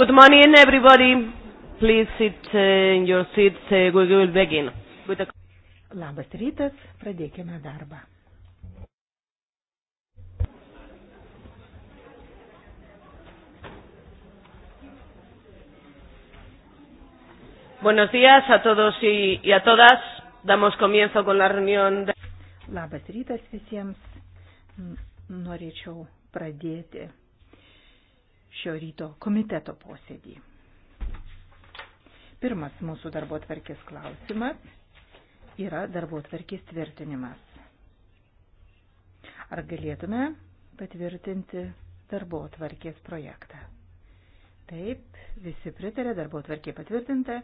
Good morning, everybody. Please sit uh, in your seats. Uh, we will begin with the... Labas rytas, pradėkime darbą. Buenos días a todos y, y a todas. Damos comienzo con la reunión. De... Labas rytas visiems. Norėčiau pradėti šio ryto komiteto posėdį. Pirmas mūsų darbo tvarkės klausimas yra darbo tvarkės tvirtinimas. Ar galėtume patvirtinti darbo tvarkės projektą? Taip, visi pritarė, darbo tvarkė patvirtinta.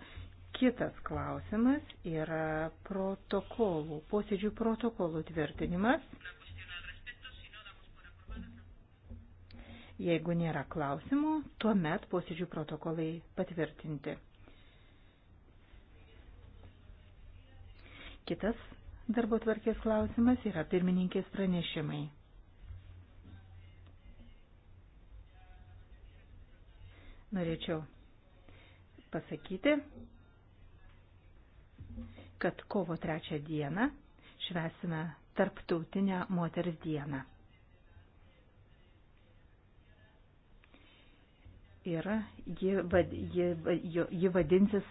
Kitas klausimas yra protokolų, posėdžių protokolų tvirtinimas. Jeigu nėra klausimų, tuomet posėdžių protokolai patvirtinti. Kitas darbo tvarkės klausimas yra pirmininkės pranešimai. Norėčiau pasakyti, kad kovo trečią dieną švesime Tarptautinę moters dieną. yra, ji, vad, ji, ji, ji vadinsis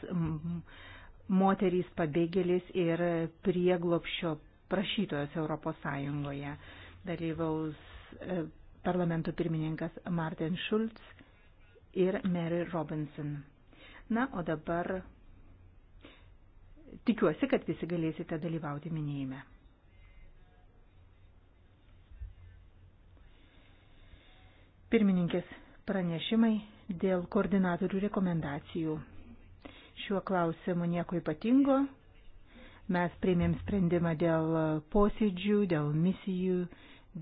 moterys pabėgėlis ir prieglopšio prašytojas Europos Sąjungoje. Dalyvaus e, parlamento pirmininkas Martin Schulz ir Mary Robinson. Na, o dabar tikiuosi, kad visi galėsite dalyvauti minėjime. Pirmininkės pranešimai dėl koordinatorių rekomendacijų. Šiuo klausimu nieko ypatingo. Mes priėmėm sprendimą dėl posėdžių, dėl misijų,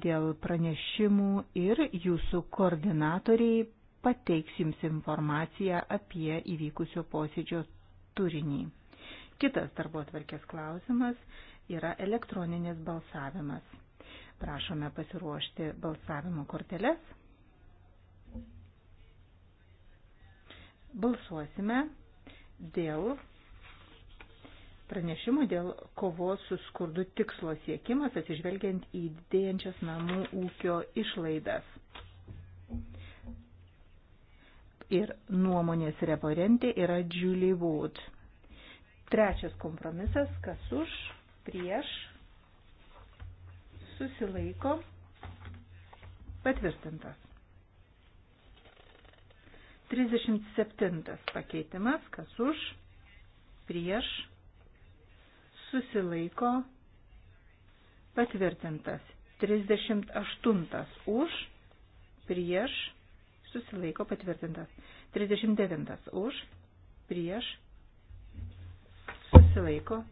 dėl pranešimų ir jūsų koordinatoriai pateiks jums informaciją apie įvykusio posėdžio turinį. Kitas darbo atvarkės klausimas yra elektroninis balsavimas. Prašome pasiruošti balsavimo korteles. Balsuosime dėl pranešimų dėl kovos su skurdu tikslo siekimas atsižvelgiant į didėjančias namų ūkio išlaidas. Ir nuomonės referentė yra Julie Wood. Trečias kompromisas, kas už, prieš, susilaiko, patvirtintas. 37 pakeitimas, kas už, prieš, susilaiko, patvirtintas. 38 už, prieš, susilaiko, patvirtintas. 39 už, prieš, susilaiko,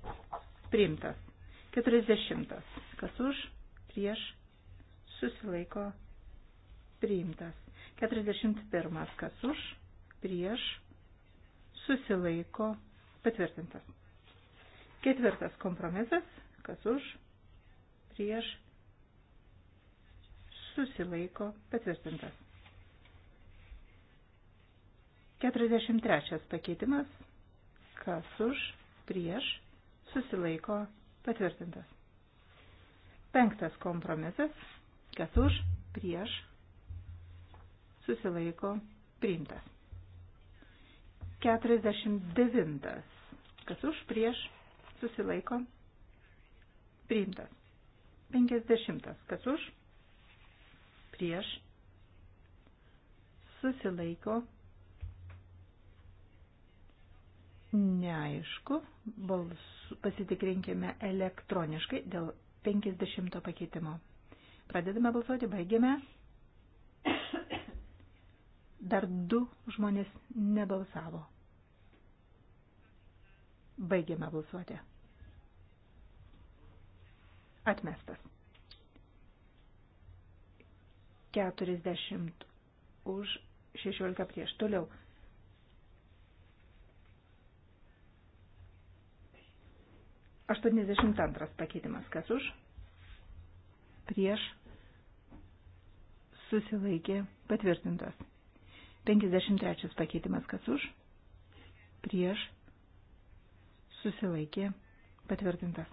priimtas. 40 kas už, prieš, susilaiko, priimtas. 41. Kas už, prieš, susilaiko, patvirtintas. Ketvirtas kompromisas. Kas už, prieš, susilaiko, patvirtintas. 43. Pakeitimas. Kas už, prieš, susilaiko, patvirtintas. Penktas kompromisas. Kas už, prieš, susilaiko priimtas. 49. Kas už prieš susilaiko priimtas. 50. Kas už prieš susilaiko neaišku. Balsu, pasitikrinkime elektroniškai dėl 50 pakeitimo. Pradedame balsuoti, baigiame. Dar du žmonės nebalsavo. Baigiame balsuoti. Atmestas. 40 už 16 prieš. Toliau. Aštuoniasdešimt antras pakeitimas. Kas už? Prieš. Susilaikė. Patvirtintas. 53 pakeitimas kas už, prieš, susilaikė, patvirtintas.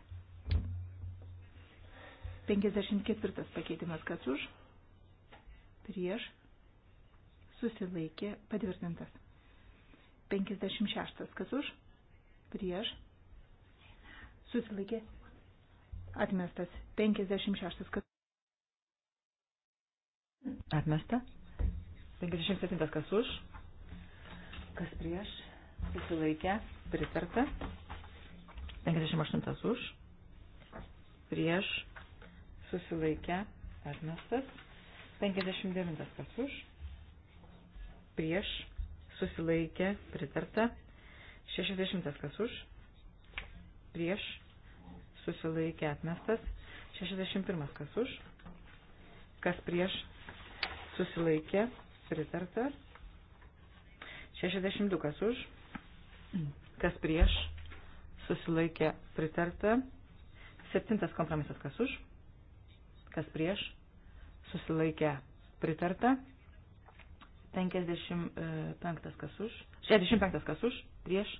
54 pakeitimas kas už, prieš, susilaikė, patvirtintas. 56 kas už, prieš, susilaikė, atmestas. 56 kas. Atmesta. 57 kas už, kas prieš, susilaikę, pritarta. 58 už, prieš, susilaikę, atmestas. 59 kas už, prieš, susilaikę, pritarta. 60 kas už, prieš, susilaikę, atmestas. 61 kas už, kas prieš, susilaikė, pritarta. 62 kas už, kas prieš, susilaikė pritarta. 7 kompromisas kas už, kas prieš, susilaikė pritarta. 55 kas už, 65 kas už, prieš,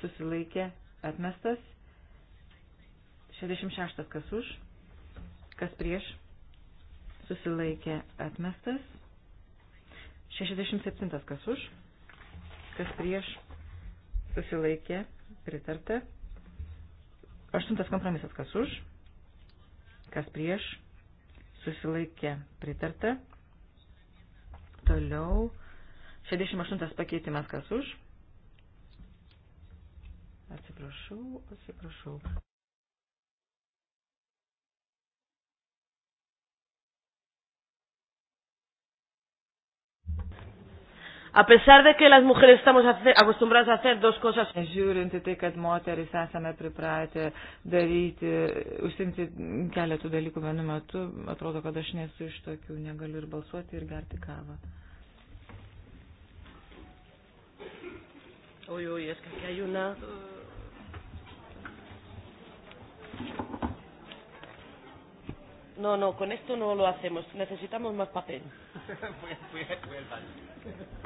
susilaikė atmestas. 66 kas už, kas prieš, susilaikė atmestas. 67 kas už, kas prieš, susilaikė, pritarta. 8 kompromisas kas už, kas prieš, susilaikė, pritarta. Toliau 68 pakeitimas kas už. Atsiprašau, atsiprašau. A pesar de que las mujeres estamos acostumbradas a hacer dos cosas. Žiūrint į tai, kad moteris esame pripratę daryti, užsimti keletų dalykų vienu metu, atrodo, kad aš nesu iš tokių, negaliu ir balsuoti, ir gerti kavą. Uy, uy, es que aquí hay una. No, no, con esto no lo hacemos. Necesitamos más papel. fui, fui, fui al baño.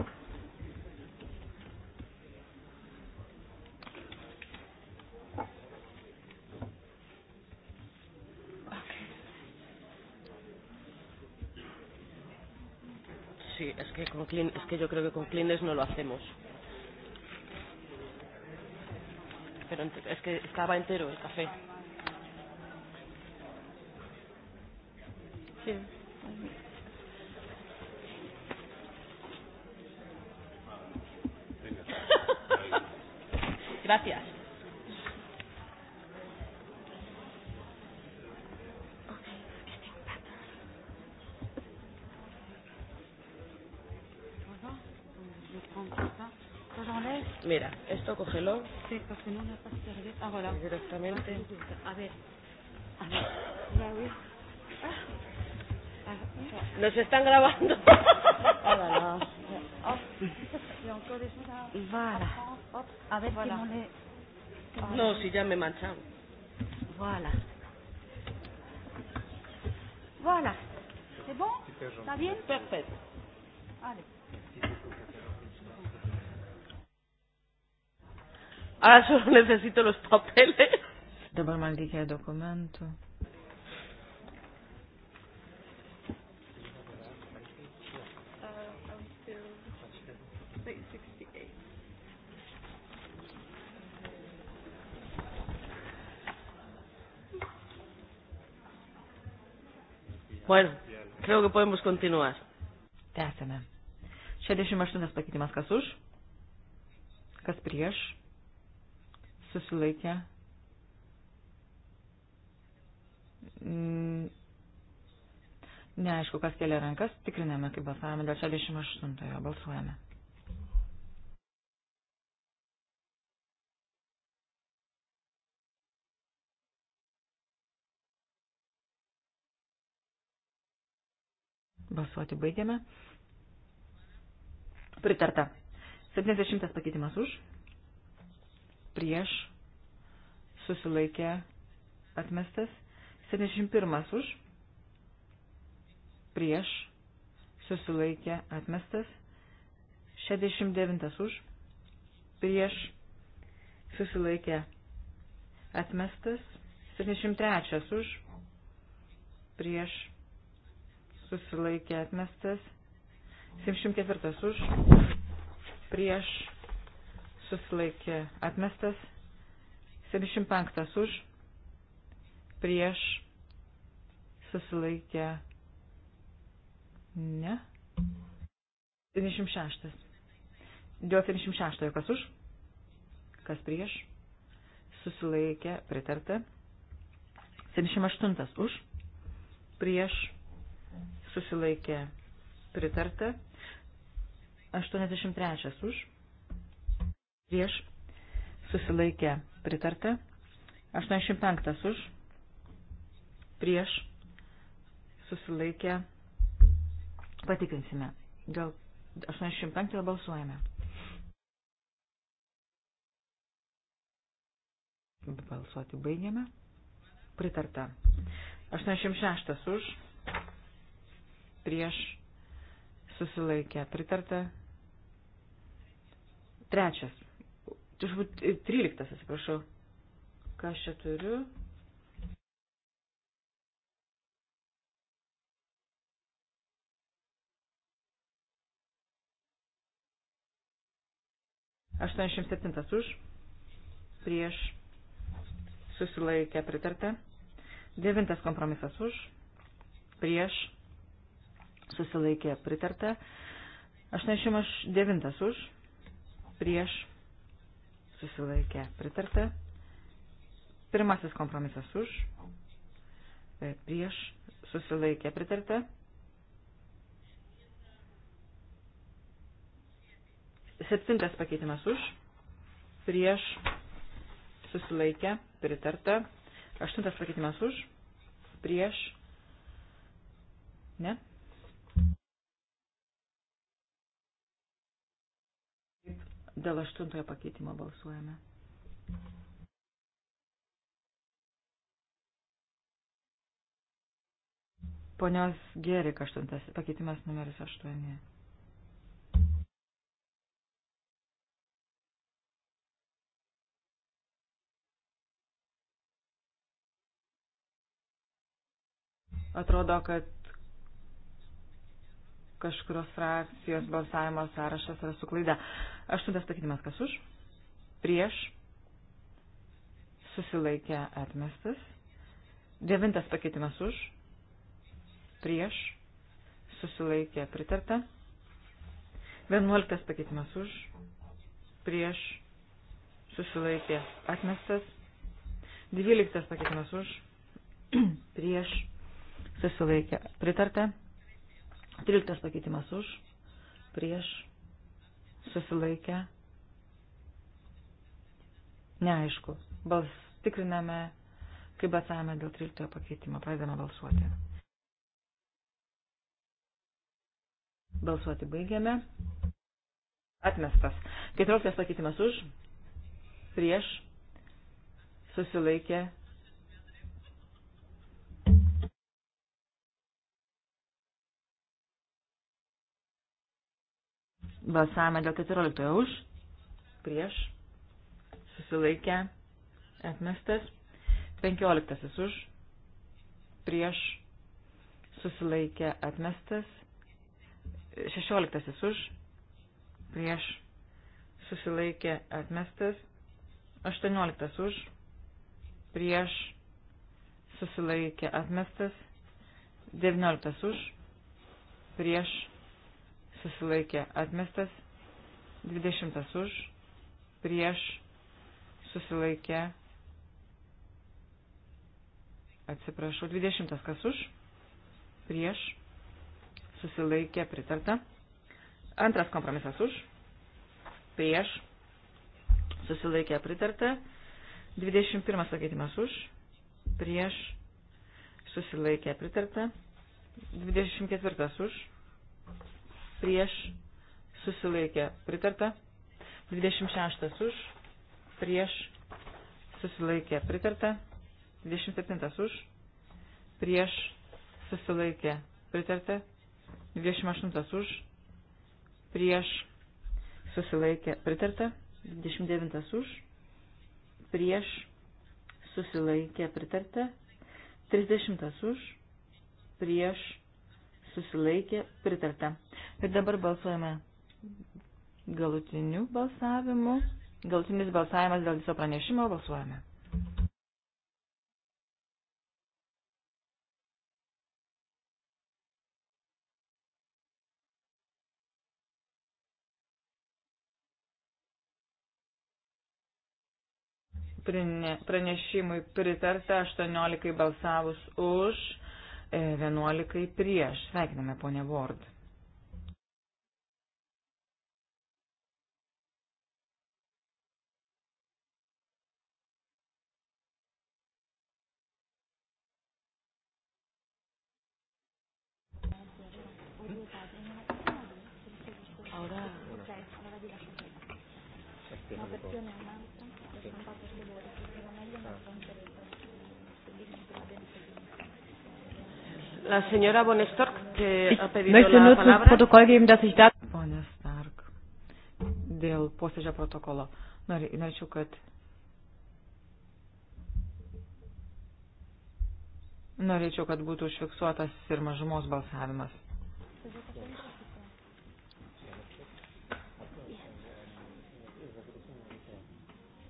Sí, es que, con Clean, es que yo creo que con Cleaners no lo hacemos. Pero es que estaba entero el café. Sí. Gracias. Mira, esto cógelo. Sí, porque no me servir. Ah, voilà. Directamente. A ver. Ah, a ver. Nos están grabando. Voilà. Ah, voilà. A ver voilà. si no le... No, si ya me he manchado. Voilà. Voilà. C'est bon Está bien Perfecto. Allez. Ahora solo necesito los papeles. Dabar man reikia dokumentų. Bueno, creo que podemos continuar. Tęsime. 68 pakeitimas kas už, kas prieš susilaikė. Mm. Neaišku, kas kelia rankas, tikriname, kaip balsavome dėl 68-ojo, balsuojame. Balsuoti baigėme. Pritarta. 70 pakeitimas už prieš, susilaikė, atmestas. 71 už, prieš, susilaikė, atmestas. 69 už, prieš, susilaikė, atmestas. 73 už, prieš, susilaikė, atmestas. 74 už, prieš, susilaikė atmestas, 75 už, prieš, susilaikė, ne, 76. Dėl 76 kas už, kas prieš, susilaikė, pritarta, 78 už, prieš, susilaikė, pritarta, 83 už, prieš susilaikė pritarta, 85 už prieš susilaikė patikrinsime. Gal 85 balsuojame. Balsuoti baigiame. Pritarta. 86 už. Prieš. Susilaikė. Pritarta. Trečias 13, e, atsiprašau. Ką aš čia turiu? Aštuoniasdešimt septintas už, prieš, susilaikę pritartę. Devintas kompromisas už, prieš, susilaikė pritartę. 89 už, prieš, susilaikė pritarta. Pirmasis kompromisas už, e, prieš susilaikė pritarta. Septintas pakeitimas už, prieš susilaikė pritarta. Aštuntas pakeitimas už, prieš, ne, Dėl aštuntojo pakeitimo balsuojame. Ponios Gerik aštuntas, pakeitimas numeris aštuoni. Atrodo, kad kažkurios frakcijos balsavimo sąrašas yra suklaida. Aštuntas pakeitimas kas už? Prieš. Susilaikė atmestas. Devintas pakeitimas už. Prieš. Susilaikė pritarta. Vienuoliktas pakeitimas už. Prieš. Susilaikė atmestas. Dvyliktas pakeitimas už. prieš. Susilaikė pritarta. 13 pakeitimas už, prieš, susilaikę, neaišku. Bals tikriname, kaip balsavome dėl 13 pakeitimo, pradedame balsuoti. Balsuoti baigiame. Atmestas. 14 pakeitimas už, prieš, susilaikė, Balsavome dėl 14 už, prieš, susilaikę, atmestas. 15 už, prieš, susilaikę, atmestas. 16 už, prieš, susilaikė, atmestas. 18 už, prieš, susilaikė, atmestas. 19 už, prieš, susilaikė atmestas, 20 už, prieš susilaikė, atsiprašau, 20 kas už, prieš susilaikė pritarta, antras kompromisas už, prieš susilaikė pritarta, 21 pakeitimas už, prieš susilaikė pritarta, 24 už, prieš susilaikė pritarta. 26 už, prieš susilaikė pritarta. 27 už, prieš susilaikė pritarta. 28 už, prieš susilaikė pritarta. 29 už, prieš susilaikė pritarta. 30 už, prieš susilaikė, pritarta. Ir dabar balsuojame galutiniu balsavimu. Galutinis balsavimas dėl viso pranešimo balsuojame. Pranešimui pritarta 18 balsavus už. 11 prieš. Sveikiname, ponė Ward. Ahora. Ahora. La señora Bonestork te ha pedido la palabra. Ich möchte nur zum Protokoll geben, dass ich da... Bonestork, dėl posėdžio protokolo. Norėčiau, kad... Norėčiau, kad būtų užfiksuotas ir mažumos balsavimas.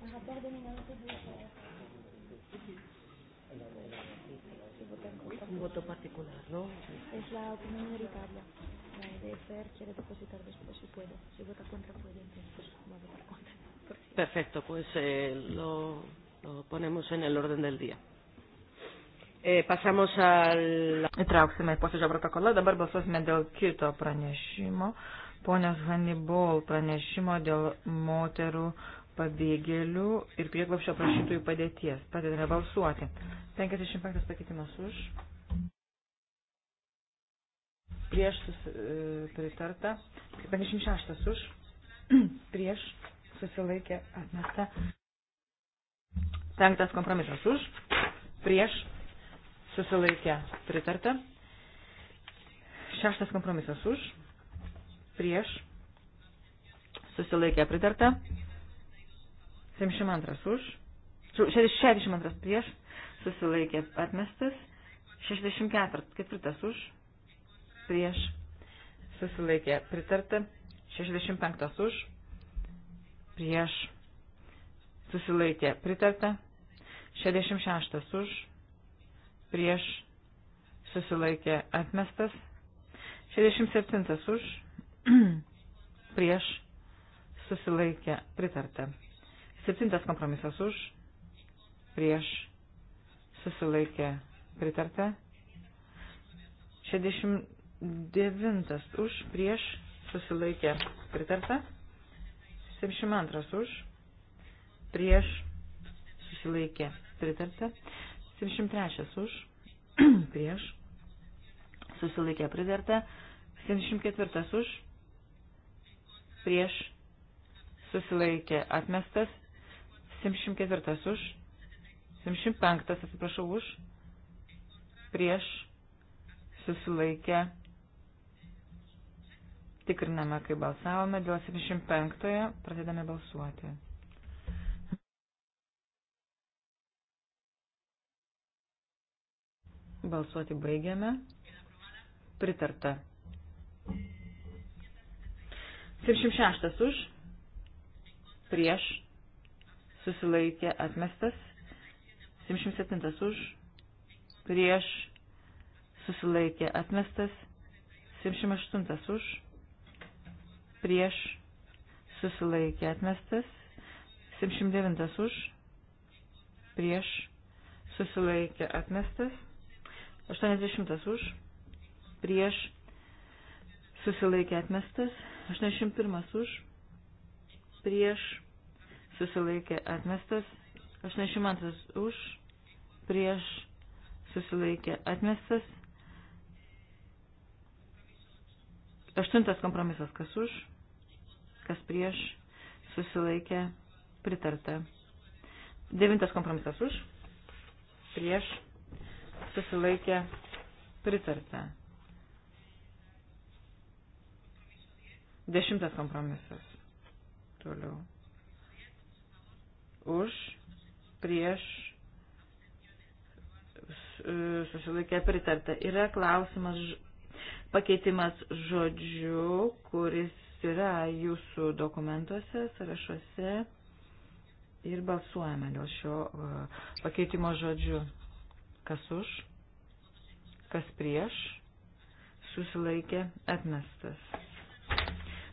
Rapport dominant de se vota en contra. Un voto particular, ¿no? Sí. Es la opinión minoritaria. La EDFR quiere depositar después si puede. Si vota contra puede, entonces pues, va a votar contra. Porque... Perfecto, pues eh, lo, lo ponemos en el orden del día. E, pasamos al... Įtrauksime į posėdžio protokolą, dabar balsuosime dėl kito pranešimo. Ponios Hannibal pranešimo dėl moterų uh, pabėgėlių ir prieglapšio prašytojų padėties. Padedame balsuoti. 55 pakeitimas už. Prieš sus, e, pritarta. 56 už. Prieš susilaikė atmesta. Penktas kompromisas už. Prieš susilaikė pritarta. Šeštas kompromisas už. Prieš susilaikė pritarta. 72 už, 62 prieš, susilaikė atmestas, 64 ketvirtas už, prieš, susilaikė pritarta, 65 už, prieš, susilaikė pritarta, 66 už, prieš, susilaikė atmestas, 67 už, prieš, susilaikė pritarta. Septintas kompromisas už, prieš, susilaikė, pritarta. 69 už, prieš, susilaikė, pritarta. 72 už, prieš, susilaikė, pritarta. 73 už, prieš, susilaikė, pritarta. 74 už, prieš, susilaikė, atmestas. 74 už, 75 atsiprašau už, prieš, susilaikę. Tikriname, kai balsavome dėl 75-ojo, pradedame balsuoti. Balsuoti baigiame. Pritarta. 76 už, prieš, susilaikė atmestas, 77 už, prieš, susilaikė atmestas, 78 už, prieš, susilaikė atmestas, 79 už, prieš, susilaikė atmestas, 80 už, prieš, susilaikė atmestas, 81 už, prieš, susilaikė atmestas, 82 už, prieš susilaikė atmestas, 8 kompromisas kas už, kas prieš susilaikė pritarta, 9 kompromisas už, prieš susilaikė pritarta. Dešimtas kompromisas. Toliau už, prieš, susilaikę pritarta. Yra klausimas, pakeitimas žodžiu, kuris yra jūsų dokumentuose, sąrašuose ir balsuojame dėl šio e, pakeitimo žodžiu. Kas už, kas prieš, susilaikė atmestas.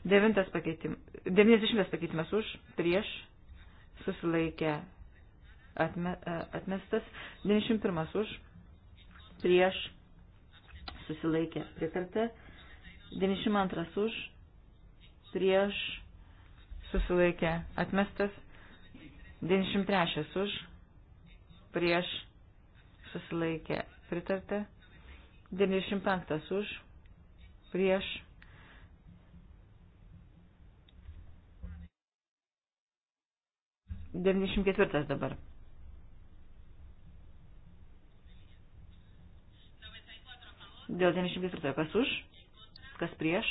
Devintas pakeitimas, 90 pakeitimas už, prieš, susilaikė atme, e, atmestas, 91 už, prieš susilaikė pritarta, 92 už, prieš susilaikė atmestas, 93 už, prieš susilaikė pritarta, 95 už, prieš 94 dabar. 94 kas už, kas prieš,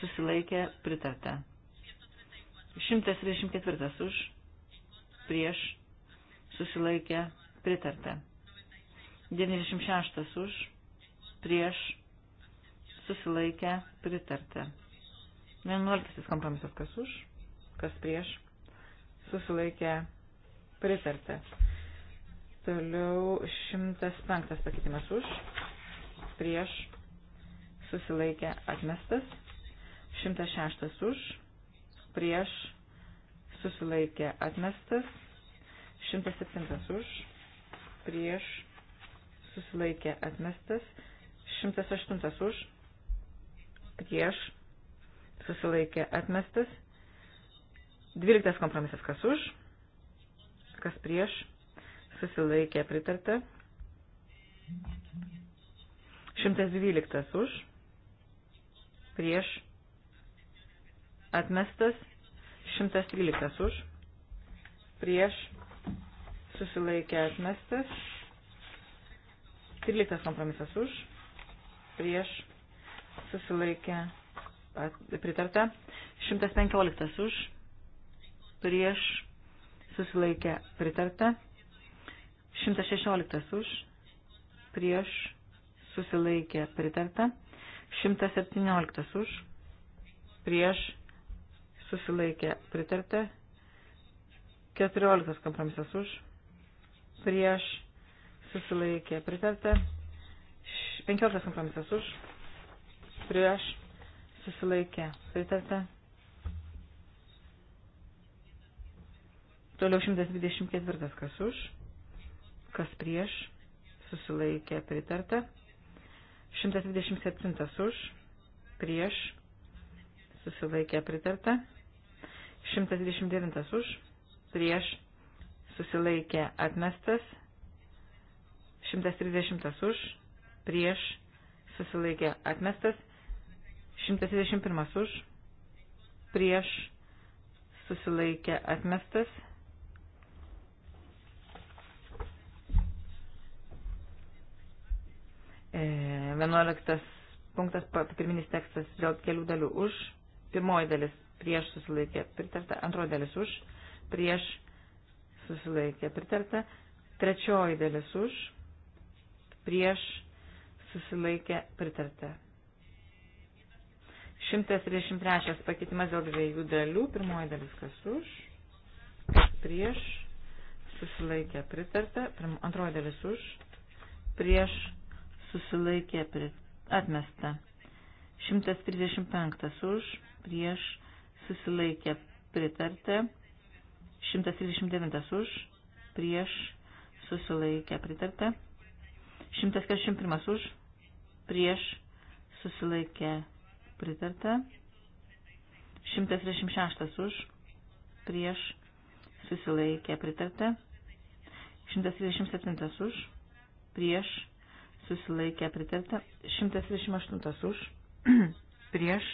susilaikė pritarta. 134 už, prieš, susilaikė pritarta. 96 už, prieš, susilaikė pritarta. 11 kompromisas kas už, kas prieš, susilaikė pritarta. Toliau 105 pakeitimas už, prieš, susilaikė atmestas. 106 už, prieš, susilaikė atmestas. 107 už, prieš, susilaikė atmestas. 108 už, prieš, susilaikė atmestas. Dvyliktas kompromisas kas už, kas prieš, susilaikė pritarta. 112 už, prieš, atmestas. 113 už, prieš, susilaikė atmestas. 13 kompromisas už, prieš, susilaikė pritarta. 115 už prieš susilaikę pritarta. 116 už prieš susilaikę pritarta. 117 už prieš susilaikę pritarta. 14 kompromisas už prieš susilaikė pritarta. 15 kompromisas už prieš susilaikė pritarta. Toliau 124. Kas už? Kas prieš? Susilaikė pritarta. 127. Už? Prieš? Susilaikė pritarta. 129. Už? Prieš? Susilaikė atmestas. 130. Už? Prieš? Susilaikė atmestas. 121. Už? Prieš? Susilaikė atmestas. 11 e, punktas, pirminis tekstas dėl kelių dalių už, pirmoji dalis prieš susilaikė pritarta, antroji dalis už, prieš susilaikė pritarta, trečioji dalis už, prieš susilaikė pritarta. 133 pakeitimas dėl dviejų dalių, pirmoji dalis kas už, prieš susilaikė pritarta, antroji dalis už, prieš susilaikė atmesta. 135 už, prieš susilaikė pritarta. 139 už, prieš susilaikė pritarta. 141 už, prieš susilaikė pritarta. 136 už, prieš susilaikė pritarta. 137 už, prieš susilaikė pritarta, 128 už, prieš,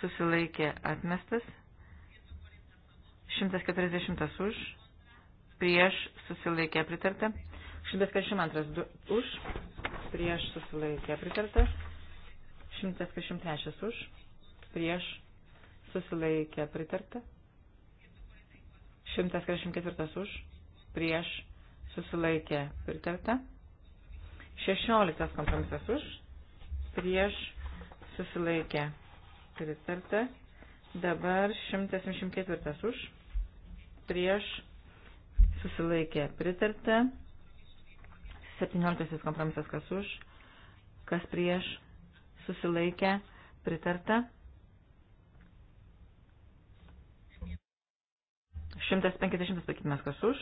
susilaikė atmestas, 140 už, prieš, susilaikė pritarta, 142 už, prieš, susilaikė pritarta, 143 už, prieš, susilaikė pritarta, 144 už, prieš, susilaikė pritarta. 16 kompromisas už, prieš susilaikė pritarta. Dabar 174 už, prieš susilaikė pritarta. 17 kompromisas kas už, kas prieš susilaikė pritarta. 150 pakeitimas kas už,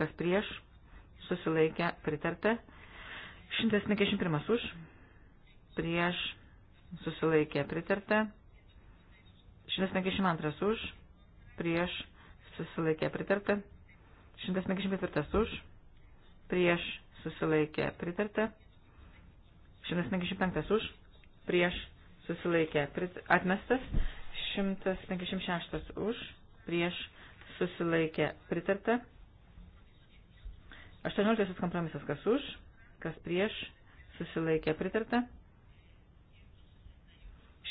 kas prieš, susilaikė pritarta, 151 už, prieš, susilaikė pritarta. 152 už, prieš, susilaikė pritarta. 154 už, prieš, susilaikė pritarta. 155 už, prieš, susilaikė atmestas. 156 už, prieš, susilaikė pritarta. 18 kompromisas kas už kas prieš, susilaikė pritarta.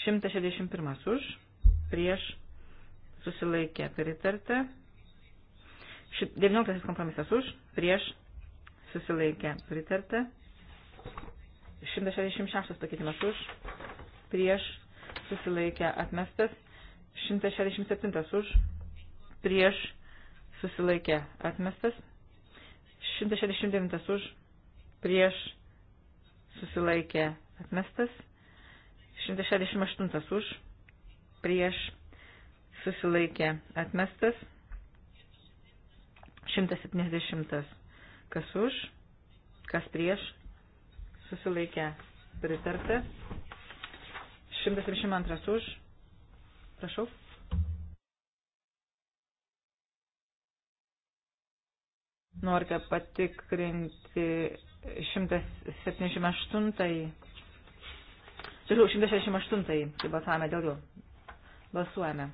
161 už, prieš, susilaikė pritarta. 19 kompromisas už, prieš, susilaikė pritarta. 166 pakeitimas už, prieš, susilaikė atmestas. 167 už, prieš, susilaikė atmestas. 169 už, prieš susilaikė atmestas, 168 už, prieš susilaikė atmestas, 170 kas už, kas prieš susilaikė pritarta, 172 už, prašau. Norite patikrinti 178. Turiu 168. Tai balsavome dėl jo. Balsuojame.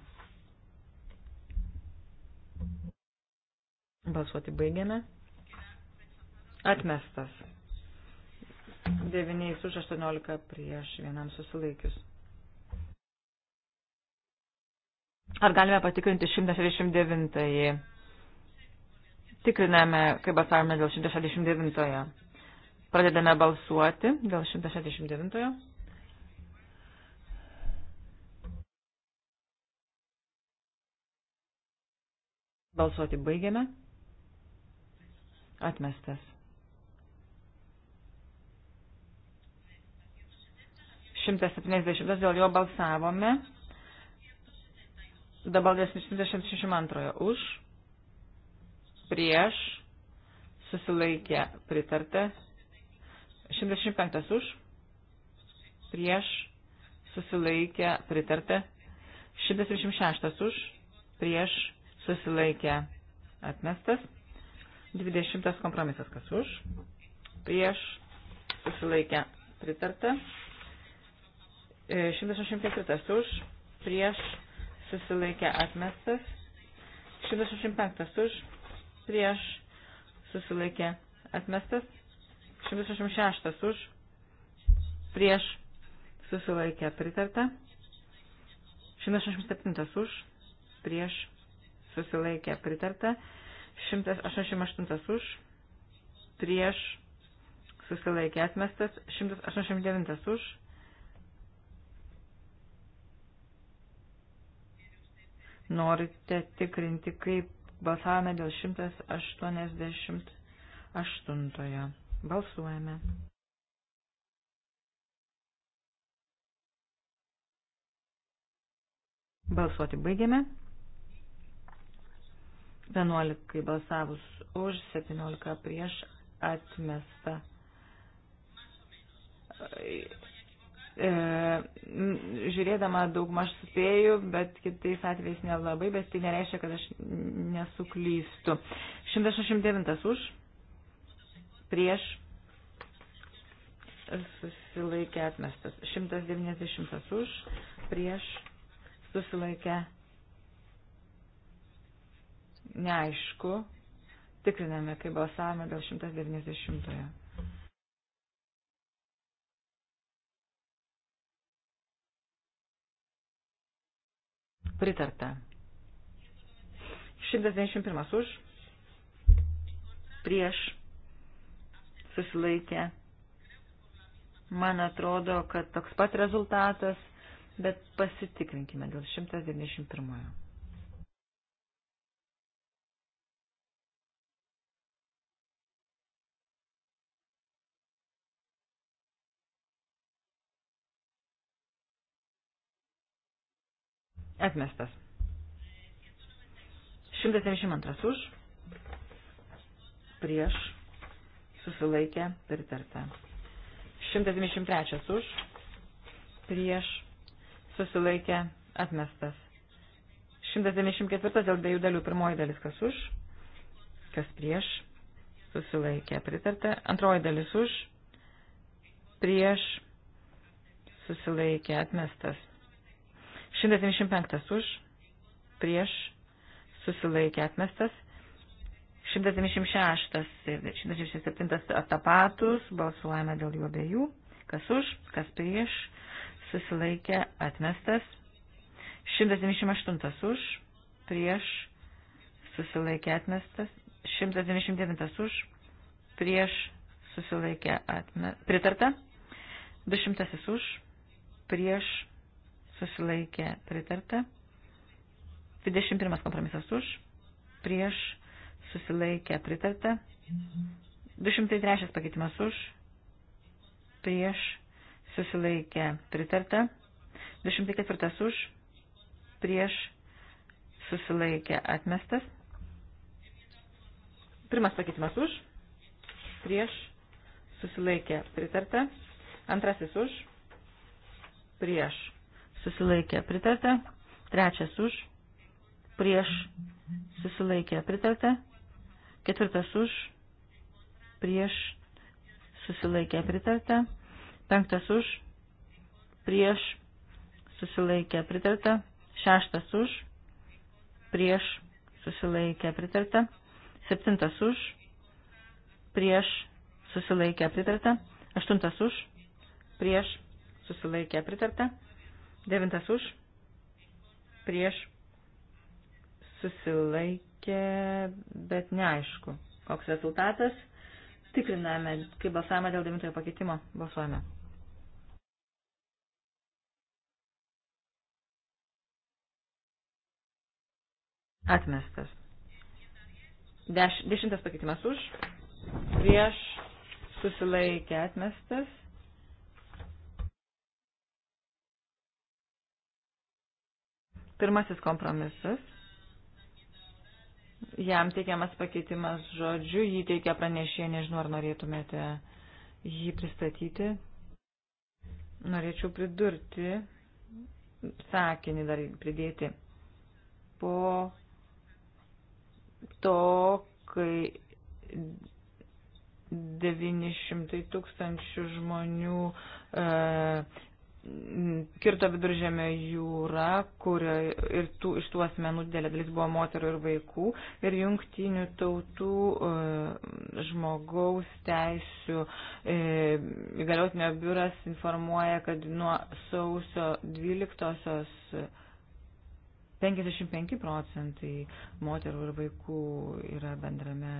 Balsuoti baigiame. Atmestas. 9 už 18 prieš vienam susilaikius. Ar galime patikrinti 169? Tikriname, kaip balsavome dėl 169. Pradedame balsuoti dėl 169. Balsuoti baigiame. Atmestas. 170 dėl jo balsavome. Dabar 162 už, prieš, susilaikė pritartas. 105 už, prieš, susilaikę, pritarta. 126 už, prieš, susilaikę, atmestas. 20 kompromisas kas už, prieš, susilaikę, pritarta. 164 už, prieš, susilaikę, atmestas. 165 už, prieš, susilaikė atmestas, 166 už, prieš, susilaikė pritarta. 167 už, prieš, susilaikė pritarta. 188 už, prieš, susilaikė atmestas. 189 už. Norite tikrinti, kaip balsavome dėl 188. Balsuojame. Balsuoti baigiame. 11 balsavus už, 17 prieš atmesta. E, žiūrėdama daugmaž spėju, bet kitais atvejais nelabai, bet tai nereiškia, kad aš nesuklystu. 169 už prieš susilaikė atmestas. 190 už, prieš susilaikė neaišku. Tikriname, kai balsavome dėl 190. -ojo. Pritarta. 191 už, prieš susilaikė. Man atrodo, kad toks pat rezultatas, bet pasitikrinkime dėl 191. Atmestas. 172 už. Prieš susilaikė pritarta. 123 už, prieš susilaikė atmestas. 124 dėl dviejų dalių pirmoji dalis kas už, kas prieš susilaikė pritarta. Antroji dalis už, prieš susilaikė atmestas. 175 už, prieš susilaikė atmestas. 196 ir 197 atapatus, balsuojame dėl jų abiejų, kas už, kas prieš, susilaikė atmestas, 198 už, prieš, susilaikė atmestas, 199 už, prieš, susilaikė atmestas, pritarta, 200 už, prieš, susilaikė pritarta, 21 kompromisas už, prieš, susilaikė pritarta. 203 pakeitimas už, prieš, susilaikė pritarta. 204 už, prieš, susilaikė atmestas. Pirmas pakeitimas už, prieš, susilaikė pritarta. Antrasis už, prieš, susilaikė pritarta. Trečias už, prieš, susilaikė pritarta. Ketvirtas už, prieš, susilaikė pritarta. Penktas už, prieš, susilaikė pritarta. Šeštas už, prieš, susilaikė pritarta. Septintas už, prieš, susilaikė pritarta. Aštuntas už, prieš, susilaikė pritarta. Devintas už, prieš, susilaikė veikia, bet neaišku, koks rezultatas. Tikriname, kaip balsavimą dėl devintojo pakeitimo balsuojame. Atmestas. Deš, dešimtas pakeitimas už, prieš, susilaikė atmestas. Pirmasis kompromisas. Jam teikiamas pakeitimas žodžiu, jį teikia pranešė, nežinau, ar norėtumėte jį pristatyti. Norėčiau pridurti sakinį dar pridėti. Po to, kai 900 tūkstančių žmonių e, kirto viduržėmio jūra, kurio ir tų, iš tų asmenų didelė dalis buvo moterų ir vaikų, ir jungtinių tautų e, žmogaus teisų e, įgaliotinio e, biuras informuoja, kad nuo sausio 12-osios 55 procentai moterų ir vaikų yra bendrame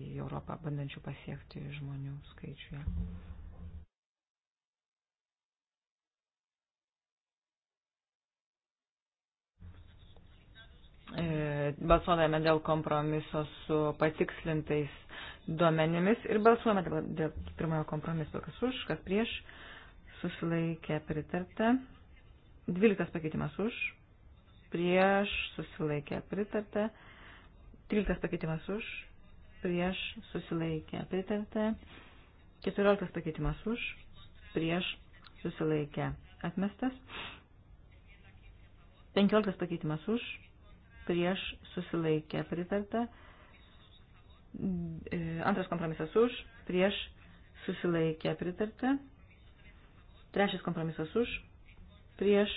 į Europą bandančių pasiekti žmonių skaičiuje. E, balsuodame dėl kompromiso su patikslintais duomenimis ir balsuojame dėl pirmojo kompromiso, kas už, kas prieš, susilaikė pritarta, 12 pakeitimas už, prieš, susilaikė pritarta, 13 pakeitimas už, prieš, susilaikė pritarta, 14 pakeitimas už, prieš, susilaikė atmestas, 15 pakeitimas už, prieš susilaikę pritarta. E, antras kompromisas už, prieš susilaikę pritarta. Trečias kompromisas už, prieš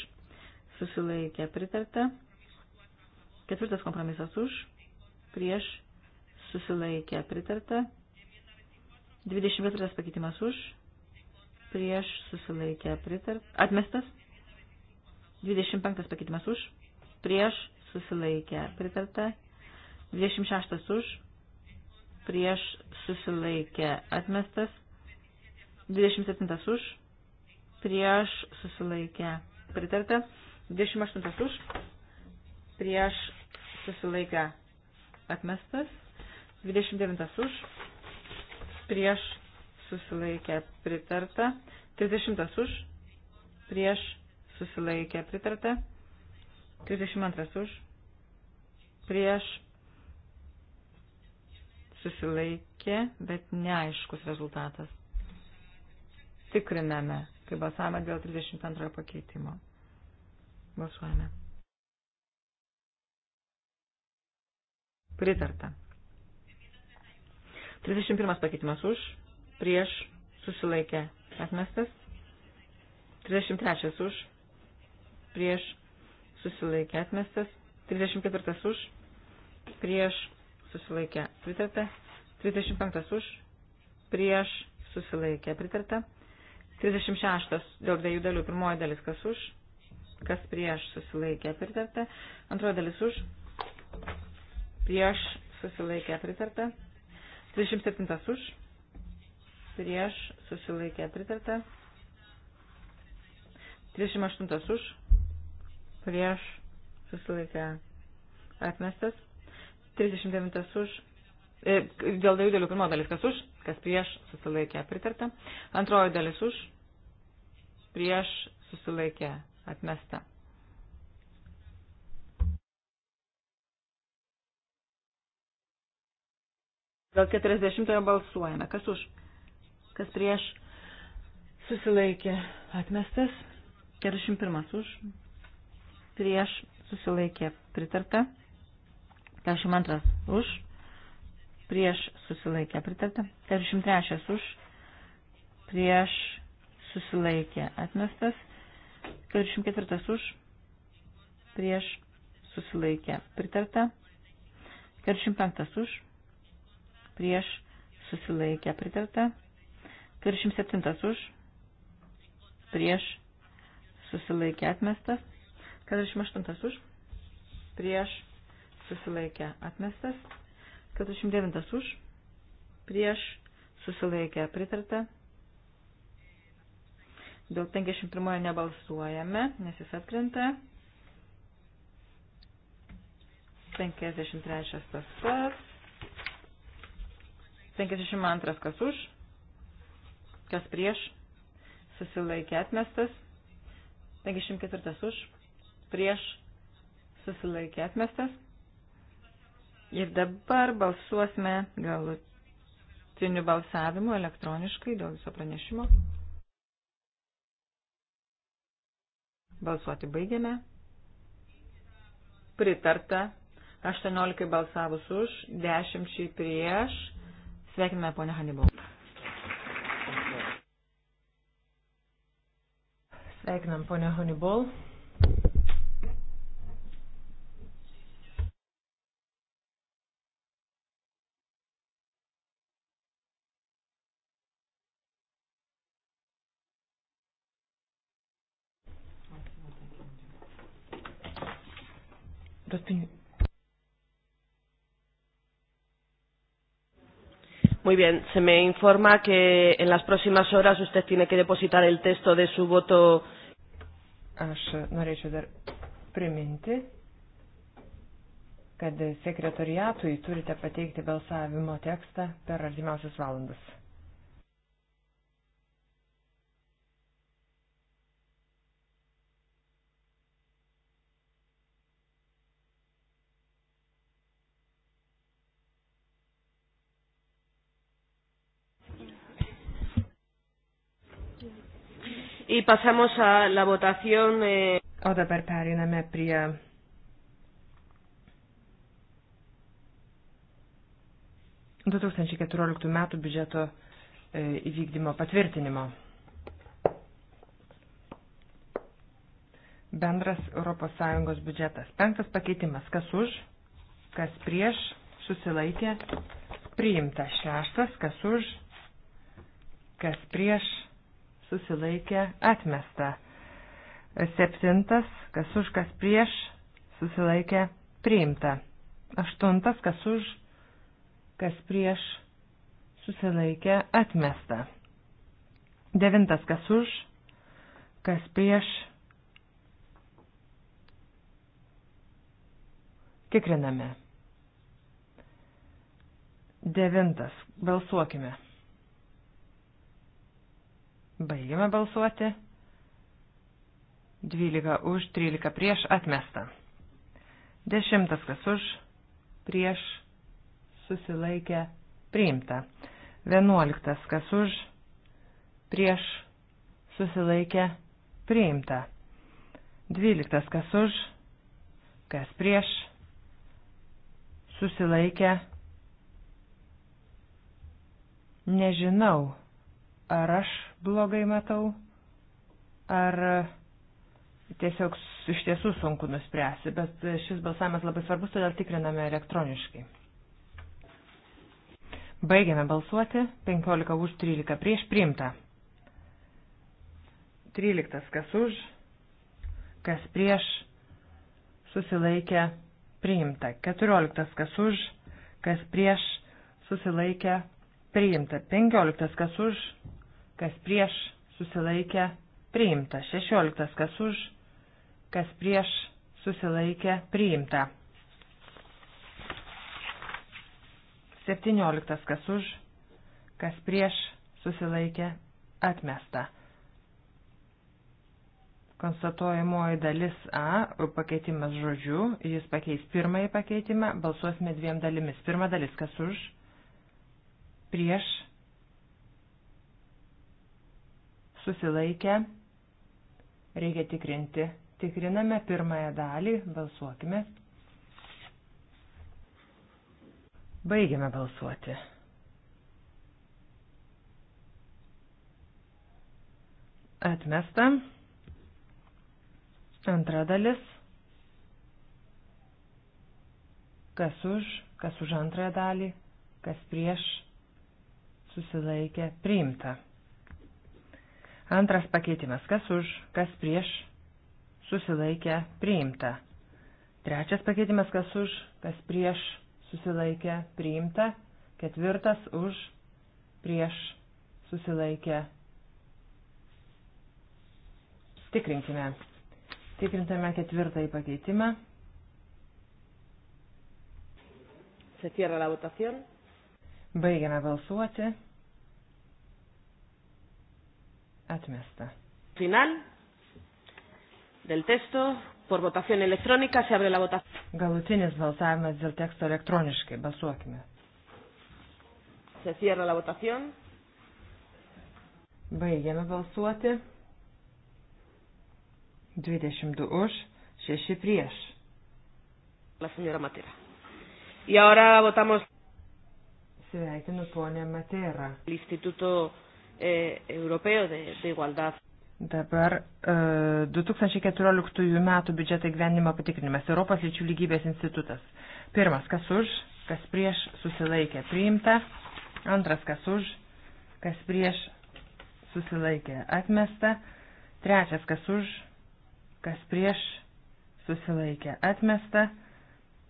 susilaikę pritarta. Ketvirtas kompromisas už, prieš susilaikę pritarta. 24 pakeitimas už, prieš susilaikę pritarta. Atmestas. 25 pakeitimas už, prieš susilaikė pritarta, 26 už, prieš susilaikė atmestas, 27 už, prieš susilaikė pritarta, 28 už, prieš susilaikė atmestas, 29 už, prieš susilaikė pritarta, 30 už, prieš susilaikė pritarta. 32 už, prieš susilaikė, bet neaiškus rezultatas. Tikriname, kai balsavome dėl 32 pakeitimo. Balsuojame. Pritarta. 31 pakeitimas už, prieš, susilaikė, atmestas. 33 už, prieš, susilaikė atmestas, 34 už, prieš susilaikė pritarta, 35 už, prieš susilaikė pritarta, 36 dėl dviejų dalių, pirmoji dalis kas už, kas prieš susilaikė pritarta, antroji dalis už, prieš susilaikė pritarta, 37 už, prieš susilaikė pritarta, 38 už, prieš susilaikę atmestas, 39 už, e, dėl dviejų dalių pirmo dalis kas už, kas prieš susilaikę pritarta, antroji dalis už, prieš susilaikę atmesta. Dėl 40 balsuojame. Kas už? Kas prieš? Susilaikė. Atmestas. 41 už prieš susilaikė pritarta. 42 už, prieš susilaikė pritarta. 43 už, prieš susilaikė atmestas. 44 už, prieš susilaikė pritarta. 45 už, prieš susilaikė pritarta. 47 už, prieš susilaikė atmestas. 48 už, prieš susilaikę atmestas, 49 už, prieš susilaikę pritarta. Dėl 51 nebalsuojame, nes jis atkrenta. 53 tas pats. 52 kas už, kas prieš, susilaikė atmestas. 54 už, prieš susilaikė atmestas. Ir dabar balsuosime galutiniu balsavimu elektroniškai dėl viso pranešimo. Balsuoti baigiame. Pritarta. 18 balsavus už, 10 prieš. Sveikiname, ponė Hanibau. Sveikinam, ponė Honibol. tos pinigus. Muy bien, se me informa que en las próximas horas usted tiene que depositar el texto de su voto. Aš norėčiau dar priminti, kad sekretoriatui turite pateikti balsavimo tekstą per artimiausias valandas. pasamos a la votación. Eh... O dabar pereiname prie du tūkstančiai keturioliktų metų biudžeto e, įvykdymo patvirtinimo. Bendras ES biudžetas. Penktas pakeitimas. Kas už, kas prieš, susilaikė, priimta. Šeštas, kas už, kas prieš, susilaikė atmesta. Septintas, kas už, kas prieš, susilaikė priimta. Aštuntas, kas už, kas prieš, susilaikė atmesta. Devintas, kas už, kas prieš. Tikriname. Devintas. Balsuokime. Baigiame balsuoti. 12 už, 13 prieš atmesta. Dešimtas kas už, prieš susilaikę priimta. Vienuoliktas kas už, prieš susilaikę priimta. Dvyliktas kas už, kas prieš susilaikę. Nežinau. Ar aš blogai matau, ar e, tiesiog iš tiesų sunku nuspręsti, bet šis balsavimas labai svarbus, todėl tikriname elektroniškai. Baigiame balsuoti. 15 už 13 prieš priimta. 13 kas už, kas prieš, susilaikė priimta. 14 kas už, kas prieš, susilaikė priimta. 15 kas už, kas prieš susilaikė priimta. 16. Kas už, kas prieš susilaikė priimta. 17. Kas už, kas prieš susilaikė atmesta. Konstatuojamoji dalis A, pakeitimas žodžiu, jis pakeis pirmąjį pakeitimą, balsuosime dviem dalimis. Pirma dalis, kas už, prieš susilaikę, reikia tikrinti. Tikriname pirmąją dalį, balsuokime. Baigiame balsuoti. Atmesta. Antra dalis. Kas už, kas už antrąją dalį, kas prieš, susilaikė, priimta. Antras pakeitimas. Kas už, kas prieš, susilaikę, priimta. Trečias pakeitimas. Kas už, kas prieš, susilaikę, priimta. Ketvirtas už, prieš, susilaikę. Tikrinkime. Tikrintame ketvirtąjį pakeitimą. Se cierra la votación. Baigiame balsuoti. Atmesta. Final del testo por votación electrónica se abre la votación. Galutinis balsavimas dėl teksto elektroniškai. Balsuokime. Se cierra la votación. Baigiame balsuoti. 22 už, 6 prieš. La señora Matera. Y ahora votamos. Sveikinu ponę Materą. Instituto eh, Europeo de, de Igualdad. Dabar 2014 e, metų biudžeto gyvenimo patikrinimas Europos lyčių lygybės institutas. Pirmas, kas už, kas prieš susilaikė priimta. Antras, kas už, kas prieš susilaikė atmesta. Trečias, kas už, kas prieš susilaikė atmesta.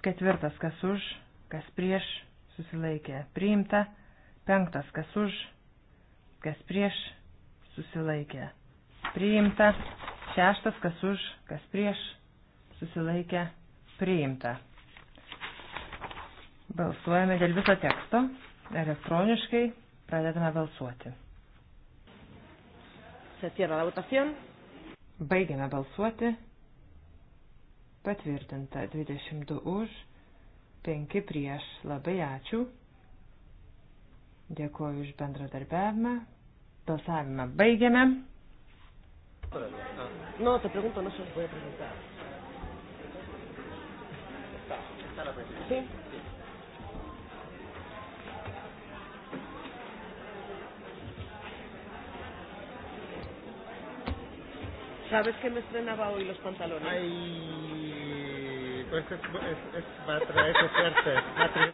Ketvirtas, kas už, kas prieš susilaikė priimta. Penktas, kas už, kas prieš, susilaikė. Priimta. Šeštas, kas už, kas prieš, susilaikė. Priimta. Balsuojame dėl viso teksto. Elektroniškai pradedame balsuoti. Se cierra la votación. Baigiame balsuoti. Patvirtinta 22 už, 5 prieš. Labai ačiū. Dėkuoju už bendradarbiavimą. Balsavimą baigiame. No, te pregunto, no se os puede presentar. Está, está la presentación. ¿Sí? ¿Sabes que me estrenaba hoy los pantalones? Ay, pues es, es, es va a traer fuerte. Va a traer...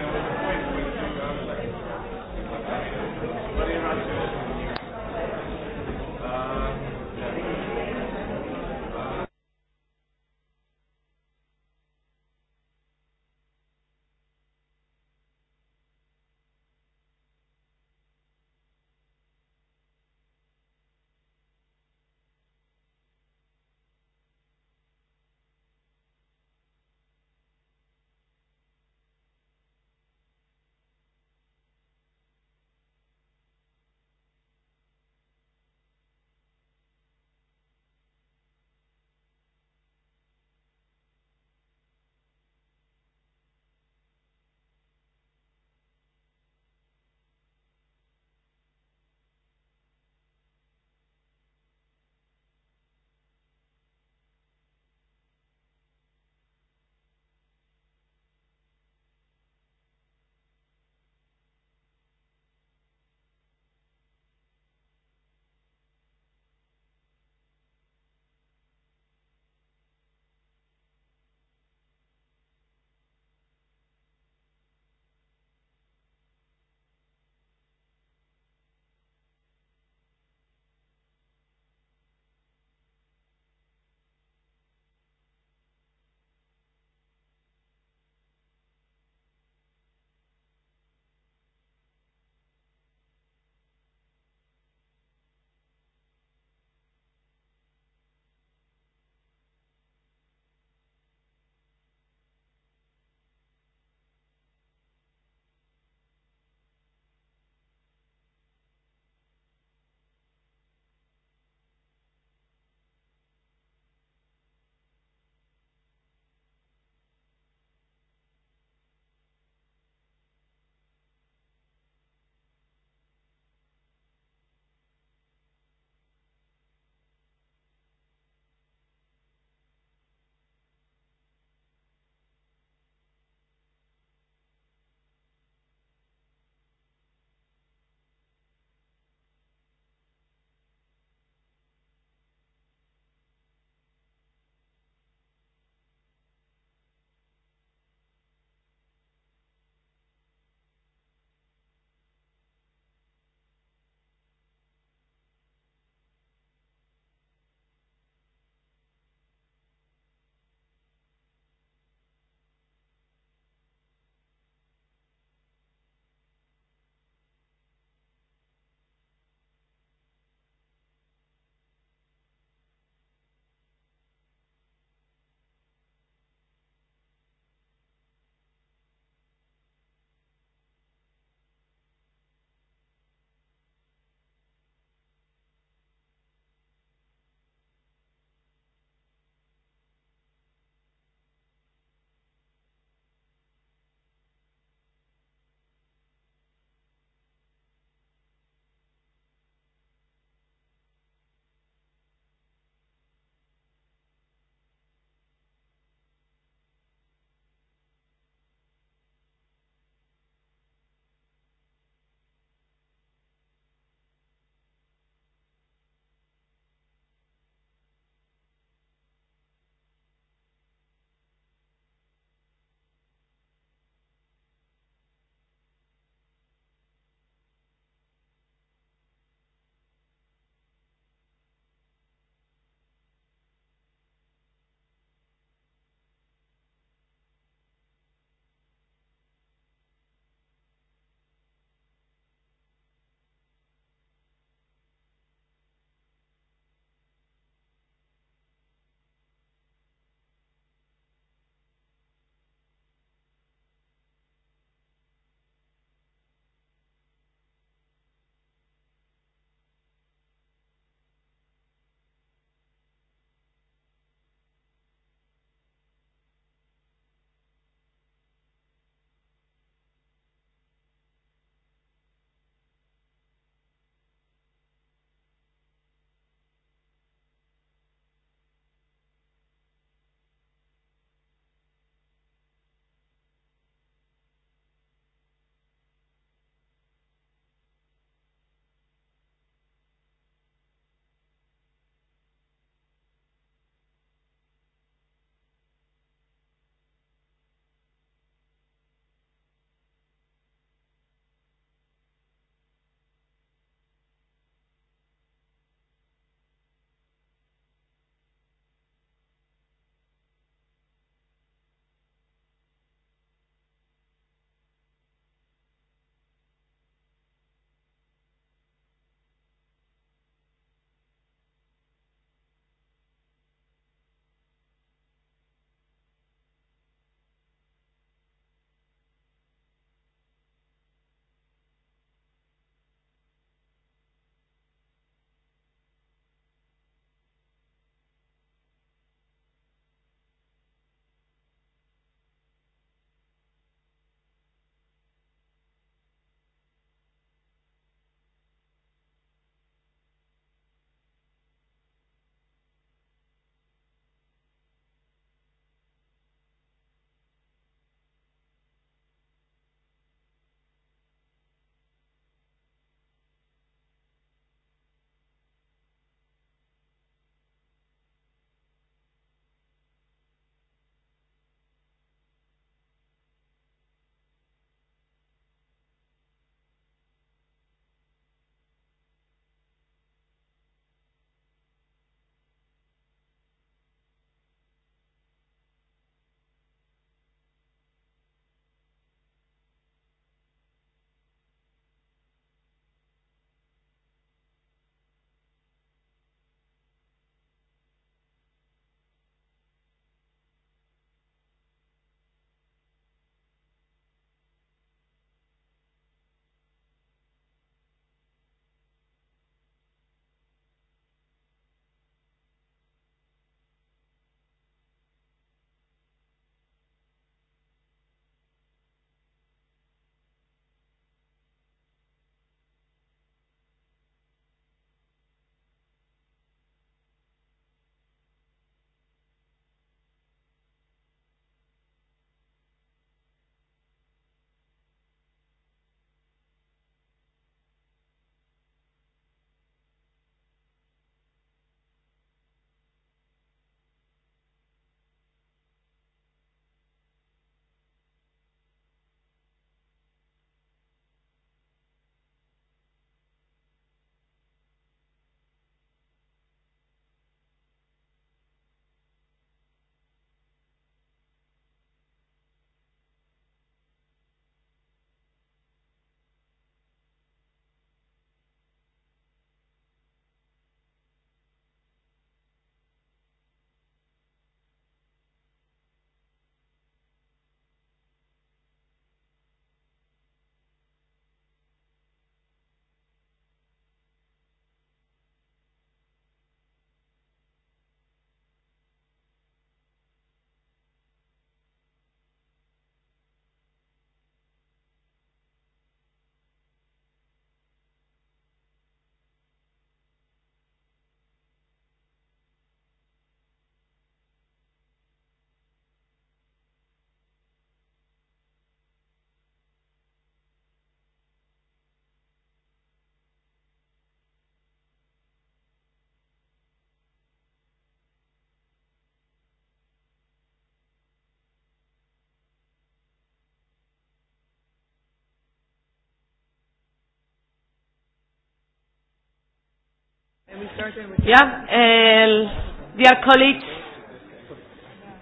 Yeah, el, dear colleagues,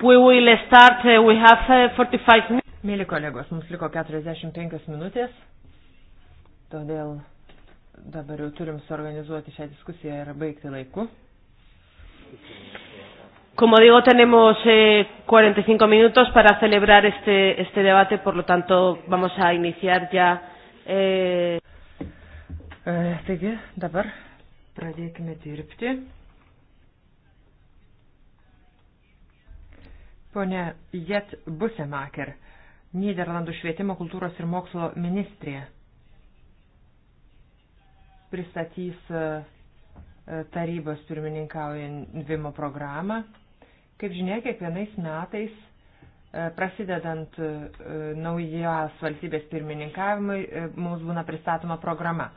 we will start. Uh, we have 45 uh, minutes. Mėly kolegos, mums liko 45 minutės, todėl dabar jau turim suorganizuoti šią diskusiją ir baigti laiku. Como digo, tenemos eh, 45 minutos para celebrar este, este debate, por lo tanto, vamos a iniciar ya. Eh... Eh, taigi, dabar Pradėkime dirbti. Pone Jet Busemaker, Niderlandų švietimo kultūros ir mokslo ministrė, pristatys e, tarybos pirmininkaujimo programą. Kaip žinia, kiekvienais metais e, prasidedant e, naujas valstybės pirmininkavimui, mums būna pristatoma programa.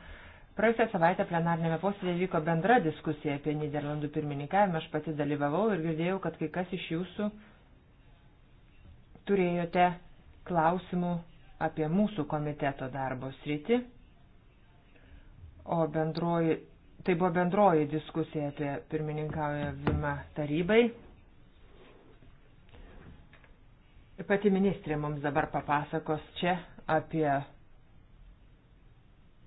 Praėjusią savaitę plenarnėme posėdėje vyko bendra diskusija apie Niderlandų pirmininkavimą, aš pati dalyvavau ir girdėjau, kad kai kas iš jūsų turėjote klausimų apie mūsų komiteto darbo sritį, o bendroji, tai buvo bendroji diskusija apie pirmininkaujavimą tarybai. Pati ministrė mums dabar papasakos čia apie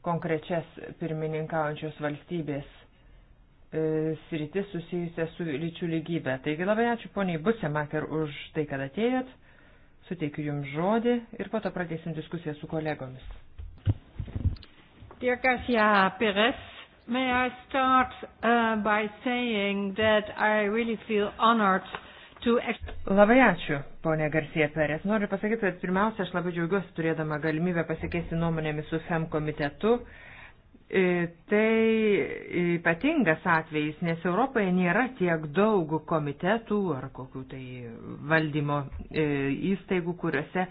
konkrečias pirmininkaujančios valstybės e, sritis susijusią su lyčių lygybė. Taigi labai ačiū poniai Busemaker už tai, kad atėjot. Suteikiu Jums žodį ir po to pradėsim diskusiją su kolegomis. Dear Garcia Perez, may I start uh, by saying that I really feel honored to... Labai ačiū, ponė Garcija Perės. Noriu pasakyti, kad pirmiausia, aš labai džiaugiuosi turėdama galimybę pasikeisti nuomonėmis su FEM komitetu. E, tai ypatingas atvejis, nes Europoje nėra tiek daug komitetų ar kokių tai valdymo e, įstaigų, kuriuose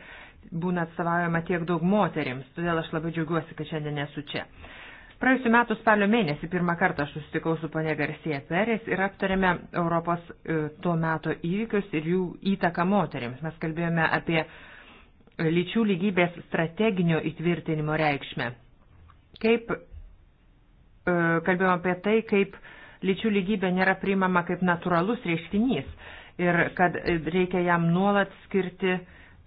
būna atstovaujama tiek daug moterims. Todėl aš labai džiaugiuosi, kad šiandien esu čia. Praėjusiu metu spalio mėnesį pirmą kartą aš susitikau su ponė Garcija Perės ir aptarėme Europos e, tuo metu įvykius ir jų įtaką moteriams. Mes kalbėjome apie e, lyčių lygybės strateginio įtvirtinimo reikšmę. Kaip e, kalbėjome apie tai, kaip lyčių lygybė nėra priimama kaip natūralus reiškinys ir kad reikia jam nuolat skirti uh,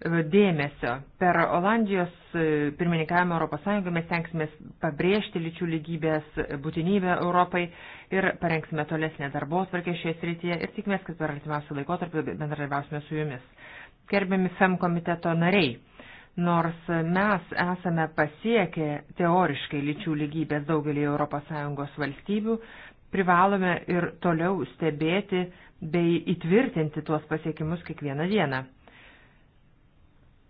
dėmesio. Per Olandijos e, pirmininkavimą ES mes tenksimės pabrėžti lyčių lygybės būtinybę Europai ir parengsime tolesnę darbos varkę šioje srityje ir tikimės, kad per artimiausią laikotarpį bendradarbiausime su jumis. Gerbiami FEM komiteto nariai, nors mes esame pasiekę teoriškai lyčių lygybės daugelį ES valstybių, privalome ir toliau stebėti bei įtvirtinti tuos pasiekimus kiekvieną dieną.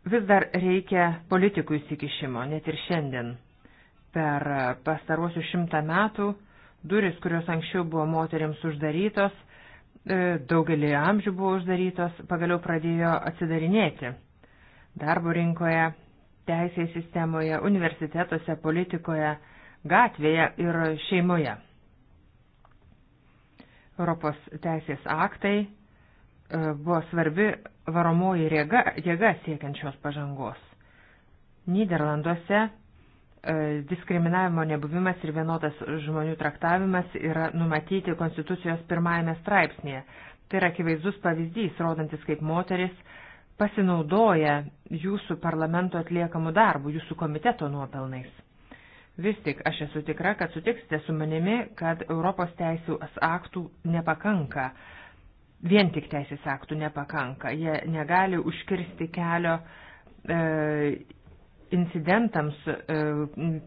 Vis dar reikia politikų įsikišimo, net ir šiandien. Per pastaruosius šimtą metų duris, kurios anksčiau buvo moteriams uždarytos, e, daugelį amžių buvo uždarytos, pagaliau pradėjo atsidarinėti. Darbo rinkoje, teisės sistemoje, universitetuose, politikoje, gatvėje ir šeimoje. Europos teisės aktai E, buvo svarbi varomoji jėga, jėga siekiančios pažangos. Niderlanduose e, diskriminavimo nebuvimas ir vienodas žmonių traktavimas yra numatyti Konstitucijos pirmajame straipsnėje. Tai yra akivaizdus pavyzdys, rodantis, kaip moteris pasinaudoja jūsų parlamento atliekamų darbų, jūsų komiteto nuopelnais. Vis tik aš esu tikra, kad sutiksite su manimi, kad Europos teisų aktų nepakanka vien tik teisės aktų nepakanka. Jie negali užkirsti kelio e, incidentams, e,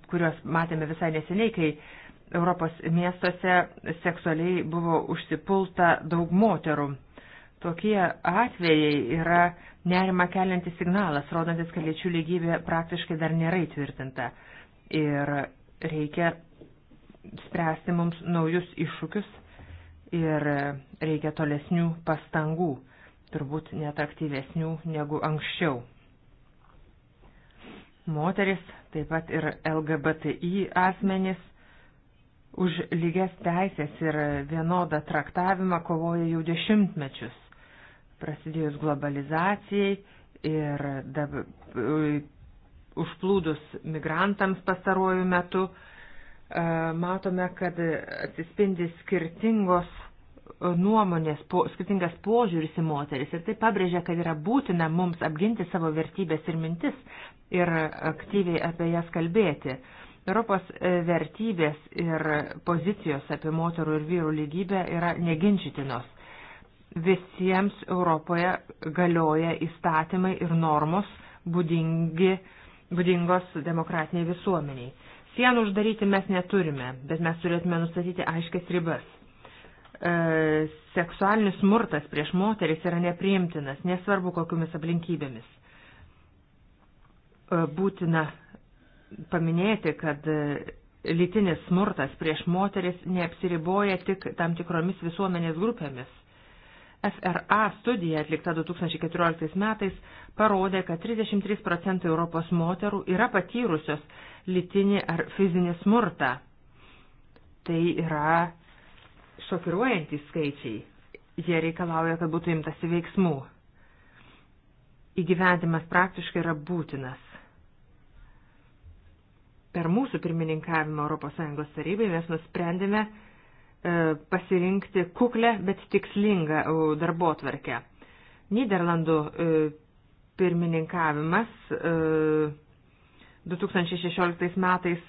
kuriuos matėme visai neseniai, kai Europos miestuose seksualiai buvo užsipulta daug moterų. Tokie atvejai yra nerima keliantis signalas, rodantis, kad lyčių lygybė praktiškai dar nėra įtvirtinta. Ir reikia spręsti mums naujus iššūkius ir reikia tolesnių pastangų, turbūt net aktyvesnių negu anksčiau. Moteris, taip pat ir LGBTI asmenys už lygias teisės ir vienodą traktavimą kovoja jau dešimtmečius. Prasidėjus globalizacijai ir dab, užplūdus migrantams pastaruoju metu, uh, E, matome, kad atsispindi skirtingos nuomonės, po, skirtingas požiūris į moteris ir tai pabrėžia, kad yra būtina mums apginti savo vertybės ir mintis ir aktyviai apie jas kalbėti. Europos e, vertybės ir pozicijos apie moterų ir vyrų lygybę yra neginčytinos. Visiems Europoje galioja įstatymai ir normos būdingi, būdingos demokratiniai visuomeniai. Sienų uždaryti mes neturime, bet mes turėtume nustatyti aiškias ribas. E, seksualinis smurtas prieš moteris yra nepriimtinas, nesvarbu kokiamis aplinkybėmis. E, būtina paminėti, kad e, lytinis smurtas prieš moteris neapsiriboja tik tam tikromis visuomenės grupėmis. FRA studija atlikta 2014 metais parodė, kad 33 procentai Europos moterų yra patyrusios litinį ar fizinį smurtą. Tai yra šokiruojantys skaičiai. Jie reikalauja, kad būtų imtasi veiksmų. Įgyventimas praktiškai yra būtinas. Per mūsų pirmininkavimą ES tarybai mes nusprendėme e, pasirinkti kuklę, bet tikslingą e, darbo tvarkę. Niderlandų e, pirmininkavimas 2016 metais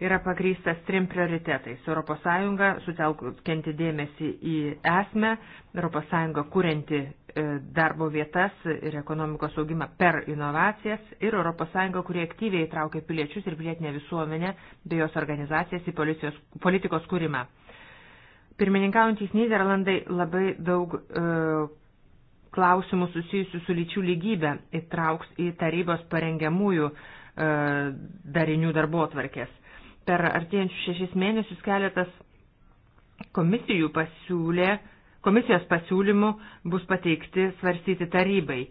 yra pagrystas trim prioritetais. ES sutelkianti dėmesį į esmę, ES kurianti e, darbo vietas ir ekonomikos augimą per inovacijas ir ES, kurie aktyviai įtraukia piliečius ir pilietinę visuomenę bei jos organizacijas į policijos, politikos kūrimą. Pirmininkaujantys Niderlandai labai daug e, klausimų susijusių su lyčių lygybė įtrauks į tarybos parengiamųjų e, E, darinių darbo atvarkės. Per artėjančius šešis mėnesius keletas komisijų pasiūlė, komisijos pasiūlymų bus pateikti svarstyti tarybai.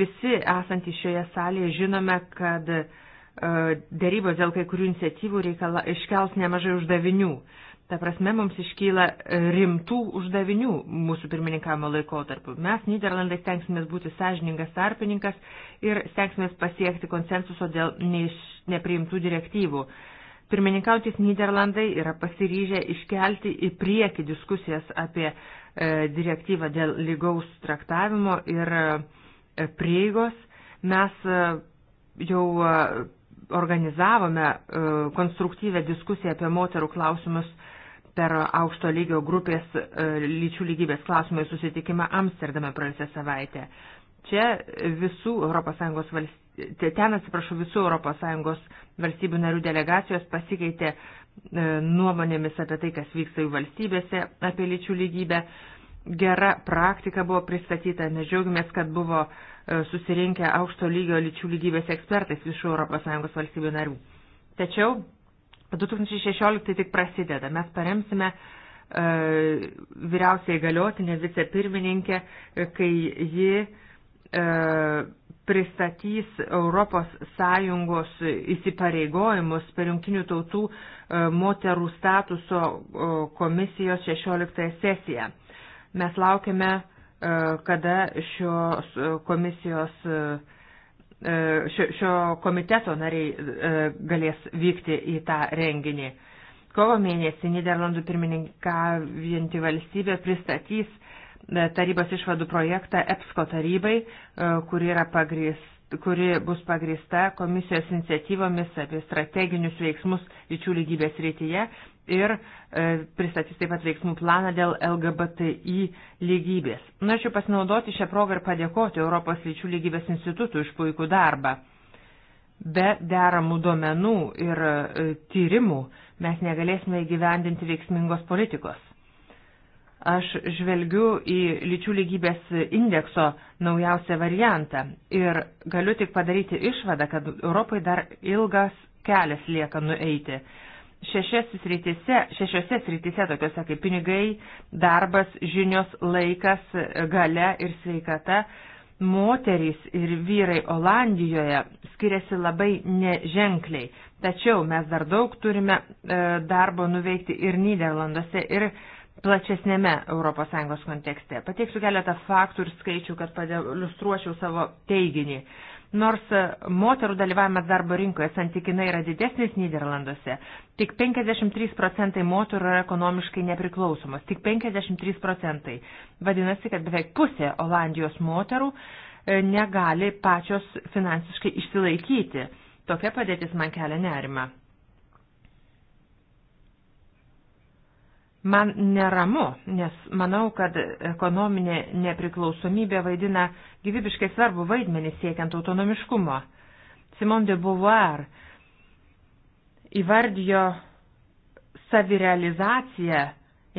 Visi esantys šioje salėje žinome, kad e, dėrybos dėl kai kurių iniciatyvų reikala, iškels nemažai uždavinių. Ta prasme, mums iškyla rimtų uždavinių mūsų pirmininkavimo laikotarpiu. Mes, Niderlandai, stengsimės būti sąžiningas tarpininkas ir stengsimės pasiekti konsensuso dėl neiš, nepriimtų direktyvų. Pirmininkautis Niderlandai yra pasiryžę iškelti į priekį diskusijas apie e, direktyvą dėl lygaus traktavimo ir e, prieigos. Mes e, jau. E, organizavome e, konstruktyvę diskusiją apie moterų klausimus e, per aukšto lygio grupės e, lyčių lygybės klausimai susitikimą Amsterdame praėjusią savaitę. Čia visų ES valstybių, ten atsiprašau, visų ES valstybių narių delegacijos pasikeitė e, nuomonėmis apie tai, kas vyksta jų valstybėse, apie lyčių lygybę. Gera praktika buvo pristatyta, mes džiaugiamės, kad buvo e, susirinkę aukšto lygio lyčių lygybės ekspertais visų ES valstybių narių. Tačiau 2016 tik prasideda. Mes paremsime e, vyriausiai galiotinė vicepirmininkė, kai ji e, pristatys Europos Sąjungos įsipareigojimus per jungtinių tautų e, moterų statuso komisijos 16 sesiją. Mes laukiame, kada šios komisijos E, šio, šio komiteto nariai e, galės vykti į tą renginį. Kovo mėnesį Niderlandų pirmininkavijantį valstybę pristatys e, tarybos išvadų projektą EPSCO tarybai, kuri, yra pagrįs, kuri bus pagrįsta komisijos iniciatyvomis apie strateginius veiksmus lyčių lygybės rytyje ir e, pristatys taip pat veiksmų planą dėl LGBTI lygybės. Norėčiau pasinaudoti šią progą ir padėkoti Europos lyčių lygybės institutui už puikų darbą. Be deramų duomenų ir e, tyrimų mes negalėsime įgyvendinti veiksmingos politikos. Aš žvelgiu į lyčių lygybės indekso naujausią variantą ir galiu tik padaryti išvadą, kad Europai dar ilgas kelias lieka nueiti šešiose srityse, šešiose srityse, tokiuose kaip pinigai, darbas, žinios, laikas, gale ir sveikata, moterys ir vyrai Olandijoje skiriasi labai neženkliai. Tačiau mes dar daug turime e, darbo nuveikti ir Niderlanduose, ir plačesnėme ES kontekste. Pateiksiu keletą faktų ir skaičių, kad padilustruočiau savo teiginį. Nors moterų dalyvavimas darbo rinkoje santykinai yra didesnis Niderlanduose, tik 53 procentai moterų yra ekonomiškai nepriklausomos, tik 53 procentai. Vadinasi, kad beveik pusė Olandijos moterų e, negali pačios finansiškai išsilaikyti. Tokia padėtis man kelia nerima. Man neramu, nes manau, kad ekonominė nepriklausomybė vaidina gyvybiškai svarbu vaidmenį siekiant autonomiškumo. Simone de Beauvoir įvardijo savirealizaciją,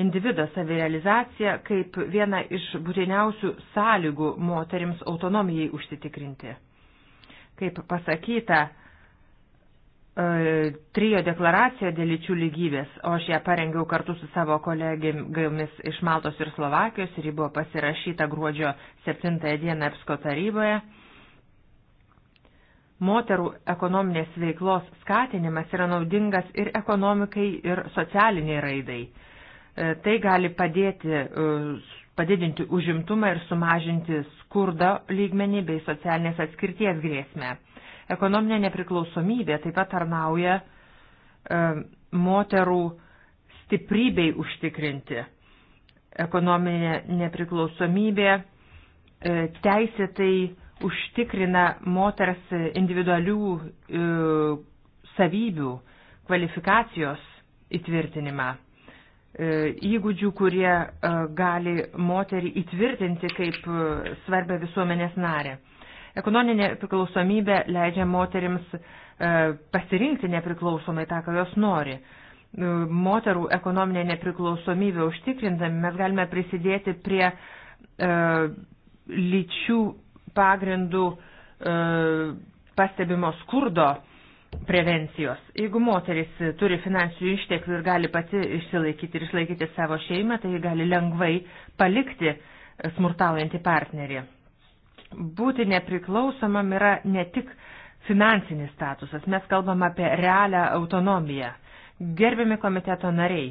individo savirealizaciją kaip vieną iš būtiniausių sąlygų moterims autonomijai užsitikrinti. Kaip pasakyta, E, trijo deklaraciją dėl lyčių lygybės, o aš ją parengiau kartu su savo kolegėmis iš Maltos ir Slovakijos ir ji buvo pasirašyta gruodžio 7 dieną EPSCO taryboje. Moterų ekonominės veiklos skatinimas yra naudingas ir ekonomikai, ir socialiniai raidai. E, tai gali padėti e, padidinti užimtumą ir sumažinti skurdo lygmenį bei socialinės atskirties grėsmę. Ekonominė nepriklausomybė taip pat tarnauja e, moterų stiprybei užtikrinti. Ekonominė nepriklausomybė e, teisėtai užtikrina moters individualių e, savybių, kvalifikacijos įtvirtinimą e, įgūdžių, kurie e, gali moterį įtvirtinti kaip e, svarbę visuomenės narę. Ekonominė priklausomybė leidžia moterims e, pasirinkti nepriklausomai tą, ką jos nori. E, moterų ekonominė nepriklausomybė užtikrindami mes galime prisidėti prie e, lyčių pagrindų pastebimo skurdo prevencijos. Jeigu moteris turi finansinių išteklių ir gali pati išsilaikyti ir išlaikyti savo šeimą, tai gali lengvai palikti smurtaujantį partnerį. Būti nepriklausomam yra ne tik finansinis statusas, mes kalbam apie realią autonomiją. Gerbiami komiteto nariai,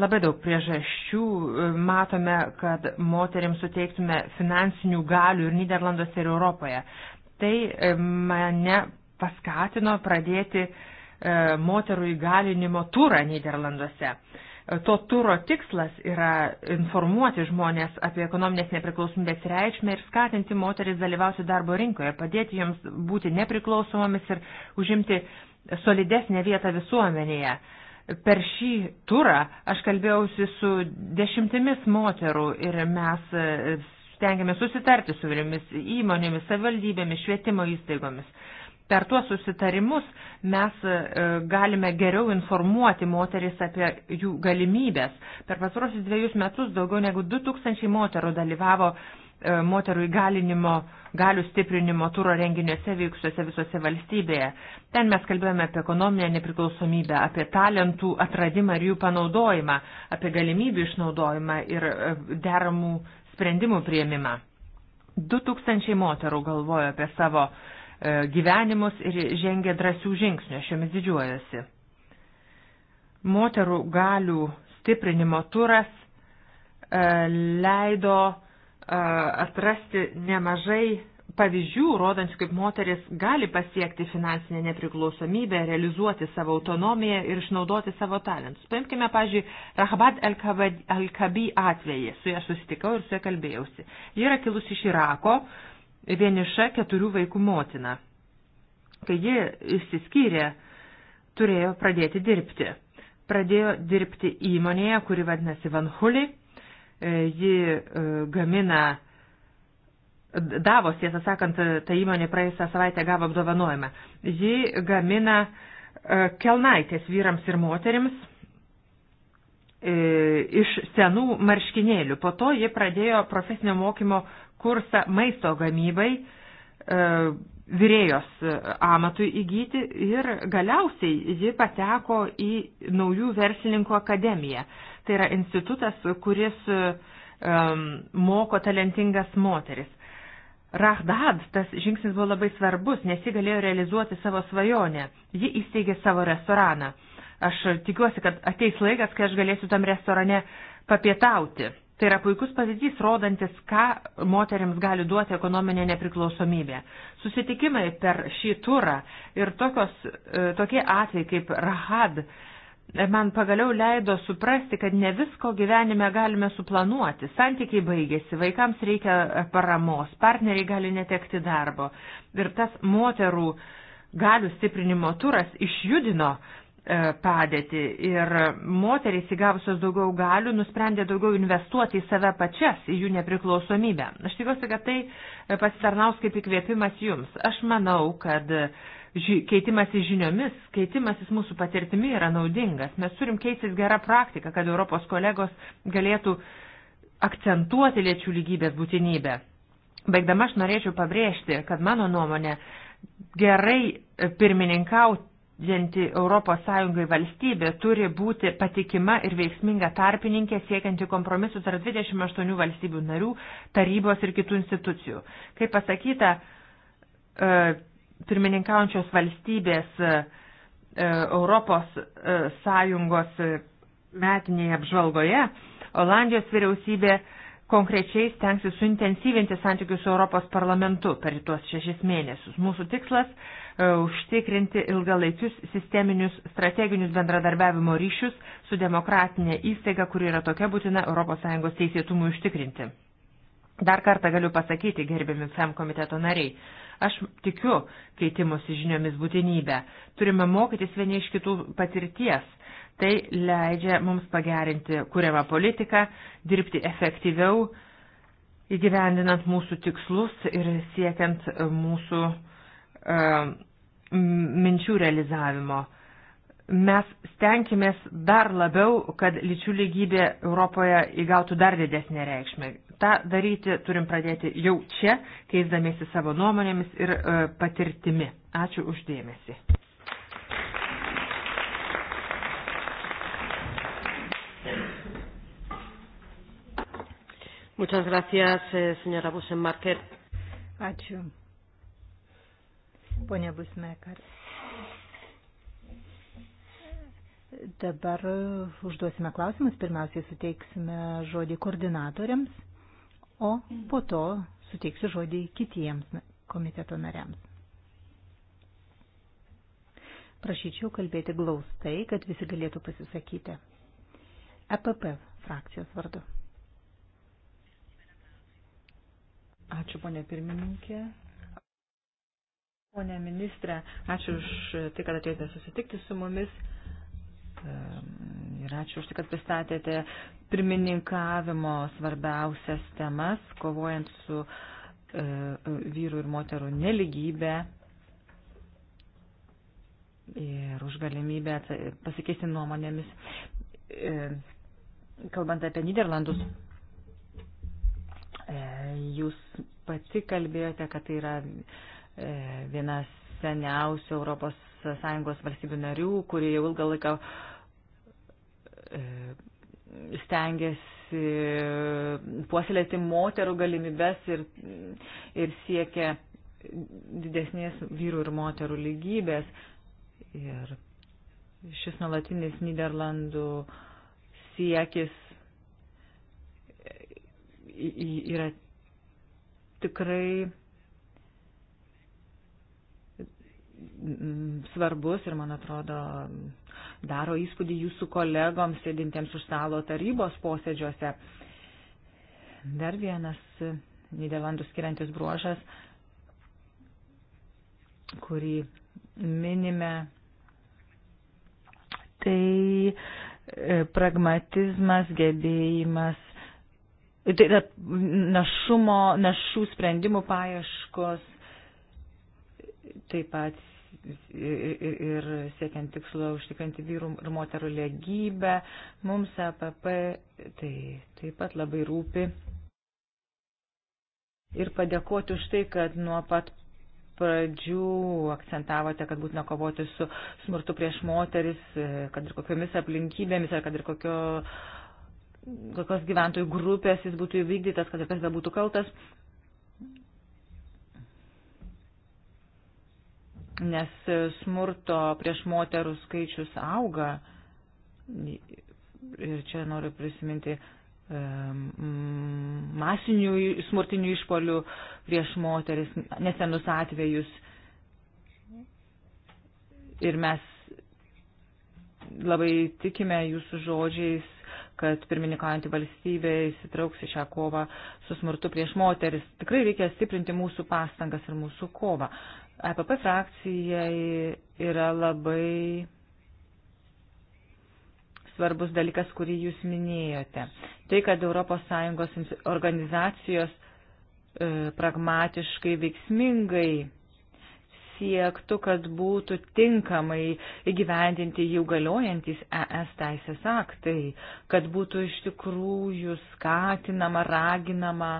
labai daug priežasčių e, matome, kad moteriams suteiktume finansinių galių ir Niderlanduose, ir Europoje. Tai e, mane paskatino pradėti e, moterų įgalinimo turą Niderlanduose. To turo tikslas yra informuoti žmonės apie ekonominės nepriklausomybės reikšmę ir skatinti moteris dalyvauti darbo rinkoje, padėti joms būti nepriklausomomis ir užimti solidesnę vietą visuomenėje. Per šį turą aš kalbėjausi su dešimtimis moterų ir mes e, stengiamės susitarti su vėliomis įmonėmis, savivaldybėmis, švietimo įstaigomis per tuos susitarimus mes e, galime geriau informuoti moteris apie jų galimybės. Per pasarosius dviejus metus daugiau negu 2000 moterų dalyvavo e, moterų įgalinimo, galių stiprinimo turo renginiuose vykusiuose visose valstybėje. Ten mes kalbėjome apie ekonominę nepriklausomybę, apie talentų atradimą ir jų panaudojimą, apie galimybių išnaudojimą ir e, deramų sprendimų prieimimą. 2000 moterų galvojo apie savo uh, E, gyvenimus ir žengė drąsių žingsnių, aš jomis didžiuojasi. Moterų galių stiprinimo turas e, leido e, atrasti nemažai pavyzdžių, rodančių, kaip moteris gali pasiekti finansinę nepriklausomybę, realizuoti savo autonomiją ir išnaudoti savo talentus. Paimkime, pavyzdžiui, Rahabat Al-Kabi atvejį, su ja susitikau ir su ja kalbėjausi. Ji yra kilusi iš Irako, vieniša keturių vaikų motina. Kai ji išsiskyrė, turėjo pradėti dirbti. Pradėjo dirbti įmonėje, kuri vadinasi Van Huli. E, ji e, gamina, davos, tiesą sakant, ta įmonė praėjusią savaitę gavo apdovanojimą. Ji gamina e, kelnaitės vyrams ir moterims iš senų marškinėlių. Po to ji pradėjo profesinio mokymo kursą maisto gamybai, e, vyrėjos e, amatui įgyti ir galiausiai ji pateko į naujų verslininkų akademiją. Tai yra institutas, kuris e, moko talentingas moteris. Rahdad tas žingsnis buvo labai svarbus, nes ji galėjo realizuoti savo svajonę. Ji įsteigė savo restoraną. Aš tikiuosi, kad ateis laikas, kai aš galėsiu tam restorane papietauti. Tai yra puikus pavyzdys, rodantis, ką moteriams gali duoti ekonominė nepriklausomybė. Susitikimai per šį turą ir tokios, e, tokie atvejai kaip Rahad e, man pagaliau leido suprasti, kad ne visko gyvenime galime suplanuoti. Santykiai baigėsi, vaikams reikia paramos, partneriai gali netekti darbo. Ir tas moterų galių stiprinimo turas išjudino E, padėtį ir moterys įgavusios daugiau galių nusprendė daugiau investuoti į save pačias, į jų nepriklausomybę. Aš tikiuosi, kad tai e, pasitarnaus kaip įkvėpimas jums. Aš manau, kad e, keitimasis žiniomis, keitimasis mūsų patirtimi yra naudingas. Mes turim keistis gerą praktiką, kad Europos kolegos galėtų akcentuoti lėčių lygybės būtinybę. Baigdama aš norėčiau pabrėžti, kad mano nuomonė gerai pirmininkauti leidžianti ES valstybė turi būti patikima ir veiksminga tarpininkė siekianti kompromisų tarp 28 valstybių narių, tarybos ir kitų institucijų. Kaip pasakyta, e, pirmininkaujančios valstybės e, Europos e, Sąjungos metinėje apžvalgoje Olandijos vyriausybė konkrečiai stengsis suintensyvinti santykius su Europos parlamentu per tuos šešis mėnesius. Mūsų tikslas E, užtikrinti ilgalaikius sisteminius strateginius bendradarbiavimo ryšius su demokratinė įstaiga, kuri yra tokia būtina ES teisėtumui užtikrinti. Dar kartą galiu pasakyti, gerbiami FEM komiteto nariai, aš tikiu keitimosi žiniomis būtinybę. Turime mokytis vieni iš kitų patirties. Tai leidžia mums pagerinti kuriamą politiką, dirbti efektyviau, įgyvendinant mūsų tikslus ir siekiant mūsų uh, E, minčių realizavimo. Mes stenkimės dar labiau, kad lyčių lygybė Europoje įgautų dar didesnį reikšmę. Ta daryti turim pradėti jau čia, keisdamėsi savo nuomonėmis ir e, patirtimi. Ačiū uždėmesi. Muchas gracias, eh, señora Busenmarker. Ačiū. Pone Busmekar. Dabar užduosime klausimus. Pirmiausiai suteiksime žodį koordinatoriams, o po to suteiksiu žodį kitiems komiteto nariams. Prašyčiau kalbėti glaustai, kad visi galėtų pasisakyti. EPP frakcijos vardu. Ačiū, ponė pirmininkė. Pone ministrė, ačiū už tai, kad atėjote susitikti su mumis ehm, ir ačiū už tai, kad pristatėte pirmininkavimo svarbiausias temas, kovojant su e, vyrų ir moterų neligybė ir už galimybę pasikeisti nuomonėmis. E, kalbant apie Niderlandus, e, jūs pati kalbėjote, kad tai yra E, vienas seniausių ES valstybių narių, kurie jau ilgą laiką e, stengiasi puoselėti moterų galimybės ir, ir siekia didesnės vyrų ir moterų lygybės. Ir šis nuolatinis Niderlandų siekis yra tikrai svarbus ir, man atrodo, daro įspūdį jūsų kolegoms sėdintiems už stalo tarybos posėdžiuose. Dar vienas Niderlandų skiriantis bruožas, kurį minime, tai e, pragmatizmas, gebėjimas, tai yra našumo, našų sprendimų paieškos taip pat ir, ir siekiant tikslo užtikrinti vyrų ir moterų lygybę. Mums APP tai taip pat labai rūpi. Ir padėkoti už tai, kad nuo pat pradžių akcentavote, kad būtina kovoti su smurtu prieš moteris, kad ir kokiomis aplinkybėmis, ar kad ir kokio, kokios gyventojų grupės jis būtų įvykdytas, kad ir kas bebūtų kaltas. nes smurto prieš moterų skaičius auga. Ir čia noriu prisiminti masinių smurtinių išpolių prieš moteris, nesenus atvejus. Ir mes labai tikime jūsų žodžiais kad pirmininkaujantį valstybę įsitrauks į šią kovą su smurtu prieš moteris. Tikrai reikia stiprinti mūsų pastangas ir mūsų kovą. EPP frakcijai yra labai svarbus dalykas, kurį jūs minėjote. Tai, kad ES organizacijos e, pragmatiškai, veiksmingai siektų, kad būtų tinkamai įgyvendinti jau galiojantis ES teisės aktai, kad būtų iš tikrųjų skatinama, raginama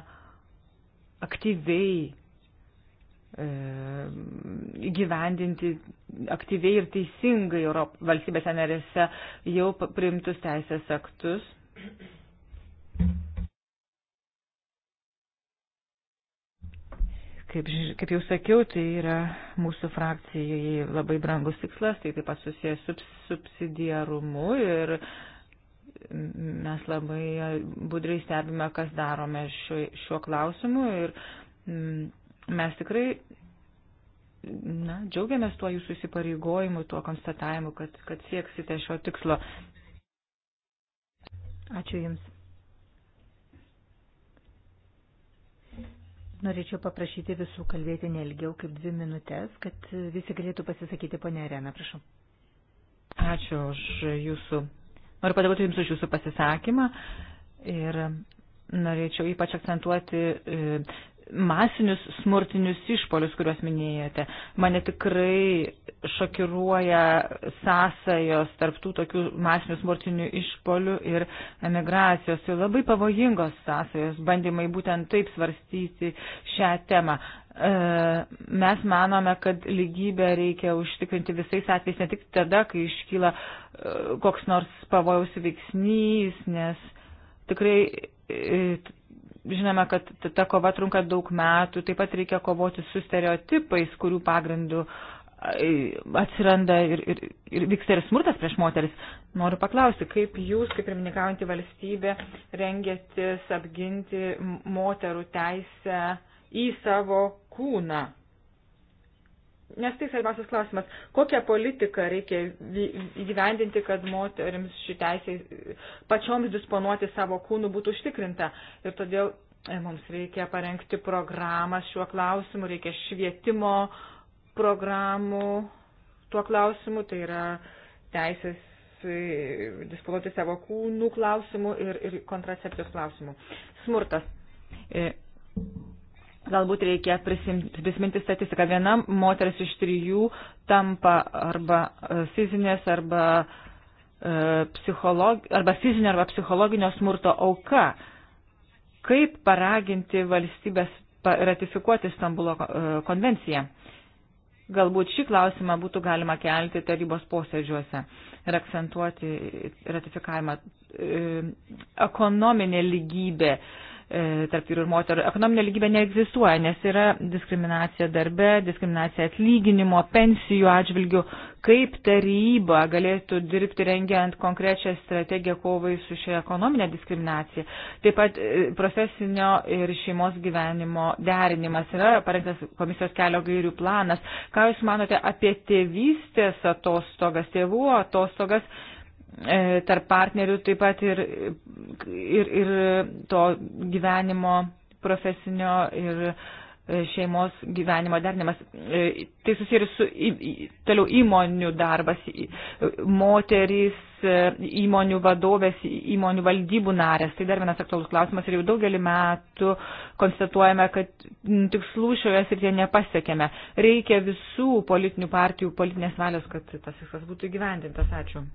aktyviai e, įgyvendinti aktyviai ir teisingai Europ, valstybėse narėse jau priimtus teisės aktus. Kaip, kaip jau sakiau, tai yra mūsų frakcijai labai brangus tikslas, tai taip pat susijęs su subsidiarumu ir mes labai budriai stebime, kas darome šiuo, šiuo klausimu ir mm, mes tikrai na, džiaugiamės tuo jūsų įsipareigojimu, tuo konstatavimu, kad, kad sieksite šio tikslo. Ačiū Jums. Norėčiau paprašyti visų kalbėti nelgiau kaip dvi minutės, kad visi galėtų pasisakyti, ponė Arena, prašau. Ačiū už jūsų. Noriu padėkoti Jums už Jūsų pasisakymą ir norėčiau ypač akcentuoti e, masinius smurtinius išpolius, kuriuos minėjote. Mane tikrai šokiruoja sąsajos tarptų tokių masinių smurtinių išpolių ir emigracijos. Tai labai pavojingos sąsajos, bandymai būtent taip svarstyti šią temą. E, mes manome, kad lygybę reikia užtikrinti visais atvejais, ne tik tada, kai iškyla e, koks nors pavojaus veiksnys, nes tikrai e, žinome, kad ta kova trunka daug metų, taip pat reikia kovoti su stereotipais, kurių pagrindų atsiranda ir, ir, ir vyksta ir smurtas prieš moteris. Noriu paklausti, kaip jūs, kaip pirmininkaujantį valstybę, rengėtis apginti moterų teisę į savo kūną? Nes tai svarbiausias klausimas, kokią politiką reikia įgyvendinti, kad moteriams ši teisė pačioms disponuoti savo kūnų būtų užtikrinta. Ir todėl e, mums reikia parengti programą šiuo klausimu, reikia švietimo programų tuo klausimu, tai yra teisės e, disponuoti savo kūnų klausimų ir, ir kontracepcijos klausimų. Smurtas. E, Galbūt reikia prisiminti statistiką. Viena moteris iš trijų tampa arba e, fizinės, arba, e, psicholog... arba fizinio, arba psichologinio smurto auka. Kaip paraginti valstybės ratifikuoti Stambulo e, konvenciją? Galbūt šį klausimą būtų galima kelti tarybos posėdžiuose ir akcentuoti ratifikavimą. Ekonominė lygybė. E, E, tarp vyrų ir moterų. Ekonominė lygybė neegzistuoja, nes yra diskriminacija darbe, diskriminacija atlyginimo, pensijų atžvilgių. Kaip taryba galėtų dirbti rengiant konkrečią strategiją kovai su šia ekonominė diskriminacija? Taip pat e, profesinio ir šeimos gyvenimo derinimas yra parengtas komisijos kelio gairių planas. Ką Jūs manote apie tėvystės atostogas, tėvų atostogas? E, tarp partnerių taip pat ir, ir, ir to gyvenimo profesinio ir e, šeimos gyvenimo derinimas. E, tai susijęs su toliau įmonių darbas, moterys, įmonių vadovės, įmonių valdybų narės. Tai dar vienas aktualus klausimas ir jau daugelį metų konstatuojame, kad tikslų šioje srityje nepasiekėme. Reikia visų politinių partijų politinės valios, kad tas viskas būtų gyvendintas. Ačiū.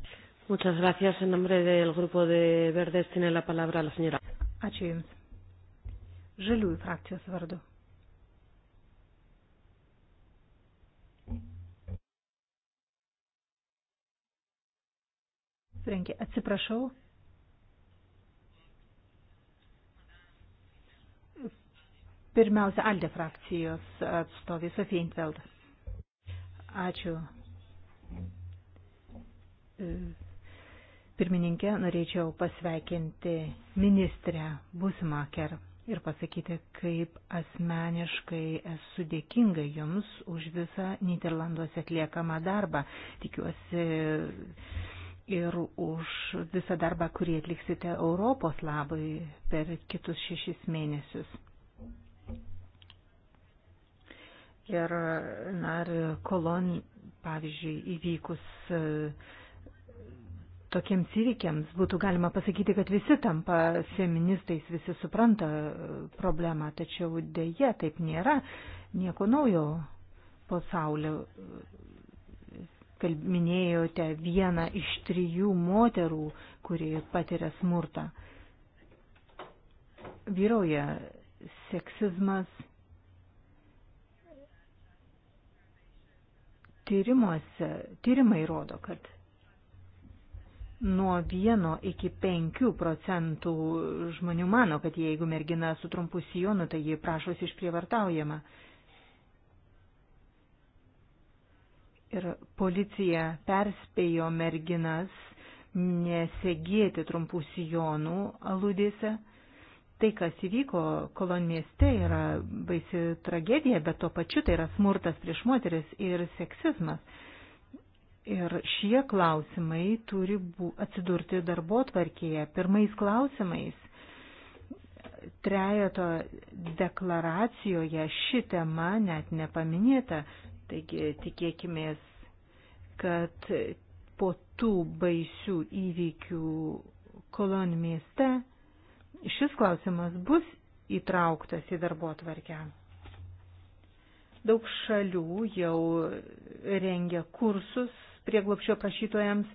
Muchas gracias. En nombre del grupo de Verdes tiene la palabra la señora. Ačiū Jums. Žaliųjų frakcijos vardu. Frenkė, atsiprašau. Pirmiausia, Alde frakcijos atstovė Sofija Intveld. Ačiū. E Pirmininkė, norėčiau pasveikinti ministrę Busmaker ir pasakyti, kaip asmeniškai esu dėkinga Jums už visą Niderlanduose atliekamą darbą. Tikiuosi ir už visą darbą, kurį atliksite Europos labai per kitus šešis mėnesius. Ir, na, ir kolon, pavyzdžiui, įvykus uh, tokiems įvykiams būtų galima pasakyti, kad visi tampa feministais, visi supranta e, problemą, tačiau dėje taip nėra, nieko naujo po saulio. E, minėjote vieną iš trijų moterų, kuri patiria smurtą. Vyroja seksizmas. Tyrimuose, tyrimai rodo, kad Nuo 1 iki 5 procentų žmonių mano, kad jeigu mergina su trumpu sijonu, tai ji prašosi išprievartaujama. Ir policija perspėjo merginas nesegėti trumpų sijonų aludėse. Tai, kas įvyko kolon mieste, yra baisi tragedija, bet tuo pačiu tai yra smurtas prieš moteris ir seksizmas Ir šie klausimai turi bū, atsidurti darbo tvarkėje. Pirmais klausimais trejato deklaracijoje ši tema net nepaminėta. Taigi tikėkime, kad po tų baisių įvykių kolon mieste šis klausimas bus įtrauktas į darbo tvarkę. Daug šalių jau rengia kursus prieglopščio prašytojams,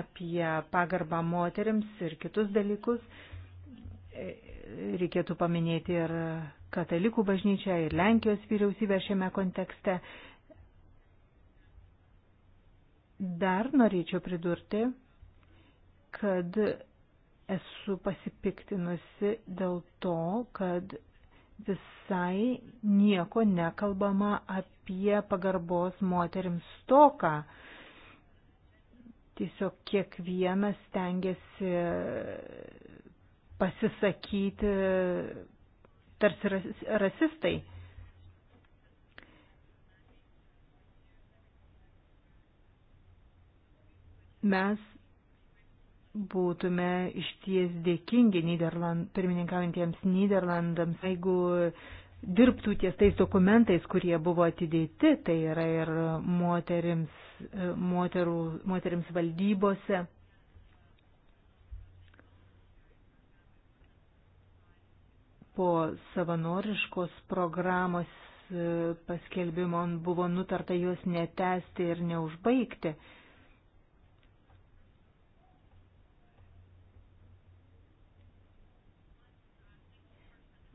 apie pagarbą moteriams ir kitus dalykus. E, reikėtų paminėti ir katalikų bažnyčią, ir Lenkijos vyriausybę šiame kontekste. Dar norėčiau pridurti, kad esu pasipiktinusi dėl to, kad visai nieko nekalbama apie pagarbos moterims stoką. Tiesiog kiekvienas tengiasi pasisakyti tarsi rasistai. Mes būtume išties dėkingi Niderland, pirmininkaujantiems Niderlandams, jeigu uh, dirbtų ties tais dokumentais, kurie buvo atidėti, tai yra ir moterims, e, moterų, moterims valdybose. Po savanoriškos programos e, paskelbimo buvo nutarta juos netesti ir neužbaigti.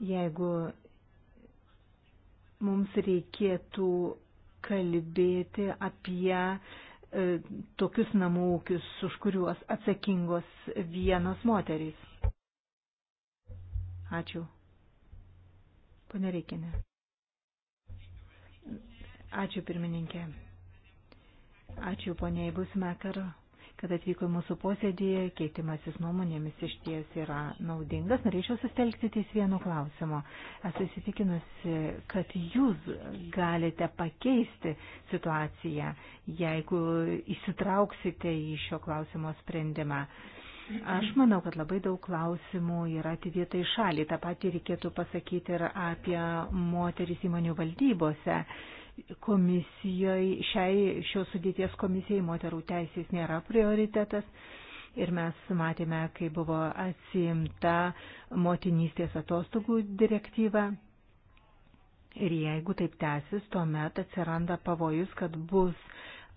Jeigu mums reikėtų kalbėti apie e, tokius namų ūkius, už kuriuos atsakingos vienos moterys. Ačiū. Pane Reikinė. Ačiū pirmininkė. Ačiū poniai Busmekar kad atvyko į mūsų posėdį, keitimasis nuomonėmis iš ties yra naudingas. Norėčiau sustelkti ties vienu klausimu. Esu įsitikinusi, kad jūs galite pakeisti situaciją, jeigu įsitrauksite į šio klausimo sprendimą. Aš manau, kad labai daug klausimų yra atidėta į šalį. Ta pati reikėtų pasakyti ir apie moteris įmonių valdybose komisijai, šiai šios sudėties komisijai moterų teisės nėra prioritetas. Ir mes matėme, kai buvo atsiimta motinystės atostogų direktyva. Ir jeigu taip tęsis, tuomet atsiranda pavojus, kad bus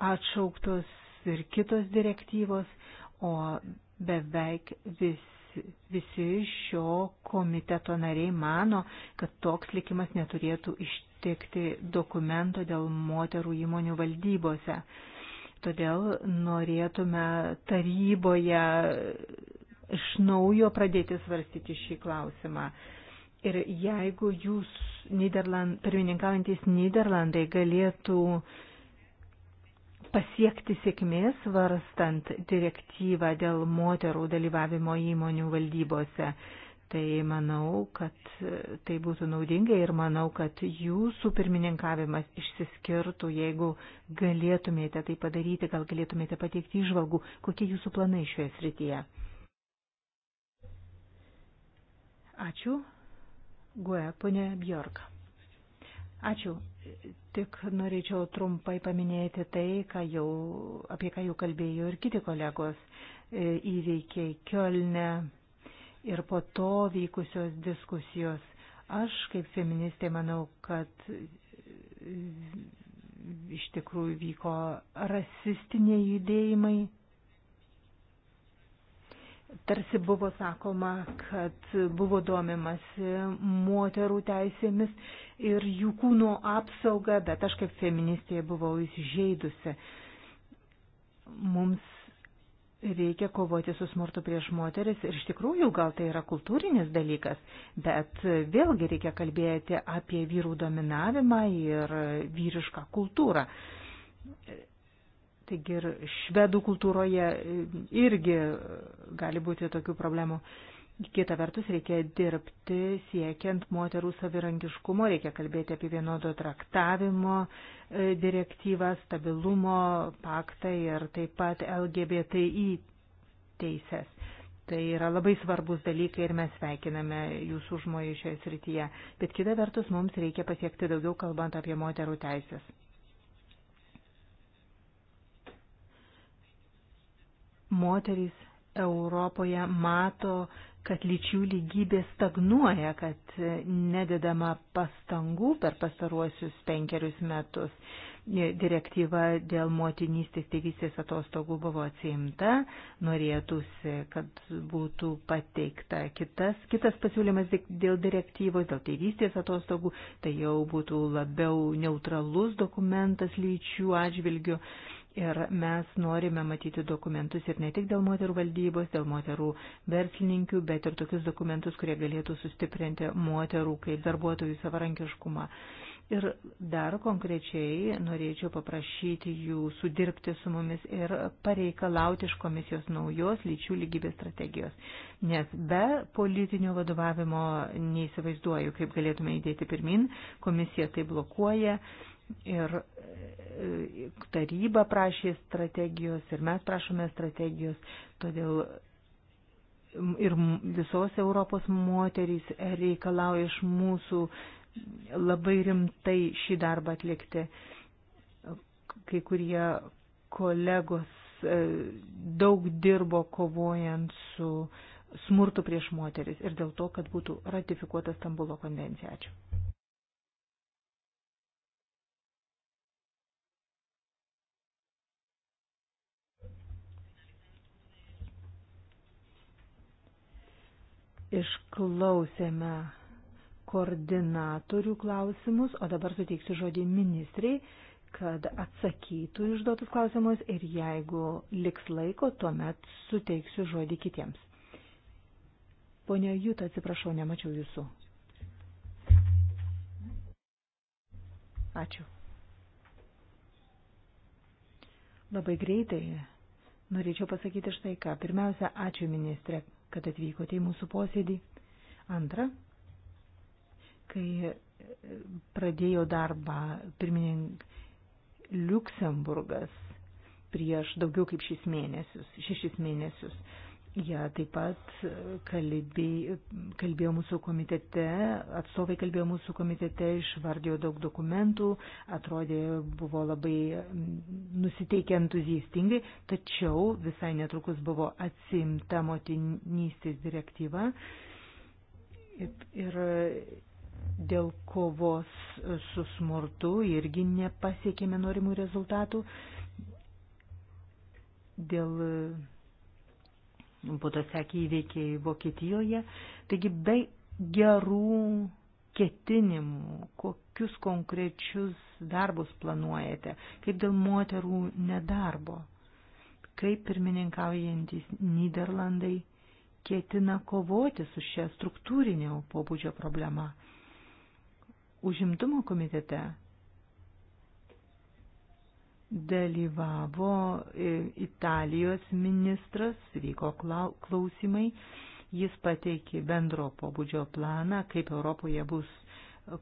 atšauktos ir kitos direktyvos, o beveik visi visi šio komiteto nariai mano, kad toks likimas neturėtų ištikti dokumento dėl moterų įmonių valdybose. Todėl norėtume taryboje iš naujo pradėti svarstyti šį klausimą. Ir jeigu jūs Niderland, pirmininkaujantis Niderlandai galėtų uh, pasiekti sėkmės varstant direktyvą dėl moterų dalyvavimo įmonių valdybose. Tai manau, kad e, tai būtų naudinga ir manau, kad jūsų pirmininkavimas išsiskirtų, jeigu galėtumėte tai padaryti, gal galėtumėte pateikti išvalgų, kokie jūsų planai šioje srityje. Ačiū. Gue, ponė Bjorka. Ačiū. Tik norėčiau trumpai paminėti tai, ką jau, apie ką jau kalbėjo ir kiti kolegos e, įveikiai Kielne ir po to vykusios diskusijos. Aš kaip feministė manau, kad e, iš tikrųjų vyko rasistiniai judėjimai. Tarsi buvo sakoma, kad buvo domimasi moterų teisėmis ir jų kūno apsaugą, bet aš kaip feministė buvau įsižeidusi. Mums reikia kovoti su smurtu prieš moteris ir iš tikrųjų gal tai yra kultūrinis dalykas, bet vėlgi reikia kalbėti apie vyrų dominavimą ir vyrišką kultūrą. Taigi ir švedų kultūroje irgi gali būti tokių problemų. Kita vertus, reikia dirbti siekiant moterų savirankiškumo, reikia kalbėti apie vienodo traktavimo e, direktyvą, stabilumo paktą ir taip pat LGBTI teises. Tai yra labai svarbus dalykai ir mes sveikiname jūsų žmonių šioje srityje. Bet kita vertus, mums reikia pasiekti daugiau kalbant apie moterų teisės. Moterys Europoje mato kad lyčių lygybė stagnuoja, kad nededama pastangų per pastaruosius penkerius metus. Direktyva dėl motinystės tėvystės atostogų buvo atsiimta, norėtųsi, kad būtų pateikta kitas, kitas pasiūlymas dėl direktyvos, dėl tėvystės atostogų, tai jau būtų labiau neutralus dokumentas lyčių atžvilgių. Ir mes norime matyti dokumentus ir ne tik dėl moterų valdybos, dėl moterų verslininkių, bet ir tokius dokumentus, kurie galėtų sustiprinti moterų kaip darbuotojų savarankiškumą. Ir dar konkrečiai norėčiau paprašyti jų sudirbti su mumis ir pareikalauti iš komisijos naujos lyčių lygybės strategijos. Nes be politinio vadovavimo neįsivaizduoju, kaip galėtume įdėti pirmin, komisija tai blokuoja. Uh, Ir e, taryba prašė strategijos ir mes prašome strategijos, todėl ir visos Europos moterys reikalauja iš mūsų labai rimtai šį darbą atlikti. Kai kurie kolegos e, daug dirbo kovojant su smurtu prieš moteris ir dėl to, kad būtų ratifikuota Stambulo konvencija. Ačiū. Išklausėme koordinatorių klausimus, o dabar suteiksiu žodį ministrei, kad atsakytų išduotus klausimus ir jeigu liks laiko, tuomet suteiksiu žodį kitiems. Pone Jut, atsiprašau, nemačiau jūsų. Ačiū. Labai greitai norėčiau pasakyti štai ką. Pirmiausia, ačiū ministrė kad atvykote į mūsų posėdį. Antra, kai pradėjo darbą pirmininkas Luksemburgas prieš daugiau kaip šešis mėnesius, šešis mėnesius, Ja, taip pat e, kalbė, kalbėjo mūsų komitete, atstovai kalbėjo mūsų komitete, išvardėjo daug dokumentų, atrodė buvo labai nusiteikę entuziastingai, tačiau visai netrukus buvo atsimta motinystės direktyva ir, ir e, dėl kovos su smurtu irgi nepasiekėme norimų rezultatų. Dėl po to sekė įveikiai Vokietijoje. Taigi be gerų ketinimų, kokius konkrečius darbus planuojate, kaip dėl moterų nedarbo, kaip pirmininkaujantis Niderlandai ketina kovoti su šia struktūrinio pobūdžio problema. Užimtumo komitete dalyvavo e, Italijos ministras, vyko klausimai, jis pateikė bendro pobūdžio planą, kaip Europoje bus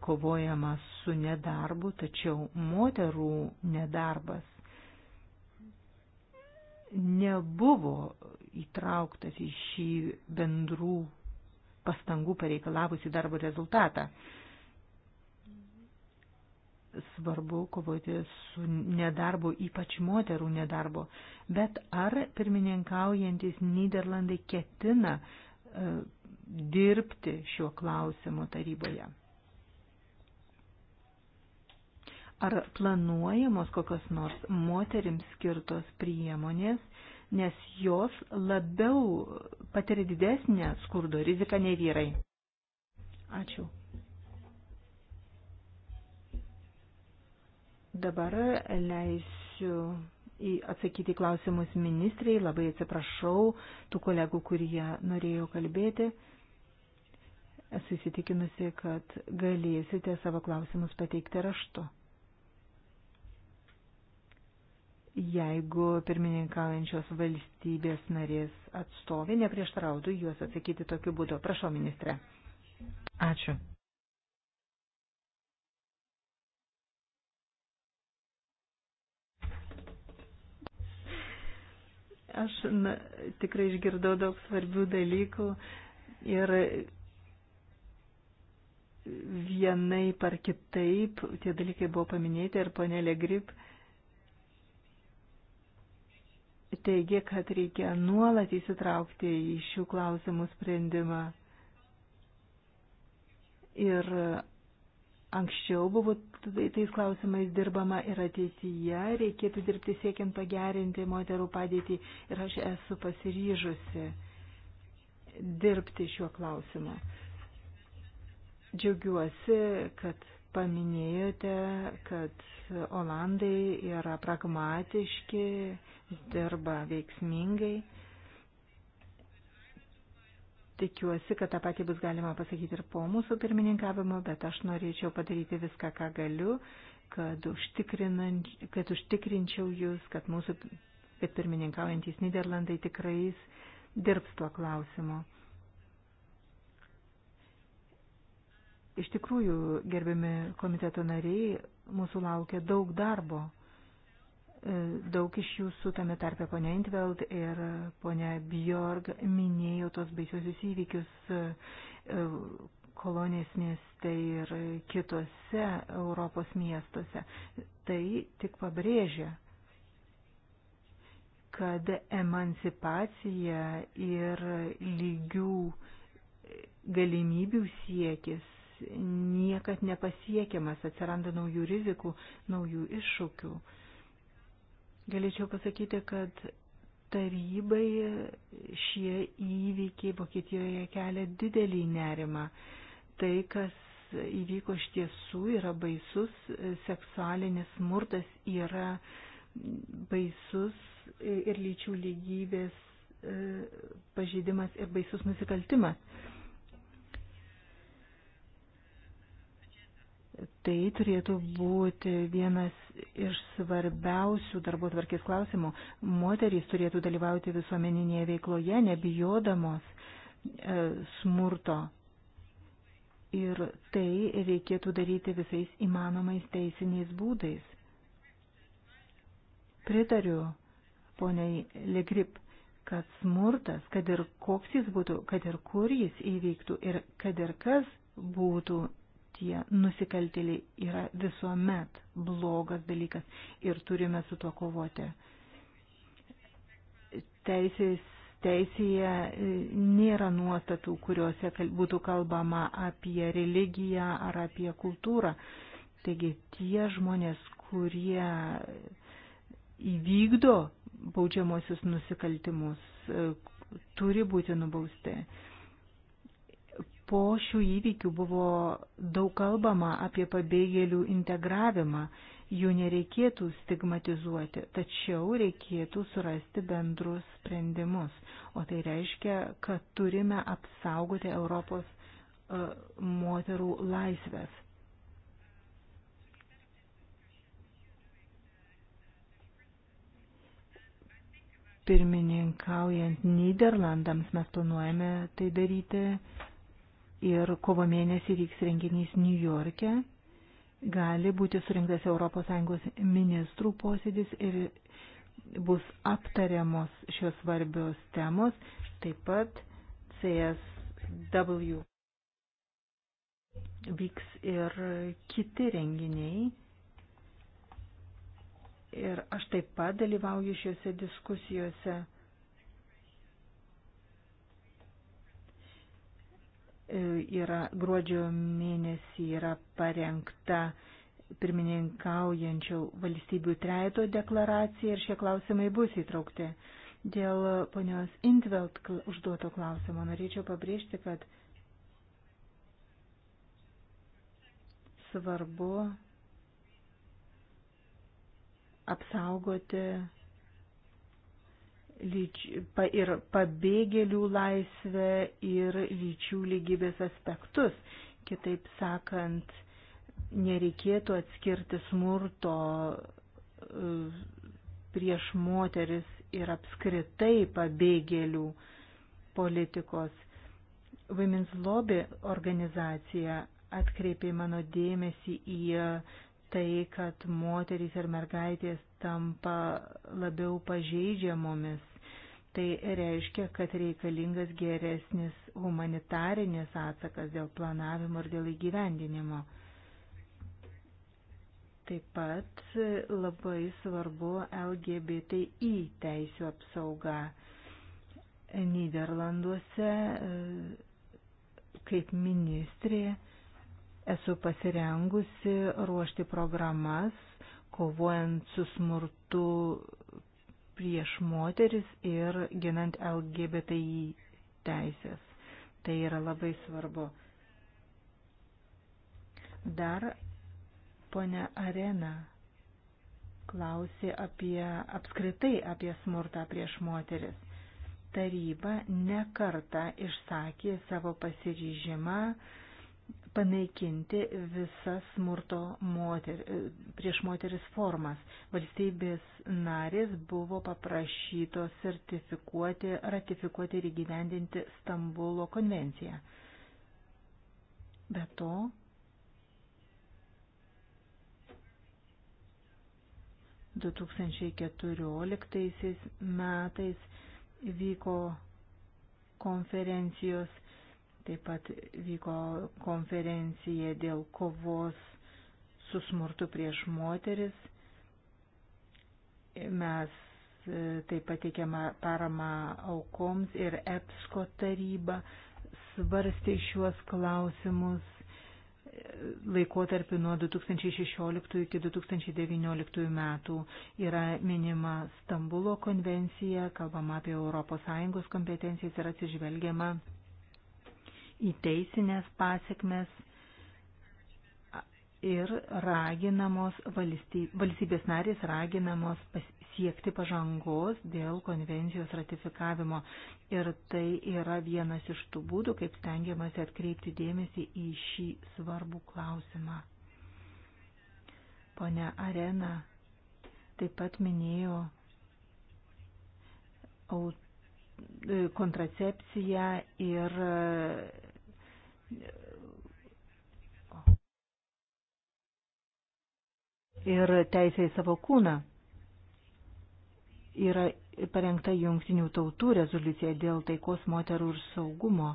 kovojama su nedarbu, tačiau moterų nedarbas nebuvo įtrauktas į šį bendrų pastangų pareikalavusi darbo rezultatą svarbu kovoti su nedarbu, ypač moterų nedarbu. Bet ar pirmininkaujantis Niderlandai ketina e, dirbti šiuo klausimu taryboje? Ar planuojamos kokios nors moterims skirtos priemonės, nes jos labiau patiria didesnę skurdo riziką nei vyrai? Ačiū. Dabar leisiu į atsakyti klausimus ministrei. Labai atsiprašau tų kolegų, kurie norėjo kalbėti. Esu įsitikinusi, kad galėsite savo klausimus pateikti raštu. Jeigu pirmininkaujančios valstybės narės atstovė neprieštarautų juos atsakyti tokiu būdu. Prašau, ministrė. Ačiū. Aš na, tikrai išgirdau daug svarbių dalykų ir vienai par kitaip tie dalykai buvo paminėti ir ponelė Grip teigia, kad reikia nuolat įsitraukti į šių klausimų sprendimą. Ir anksčiau buvo tais klausimais dirbama ir ateityje reikėtų dirbti siekiant pagerinti moterų padėtį ir aš esu pasiryžusi dirbti šiuo klausimu. Džiaugiuosi, kad paminėjote, kad Olandai yra pragmatiški, dirba veiksmingai tikiuosi, kad tą patį bus galima pasakyti ir po mūsų pirmininkavimo, bet aš norėčiau padaryti viską, ką galiu, kad, kad užtikrinčiau jūs, kad mūsų kad pirmininkaujantis Niderlandai tikrai dirbs tuo klausimu. Iš tikrųjų, gerbiami komiteto nariai, mūsų laukia daug darbo. E, daug iš jūsų, tame tarpe ponia Intveld ir ponia Bjorg, minėjo tos baisiosius įvykius e, e, kolonijos mieste ir kitose Europos miestuose. Tai tik pabrėžia, kad emancipacija ir lygių galimybių siekis niekad nepasiekiamas, atsiranda naujų rizikų, naujų iššūkių. Galėčiau pasakyti, kad tarybai šie įvykiai Vokietijoje kelia didelį nerimą. Tai, kas įvyko iš tiesų, yra baisus, seksualinis smurtas yra baisus ir lyčių lygybės e, pažeidimas ir baisus nusikaltimas. Tai turėtų būti vienas iš svarbiausių darbo tvarkės klausimų. Moterys turėtų dalyvauti visuomeninėje veikloje, nebijodamos e, smurto. Ir tai reikėtų daryti visais įmanomais teisiniais būdais. Pritariu poniai Legrip, kad smurtas, kad ir koks jis būtų, kad ir kur jis įvyktų ir kad ir kas būtų tie nusikaltėliai yra visuomet blogas dalykas ir turime su tuo kovoti. Teisės, teisėje e, nėra nuostatų, kuriuose būtų kalbama apie religiją ar apie kultūrą. Taigi tie žmonės, kurie įvykdo baudžiamosius nusikaltimus, e, turi būti nubausti Po šių įvykių buvo daug kalbama apie pabėgėlių integravimą, jų nereikėtų stigmatizuoti, tačiau reikėtų surasti bendrus sprendimus, o tai reiškia, kad turime apsaugoti Europos uh, moterų laisvės. Pirmininkaujant Niderlandams mes planuojame tai daryti ir kovo mėnesį vyks renginys New York'e. Gali būti surinktas ES ministrų posėdis ir bus aptariamos šios svarbios temos, taip pat CSW. Vyks ir kiti renginiai. Ir aš taip pat dalyvauju šiuose diskusijose. E, yra gruodžio mėnesį yra parengta pirmininkaujančių valstybių treito deklaracija ir šie klausimai bus įtraukti. Dėl ponios Intvelt užduoto klausimo norėčiau pabrėžti, kad svarbu apsaugoti ir pabėgėlių laisvę ir lyčių lygybės aspektus. Kitaip sakant, nereikėtų atskirti smurto uh, prieš moteris ir apskritai pabėgėlių politikos. Women's Lobby organizacija atkreipė mano dėmesį į tai, kad moterys ir mergaitės tampa labiau pažeidžiamomis. Tai reiškia, kad reikalingas geresnis humanitarinis atsakas dėl planavimo ir dėl įgyvendinimo. Taip pat labai svarbu LGBTI teisų apsauga. Niderlanduose e, kaip ministrė esu pasirengusi ruošti programas kovojant su smurtu prieš moteris ir ginant LGBTI teisės. Tai yra labai svarbu. Dar ponia Arena klausė apie apskritai apie smurtą prieš moteris. Taryba nekarta išsakė savo pasiryžimą uh, panaikinti visas smurto moter, prieš moteris formas. Valstybės narės buvo paprašytos sertifikuoti, ratifikuoti ir įgyvendinti Stambulo konvenciją. Be to, du tūkstančiai keturioliktaisiais metais vyko konferencijos Taip pat vyko konferencija dėl kovos su smurtu prieš moteris. Mes e, taip pat teikiamą paramą aukoms ir EPSCO taryba svarstė šiuos klausimus e, laikotarpį nuo 2016 iki 2019 metų yra minima Stambulo konvencija, kalbama apie ES kompetencijas ir atsižvelgiama į teisinės pasiekmes ir raginamos valstybės narės raginamos siekti pažangos dėl konvencijos ratifikavimo. Ir tai yra vienas iš tų būdų, kaip stengiamasi atkreipti dėmesį į šį svarbų klausimą. Pone Arena taip pat minėjo kontracepciją ir ir teisė į savo kūną. Yra parengta jungtinių tautų rezoliucija dėl taikos moterų ir saugumo.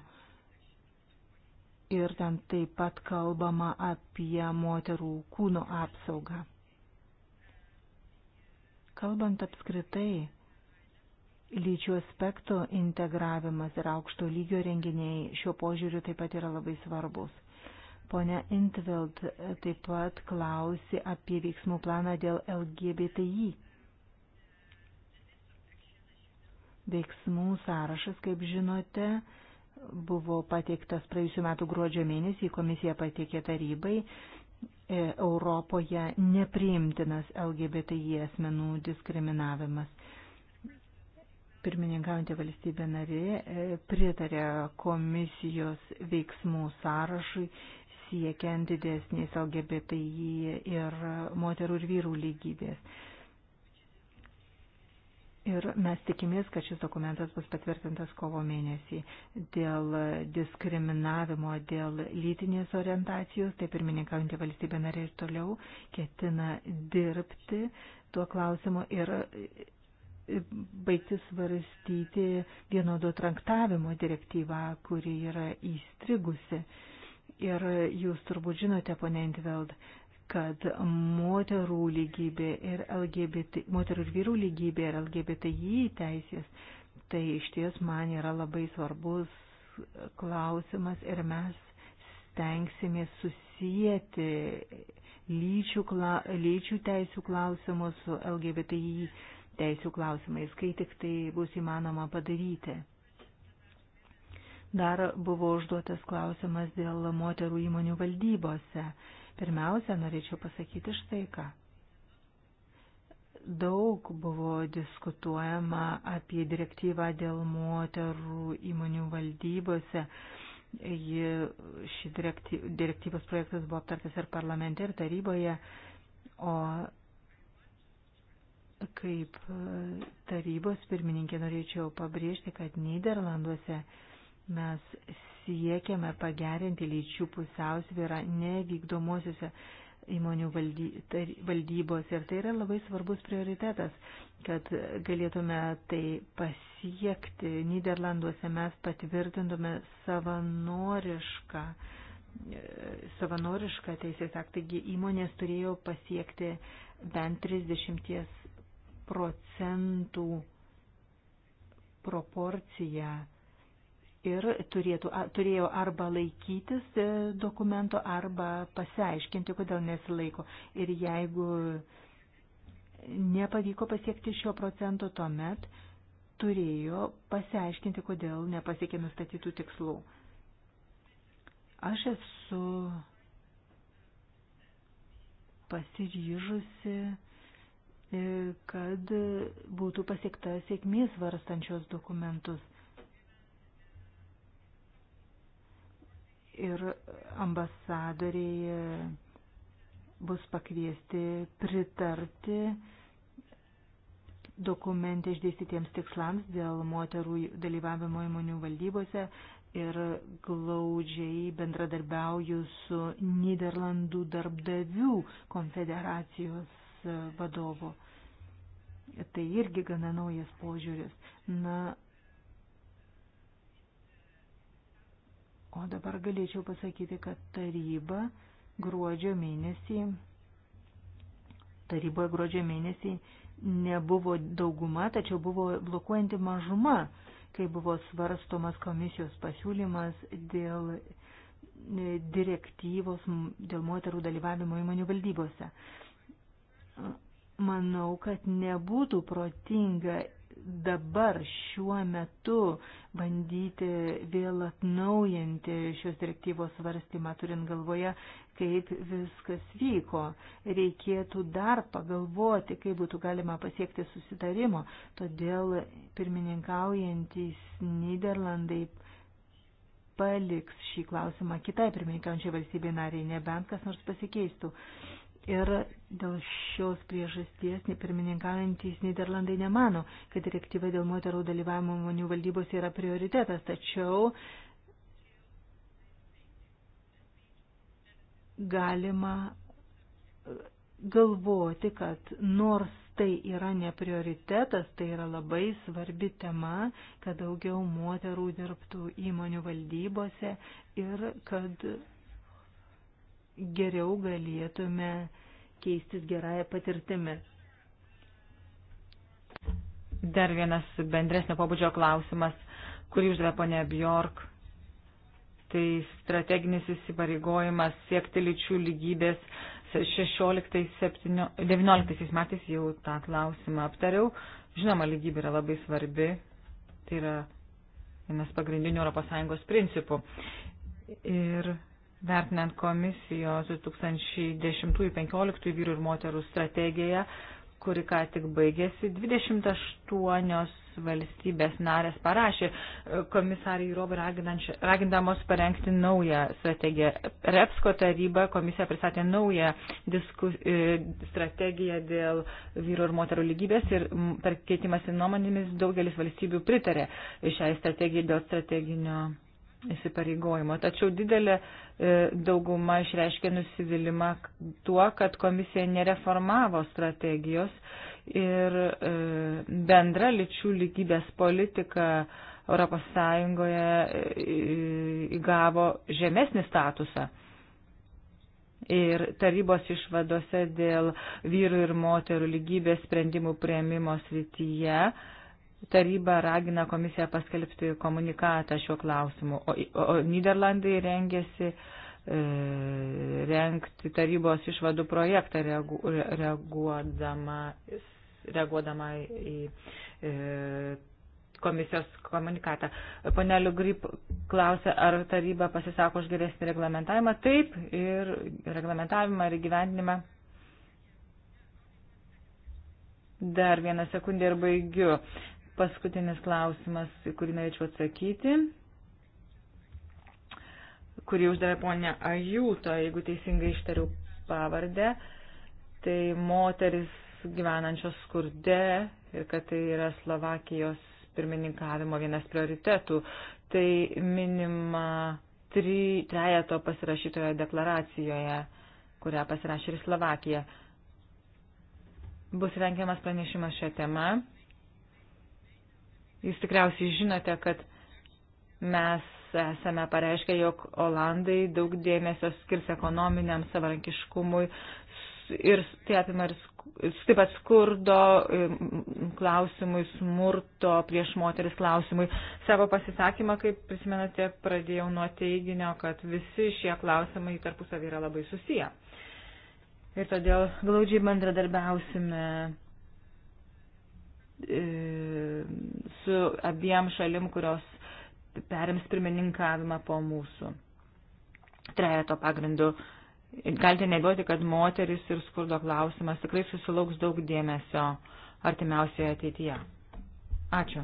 Ir ten taip pat kalbama apie moterų kūno apsaugą. Kalbant apskritai lyčių aspektų integravimas ir aukšto lygio renginiai šiuo požiūriu taip pat yra labai svarbus. Pone Intveld taip pat klausi apie veiksmų planą dėl LGBTI. Veiksmų sąrašas, kaip žinote, buvo pateiktas praėjusiu metu gruodžio mėnesį, komisija pateikė tarybai. E, Europoje nepriimtinas LGBTI asmenų diskriminavimas pirmininkaujantį valstybę narį e, pritarė komisijos veiksmų sąrašui siekiant didesnės LGBTI ir moterų ir vyrų lygybės. Ir mes tikimės, kad šis dokumentas bus patvirtintas kovo mėnesį. Dėl diskriminavimo, dėl lytinės orientacijos, tai pirmininkaujantį valstybę narį ir toliau ketina dirbti tuo klausimu ir baigti svarstyti vienodo traktavimo direktyvą, kuri yra įstrigusi. Ir jūs turbūt žinote, ponė Entveld, kad moterų lygybė ir LGBT, moterų ir vyrų lygybė ir LGBTI teisės, tai iš ties man yra labai svarbus klausimas ir mes stengsimės susijęti lyčių, lyčių teisų klausimus su LGBTI teisių klausimais, kai tik tai bus įmanoma padaryti. Dar buvo užduotas klausimas dėl moterų įmonių valdybose. Pirmiausia, norėčiau pasakyti štai ką. Daug buvo diskutuojama apie direktyvą dėl moterų įmonių valdybose. Ji, ši direktyvos projektas buvo aptartas ir parlamente, ir taryboje, o Kaip e, tarybos pirmininkė norėčiau pabrėžti, kad Niderlanduose mes siekiame pagerinti lyčių pusiausvyrą nevykdomosiuose įmonių valdy, tar, valdybos ir tai yra labai svarbus prioritetas, kad galėtume tai pasiekti. Niderlanduose mes patvirtintume savanorišką, e, savanorišką teisės aktą, taigi įmonės turėjo pasiekti bent 30 procentų proporciją ir turėtų, turėjo arba laikytis e, dokumento, arba pasiaiškinti, kodėl nesilaiko. Ir jeigu nepavyko pasiekti šio procento, tuomet turėjo pasiaiškinti, kodėl nepasiekė nustatytų tikslų. Aš esu pasiryžusi E, kad būtų pasiekta sėkmės varstančios dokumentus. Ir ambasadoriai bus pakviesti pritarti dokumente išdėstytiems tikslams dėl moterų dalyvavimo įmonių valdybose ir glaudžiai bendradarbiauju su Niderlandų darbdavių konfederacijos vadovo. Tai irgi gana naujas požiūris. Na, o dabar galėčiau pasakyti, kad taryba gruodžio mėnesį, taryboje gruodžio mėnesį nebuvo dauguma, tačiau buvo blokuojanti mažuma, kai buvo svarstomas komisijos pasiūlymas dėl e, direktyvos dėl moterų dalyvavimo įmonių valdybose manau, kad nebūtų protinga dabar šiuo metu bandyti vėl atnaujinti šios direktyvos svarstymą, turint galvoje, kaip viskas vyko. Reikėtų dar pagalvoti, kaip būtų galima pasiekti susitarimo. Todėl pirmininkaujantis Niderlandai paliks šį klausimą kitai pirmininkaujančiai valstybei nariai, nebent kas nors pasikeistų. Ir dėl šios priežasties nepirmininkaujantys Niderlandai nemano, kad direktyva dėl moterų dalyvavimo monių valdybos yra prioritetas, tačiau galima galvoti, kad nors tai yra ne prioritetas, tai yra labai svarbi tema, kad daugiau moterų dirbtų įmonių valdybose ir kad geriau galėtume keistis gerąją patirtimį. Dar vienas bendresnio pobūdžio klausimas, kurį uždavė ponė Bjork. Tai strateginis įsipareigojimas siekti lyčių lygybės 16-19 metais jau tą klausimą aptariau. Žinoma, lygybė yra labai svarbi. Tai yra vienas pagrindinių ES principų. Ir vertinant komisijos 2010-2015 vyrų ir moterų strategiją, kuri ką tik baigėsi, 28 valstybės narės parašė e, komisarį Jūrovą ragindamos parengti naują strategiją. Repsko taryba komisija pristatė naują disku, e, strategiją dėl vyru ir moterų lygybės ir per keitimąsi nuomonėmis daugelis valstybių pritarė šiai strategijai dėl strateginio įsipareigojimo. Tačiau didelė e, dauguma išreiškė nusivylimą tuo, kad komisija nereformavo strategijos ir e, bendra lyčių lygybės politika ES e, įgavo žemesnį statusą. Ir tarybos išvadose dėl vyrų ir moterų lygybės sprendimų prieimimo srityje uh, Taryba ragina komisiją paskelbti komunikatą šiuo klausimu, o, o Niderlandai rengėsi e, renkti tarybos išvadų projektą reagu, reaguodama, reaguodama į e, komisijos komunikatą. Pane Liugrip klausė, ar taryba pasisako už geresnį reglamentavimą. Taip, ir reglamentavimą, ir gyvendinimą. Dar vieną sekundę ir baigiu. Paskutinis klausimas, į kurį norėčiau atsakyti, kurį uždavė ponia Ajūto, jeigu teisingai ištariu pavardę, tai moteris gyvenančios skurde ir kad tai yra Slovakijos pirmininkavimo vienas prioritetų. Tai minima tri, trejato pasirašytoje deklaracijoje, kurią pasirašė ir Slovakija. Bus rengiamas pranešimas šią temą. Jūs tikriausiai žinote, kad mes esame pareiškę, jog Olandai daug dėmesio skirs ekonominiam savarankiškumui ir tai apima ir taip pat skurdo klausimui, smurto prieš moteris klausimui. Savo pasisakymą, kaip prisimenate, pradėjau nuo teiginio, kad visi šie klausimai tarpusavį yra labai susiję. Ir todėl glaudžiai bendradarbiausime E, su abiem šalim, kurios perims pirmininkavimą po mūsų. Trejato pagrindu. Galite neduoti, kad moteris ir skurdo klausimas tikrai susilauks daug dėmesio artimiausioje ateityje. Ačiū.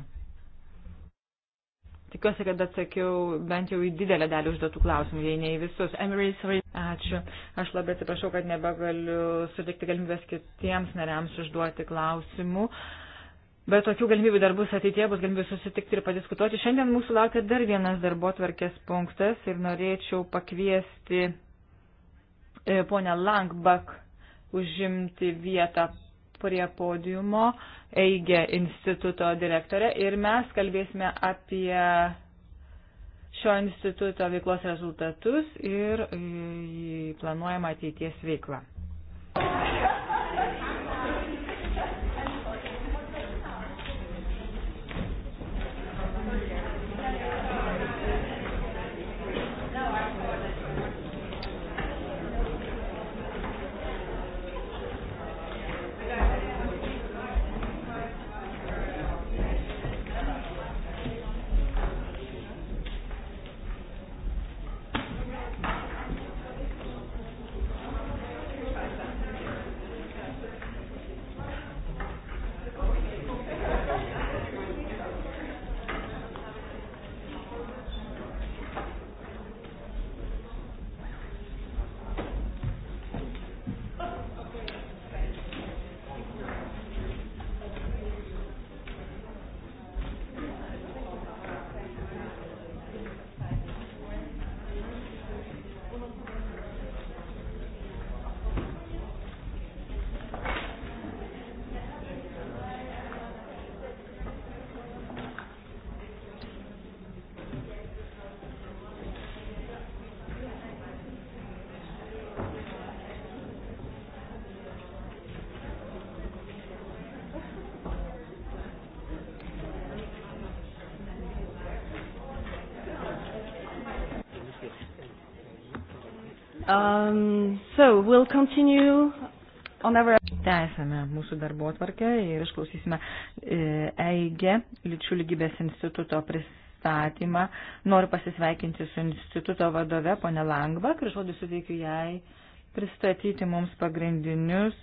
Tikiuosi, kad atsakiau bent jau į didelę dalį užduotų klausimų, jei ne į visus. Ačiū. Aš labai atsiprašau, kad nebegaliu sutikti galimybės kitiems nariams užduoti klausimų. Uh, Bet tokių galimybių dar bus ateitie, bus galimybių susitikti ir padiskutuoti. Šiandien mūsų laukia dar vienas darbo tvarkės punktas ir norėčiau pakviesti e, ponę Langbak užimti vietą prie podiumo, Eigė instituto direktorė ir mes kalbėsime apie šio instituto veiklos rezultatus ir e, planuojamą ateities veiklą. Um, so we'll continue on our... Tęsame mūsų darbo atvarkę ir išklausysime EIG, e lyčių lygybės instituto pristatymą. Noriu pasisveikinti su instituto vadove, ponė Langba, ir žodį suteikiu jai pristatyti mums pagrindinius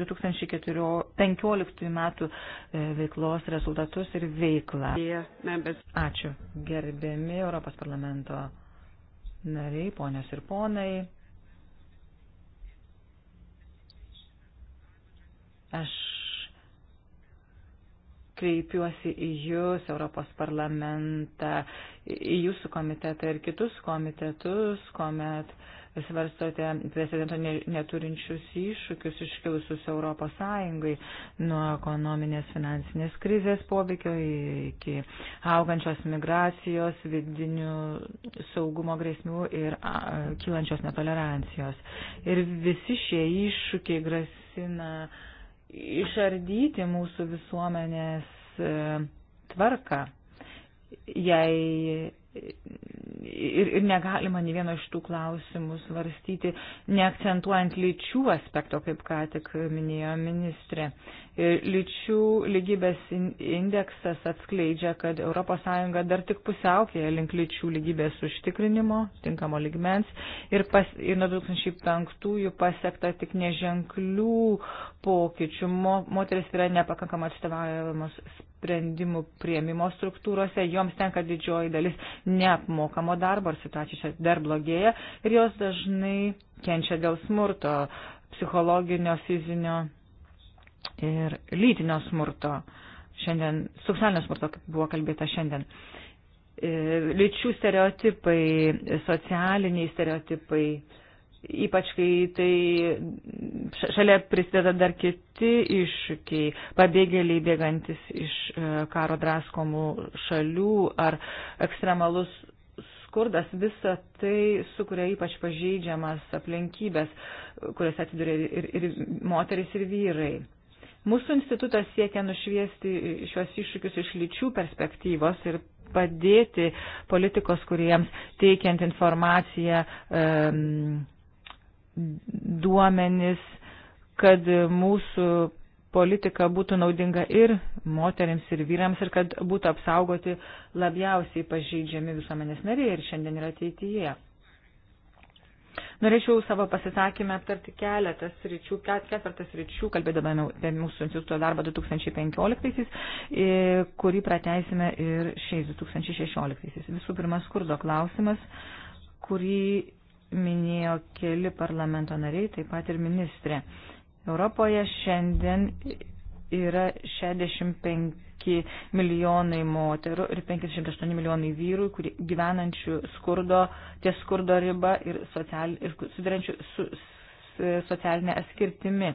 2015 e, metų e, veiklos rezultatus ir veiklą. Ačiū. Gerbiami Europos parlamento nariai, ponios ir ponai. Aš kreipiuosi į Jūs, Europos parlamentą, į Jūsų komitetą ir kitus komitetus, kuomet uh, svarstote precedento neturinčius iššūkius iškilusius Europos Sąjungai nuo ekonominės finansinės krizės poveikio iki augančios migracijos, vidinių saugumo grėsmių ir kylančios netolerancijos. Ir visi šie iššūkiai grasina išardyti mūsų visuomenės e, tvarką, jei ir, ir negalima nei vieno iš tų klausimų svarstyti, neakcentuojant lyčių aspekto, kaip ką tik minėjo ministrė. E, E, lyčių lygybės indeksas atskleidžia, kad ES dar tik pusiaukėje link lyčių lygybės užtikrinimo, tinkamo ligmens ir, pas, ir nuo 2005-ųjų pasiekta tik neženklių pokyčių. Mo, moteris yra nepakankamai atstovaujamos sprendimų prieimimo struktūrose, joms tenka didžioji dalis neapmokamo darbo ar situacija čia dar blogėja ir jos dažnai kenčia dėl smurto, psichologinio, fizinio ir lytinio smurto, šiandien, seksualinio smurto, kaip buvo kalbėta šiandien. E, lyčių stereotipai, socialiniai stereotipai, ypač kai tai šalia prisideda dar kiti iššūkiai, pabėgėliai bėgantis iš e, karo draskomų šalių ar ekstremalus skurdas, visa tai sukuria ypač pažeidžiamas aplinkybės, kurias atsiduria ir, ir moteris, ir vyrai. Mūsų institutas siekia nušviesti šios iššūkius iš lyčių perspektyvos ir padėti politikos, kuriems teikiant informaciją, duomenis, kad mūsų politika būtų naudinga ir moteriams, ir vyrams, ir kad būtų apsaugoti labiausiai pažeidžiami visuomenės nariai ir šiandien ir ateityje. Norėčiau savo pasisakymę aptarti keletas ryčių, ketvertas ryčių, kalbėdama apie mūsų instituto darbą 2015, kurį prateisime ir šiais 2016. Visų pirma, skurdo klausimas, kurį minėjo keli parlamento nariai, taip pat ir ministrė. Europoje šiandien yra 65 5 milijonai moterų ir 58 milijonai vyrų, kurie gyvenančių skurdo, ties skurdo riba ir, social, ir sudarančių su, su socialinė atskirtimi.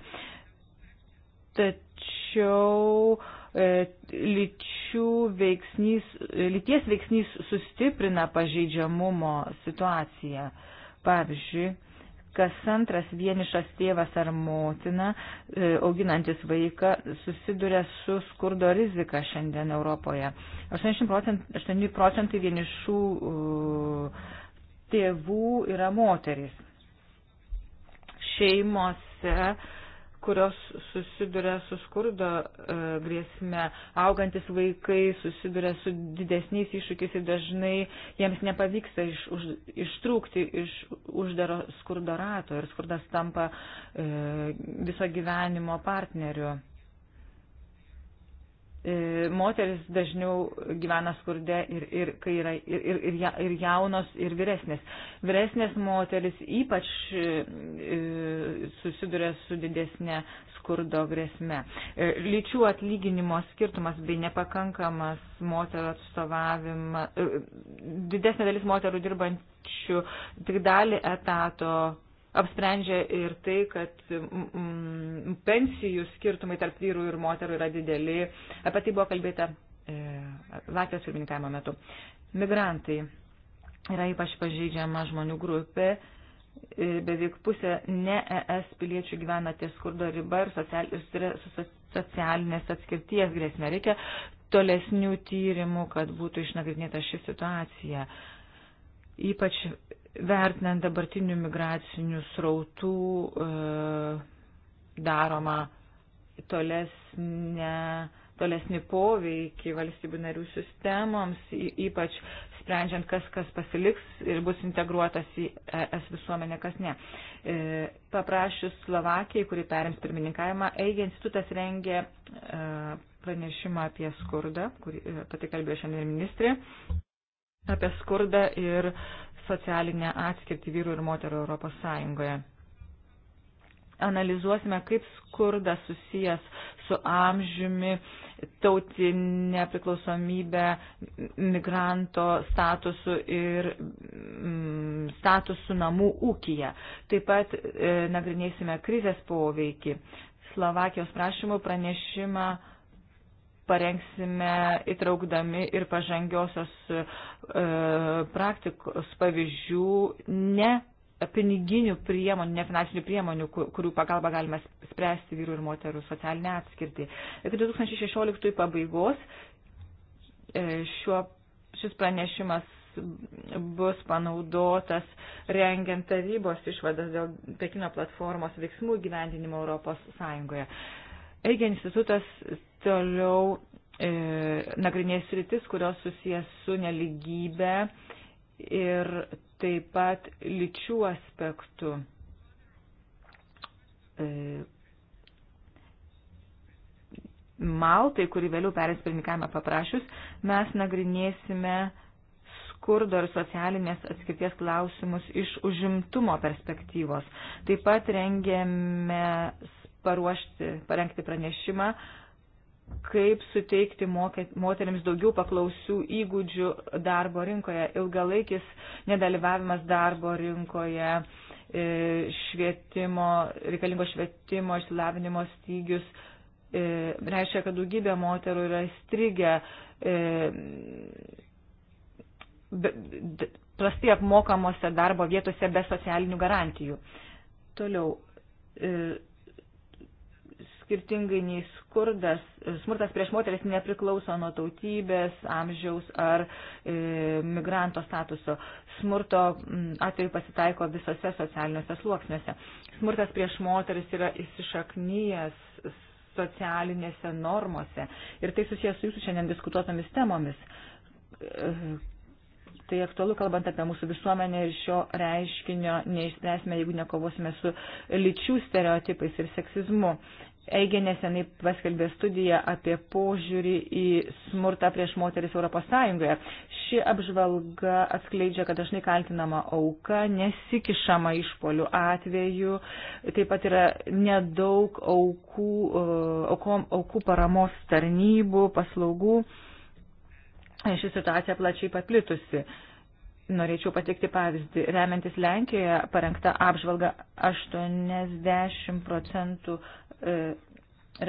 Tačiau e, lyčių veiksnys, lyties veiksnys sustiprina pažeidžiamumo situaciją. Pavyzdžiui, kas antras vienišas tėvas ar motina, e, auginantis vaiką, susiduria su skurdo rizika šiandien Europoje. 80 procentai, 8 procentai vienišų e, tėvų yra moteris. Šeimose kurios susiduria su skurdo e, grėsme. Augantis vaikai susiduria su didesniais iššūkiais ir dažnai jiems nepavyksta iš, už, ištrūkti iš uždaro skurdo rato ir skurdas tampa e, viso gyvenimo partneriu. E, moteris dažniau gyvena skurde ir, ir, kai yra, ir, ir, ir, ir jaunos, ir vyresnės. Vyresnės moteris ypač e, e, susiduria su didesnė skurdo grėsme. Lyčių atlyginimo skirtumas bei nepakankamas moterų atstovavimas, didesnė dalis moterų dirbančių tik dalį etato apsprendžia ir tai, kad mm, pensijų skirtumai tarp vyrų ir moterų yra dideli. Apie tai buvo kalbėta e, Latvijos pirmininkavimo metu. Migrantai yra ypač pažeidžiama žmonių grupė. E, beveik pusė ne ES piliečių gyvena ties skurdo riba ir social, su socialinės atskirties grėsme. Reikia tolesnių tyrimų, kad būtų išnagrinėta ši situacija. Ypač vertinant dabartinių migracinių srautų e, daroma tolesnė, tolesnį poveikį valstybių narių sistemoms, ypač sprendžiant, kas kas pasiliks ir bus integruotas į ES visuomenę, kas ne. E, paprašius Slovakijai, kuri perims pirmininkavimą, EIGE institutas rengė e, pranešimą apie skurdą, kurį pati tai kalbėjo šiandien ministrė, apie skurdą ir socialinę atskirtį vyrų ir moterų Europos Sąjungoje. Analizuosime, kaip skurdas susijęs su amžiumi, tautinė priklausomybė, migranto statusu ir mm, statusu namų ūkija. Taip pat e, nagrinėsime krizės poveikį. Slovakijos prašymų pranešimą parengsime įtraukdami ir pažangiosios e, praktikos pavyzdžių, ne piniginių priemonių, nefinansinių priemonių, kurių pagalba galime spręsti vyrų ir moterų socialinę atskirtį. Iki 2016 pabaigos e, šiuo, šis pranešimas bus panaudotas rengiant tarybos išvadas dėl Pekino platformos veiksmų gyvendinimo Europos Sąjungoje. Eigia institutas toliau e, nagrinės rytis, kurios susijęs su neligybė ir taip pat lyčių aspektų. E, Maltai, kuri vėliau perės pirmininkavimą paprašius, mes nagrinėsime skurdo ir socialinės atskirties klausimus iš užimtumo perspektyvos. Taip pat rengėme paruošti, parengti pranešimą kaip suteikti moteriams daugiau paklausių įgūdžių darbo rinkoje, ilgalaikis nedalyvavimas darbo rinkoje, e, švietimo, reikalingo švietimo, išsilavinimo stygius. E, reiškia, kad daugybė moterų yra strigę e, prastai apmokamose darbo vietose be socialinių garantijų. Toliau, skirtingai nei skurdas, smurtas prieš moteris nepriklauso nuo tautybės, amžiaus ar e, migranto statuso. Smurto mm, atveju pasitaiko visose socialiniuose sluoksniuose. Smurtas prieš moteris yra įsišaknyjas socialinėse normose ir tai susijęs su jūsų šiandien diskutuotomis temomis. E, tai aktualu kalbant apie mūsų visuomenę ir šio reiškinio neišspręsime, jeigu nekovosime su lyčių stereotipais ir seksizmu. Eigė nesenai paskelbė studiją apie požiūrį į smurtą prieš moteris Europos Sąjungoje. Ši apžvalga atskleidžia, kad dažnai kaltinama auka, nesikišama išpolių atveju, taip pat yra nedaug aukų, e, aukom, aukų paramos tarnybų, paslaugų. Ši situacija plačiai paplitusi. Uh, Norėčiau pateikti pavyzdį. Remiantis Lenkijoje parengta apžvalga 80 procentų e,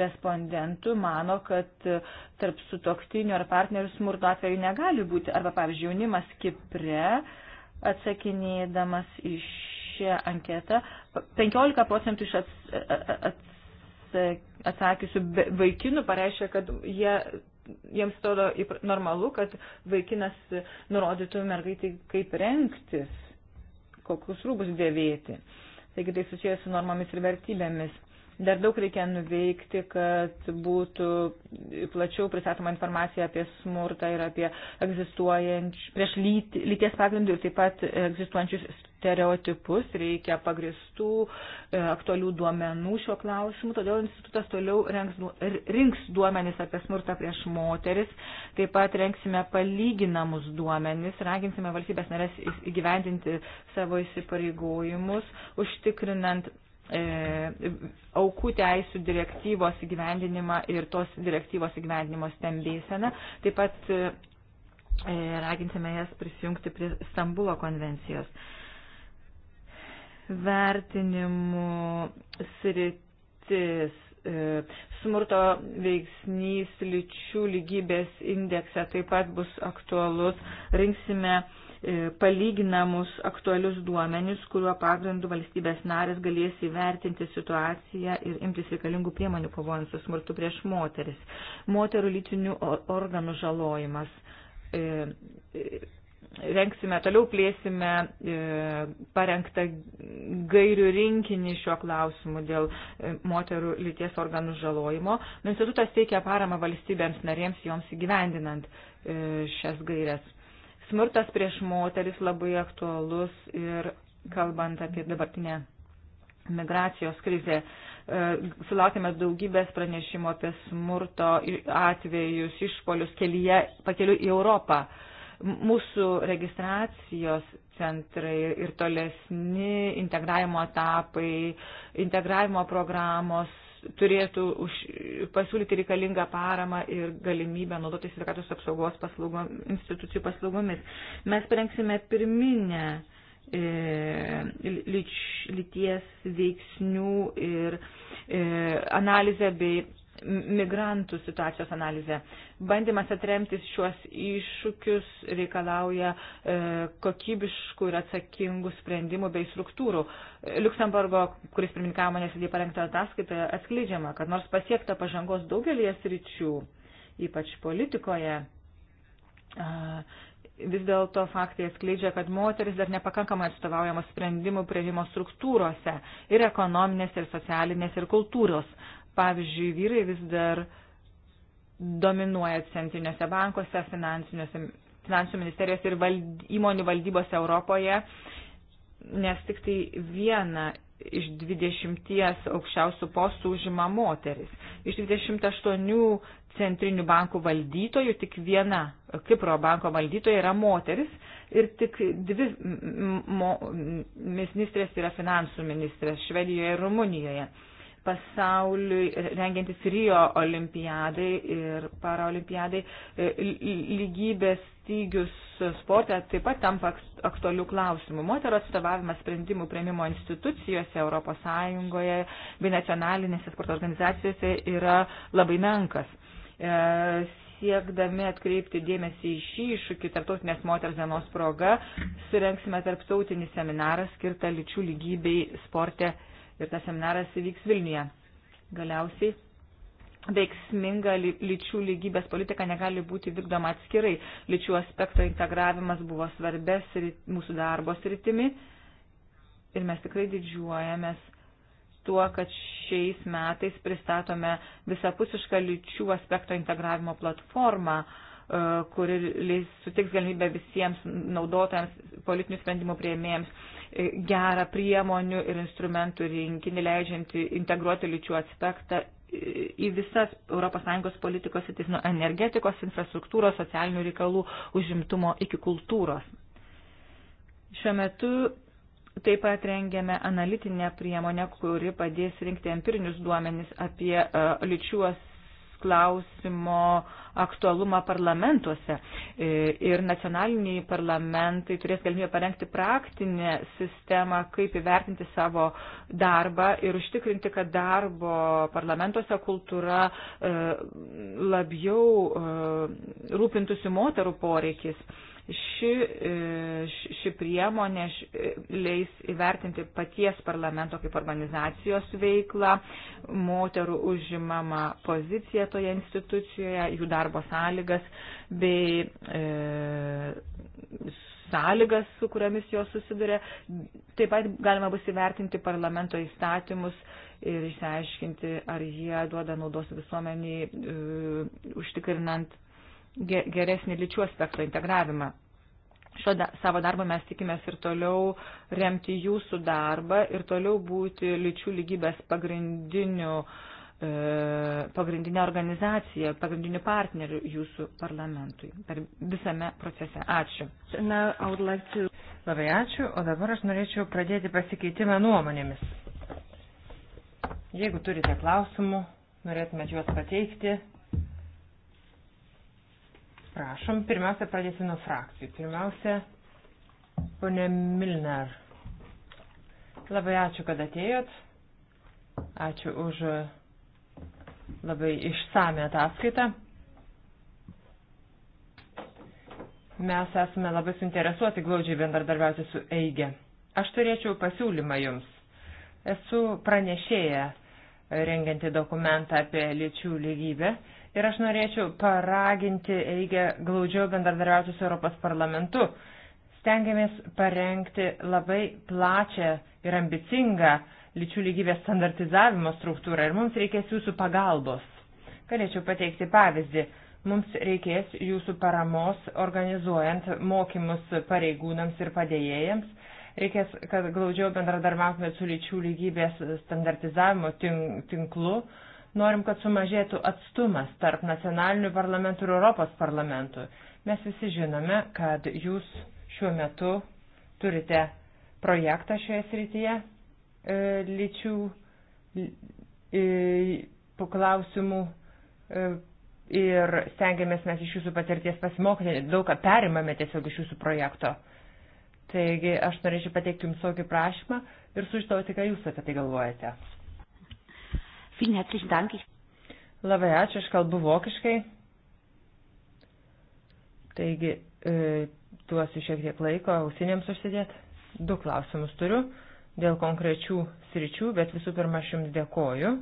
respondentų mano, kad e, tarp sutoktinių ar partnerių smurto atveju negali būti. Arba, pavyzdžiui, jaunimas Kipre atsakinėdamas į šią anketą, 15 procentų iš ats, ats, atsakysiu vaikinų pareiškia, kad jie jiems atrodo normalu, kad vaikinas nurodytų mergaitai, kaip rengtis, kokius rūbus dėvėti. Taigi tai susijęs su normomis ir vertybėmis. Dar daug reikia nuveikti, kad būtų plačiau pristatoma informacija apie smurtą ir apie egzistuojančius, prieš lyties pagrindų ir taip pat egzistuojančius stereotipus, reikia pagristų e, aktualių duomenų šio klausimu, todėl institutas toliau renks, rinks duomenis apie smurtą prieš moteris, taip pat renksime palyginamus duomenis, raginsime valstybės narės įgyvendinti savo įsipareigojimus, užtikrinant e, aukų teisų direktyvos įgyvendinimą ir tos direktyvos įgyvendinimo stembėseną. Taip pat e, raginsime jas prisijungti prie Stambulo konvencijos. E, vertinimų sritis. E, smurto veiksnys lyčių lygybės indekse taip pat bus aktualus. Rinksime e, palyginamus aktualius duomenis, kuriuo pagrindu valstybės narės galės įvertinti situaciją ir imtis reikalingų priemonių kovojant su smurtu prieš moteris. Moterų lytinių organų žalojimas e, renksime, toliau plėsime e, parengtą gairių rinkinį šiuo klausimu dėl e, moterų lyties organų žalojimo. Nu, institutas teikia paramą valstybėms narėms joms įgyvendinant e, šias gairias. Smurtas prieš moteris labai aktualus ir kalbant apie dabartinę migracijos krizę. Sulaukėme daugybės pranešimų apie smurto atvejus, išpolius kelyje, pakeliu į Europą. E, mūsų registracijos centrai ir tolesni integravimo etapai, integravimo programos turėtų už, pasiūlyti reikalingą paramą ir galimybę naudotis sveikatos apsaugos paslaugom, institucijų paslaugomis. Mes parengsime pirminę e, lyties veiksnių ir e, analizę bei migrantų situacijos analizę. Bandymas atremtis šiuos iššūkius reikalauja e, kokybiškų ir atsakingų sprendimų bei struktūrų. Luksemburgo, kuris pirmininkavo manęs įdėjai parengtą ataskaitą, atskleidžiama, kad nors pasiekta pažangos daugelį sričių, ypač politikoje, e, vis dėlto faktai atskleidžia, kad moteris dar nepakankamai atstovaujamos sprendimų prieimimo struktūrose ir ekonominės, ir socialinės, ir kultūros. Pavyzdžiui, vyrai vis dar dominuoja centriniuose bankuose, finansų ministerijos ir vald, įmonių valdybose Europoje, nes tik tai viena iš 20 aukščiausių postų užima moteris. Iš 28 centrinių bankų valdytojų tik viena Kipro banko valdytoja yra moteris ir tik dvi ministrės yra finansų ministrės Švedijoje ir Rumunijoje pasauliui e, rengiantis Rio olimpiadai ir paraolimpiadai e, lygybės stygius sporte taip pat tampa aktualių klausimų. Moterų atstovavimas sprendimų prieimimo institucijose ES bei nacionalinėse sporto organizacijose yra labai menkas. E, siekdami atkreipti dėmesį į šį iššūkį Tartautinės moters dienos proga, surenksime tarptautinį seminarą skirtą lyčių lygybei sporte ir tas seminaras įvyks Vilniuje. Galiausiai veiksminga lyčių lygybės politika negali būti vykdoma atskirai. Lyčių aspekto integravimas buvo svarbės mūsų darbo sritimi ir mes tikrai didžiuojamės tuo, kad šiais metais pristatome visapusišką lyčių aspekto integravimo platformą, e, kuri sutiks galimybę visiems naudotojams, politinių sprendimų prieimėjams E, gerą priemonių ir instrumentų rinkinį, leidžiantį integruoti lyčių aspektą e, į visas ES politikos sritis nuo energetikos, infrastruktūros, socialinių reikalų, užimtumo iki kultūros. Šiuo metu taip pat rengiame analitinę priemonę, kuri padės rinkti empirinius duomenis apie e, lyčių aspektą klausimo aktualumą parlamentuose. E, ir nacionaliniai parlamentai turės galimybę parengti praktinę sistemą, kaip įvertinti savo darbą ir užtikrinti, kad darbo parlamentuose kultūra e, labiau e, rūpintųsi moterų poreikis E, ši, ši priemonė e, leis įvertinti paties parlamento kaip organizacijos veiklą, moterų užimamą poziciją toje institucijoje, jų darbo sąlygas bei e, sąlygas, su kuriamis jos susiduria. Taip pat galima bus įvertinti parlamento įstatymus ir išsiaiškinti, ar jie duoda naudos visuomeniai, e, užtikrinant geresnį lyčių aspekto integravimą. Šio da, savo darbo mes tikimės ir toliau remti jūsų darbą ir toliau būti lyčių lygybės pagrindiniu, e, pagrindinė organizacija, pagrindiniu partneriu jūsų parlamentui per visame procese. Ačiū. Na, like to... Labai ačiū, o dabar aš norėčiau pradėti pasikeitimą nuomonėmis. Jeigu turite klausimų, norėtumėte juos pateikti. Prašom, pirmiausia, pradėsiu nuo frakcijų. Pirmiausia, ponė Milner. Labai ačiū, kad atėjot. Ačiū už labai išsame ataskaitą. Mes esame labai suinteresuoti glaudžiai bendradarbiauti su EIGE. Aš turėčiau pasiūlymą jums. Esu pranešėję rengianti dokumentą apie lyčių lygybę Ir aš norėčiau paraginti Eigę glaudžiau bendradarbiauti su Europos parlamentu. Stengiamės parengti labai plačią ir ambicingą lyčių lygybės standartizavimo struktūrą ir mums reikės jūsų pagalbos. Galėčiau pateikti pavyzdį. Mums reikės jūsų paramos organizuojant mokymus pareigūnams ir padėjėjams. Reikės, kad glaudžiau bendradarbiautumėt su lyčių lygybės standartizavimo tinklu. Tink Norim, kad sumažėtų atstumas tarp nacionalinių parlamentų ir Europos parlamentų. Mes visi žinome, kad jūs šiuo metu turite projektą šioje srityje e, lyčių e, klausimų e, ir stengiamės mes iš jūsų patirties pasimokyti, daug ką perimame tiesiog iš jūsų projekto. Taigi aš norėčiau pateikti jums tokį prašymą ir sužinoti, ką jūs apie tai galvojate. Vielen herzlichen Dank. Labai ačiū, aš kalbu vokiškai. Taigi, e, duosiu šiek tiek laiko ausinėms užsidėti. Du klausimus turiu dėl konkrečių sričių, bet visų pirma, aš jums dėkoju.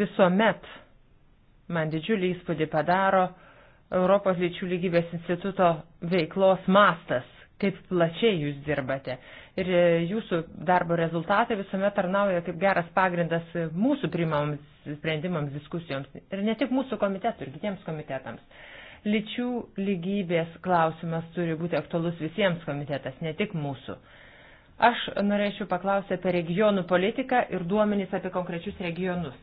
Visuomet man didžiulį įspūdį padaro Europos lyčių lygybės instituto veiklos mastas, kaip plačiai jūs dirbate ir e, jūsų darbo rezultatai visuomet tarnauja kaip geras pagrindas mūsų primams sprendimams, diskusijoms ir ne tik mūsų komitetų ir kitiems komitetams. Lyčių lygybės klausimas turi būti aktualus visiems komitetas, ne tik mūsų. Aš norėčiau paklausti apie regionų politiką ir duomenys apie konkrečius regionus.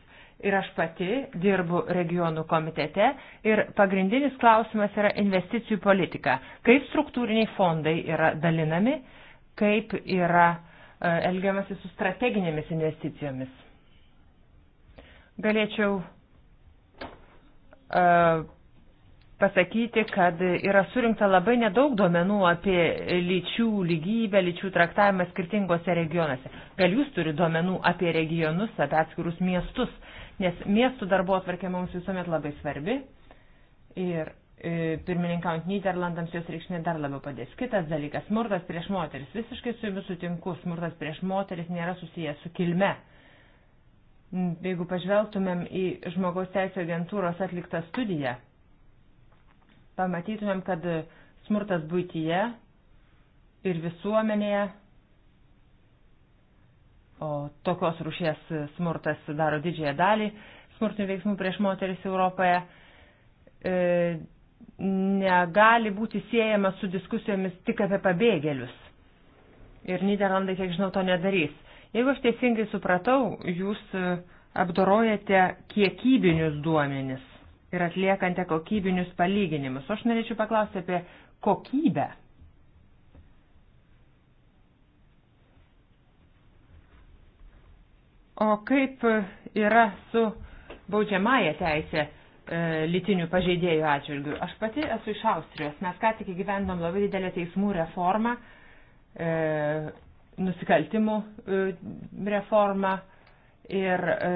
Ir aš pati dirbu regionų komitete ir pagrindinis klausimas yra investicijų politika. Kaip struktūriniai fondai yra dalinami kaip yra e, elgiamasi su strateginėmis investicijomis. Galėčiau e, pasakyti, kad yra surinkta labai nedaug duomenų apie lyčių lygybę, lyčių traktavimą skirtingose regionuose. Gal jūs turi duomenų apie regionus, apie atskirus miestus, nes miestų darbo atvarkė mums visuomet labai svarbi. Ir E, pirmininkaujant Niderlandams jos reikšmė dar labiau padės. Kitas dalykas - smurtas prieš moteris. Visiškai su jumis sutinku, smurtas prieš moteris nėra susijęs su kilme. Jeigu pažvelgtumėm į žmogaus teisų agentūros atliktą studiją, pamatytumėm, kad smurtas būtyje ir visuomenėje, o tokios rušies smurtas daro didžiąją dalį smurtinių veiksmų prieš moteris Europoje, e, negali būti siejama su diskusijomis tik apie pabėgėlius. Ir Niderlandai, kiek žinau, to nedarys. Jeigu aš teisingai supratau, jūs e, apdorojate kiekybinius duomenis ir atliekate kokybinius palyginimus. O aš norėčiau paklausti apie kokybę. O kaip yra su baudžiamąją teisę? E, litinių pažeidėjų atžvilgių. Aš pati esu iš Austrijos. Mes ką tik įgyvendom labai didelę teismų reformą, e, nusikaltimų e, reformą ir e,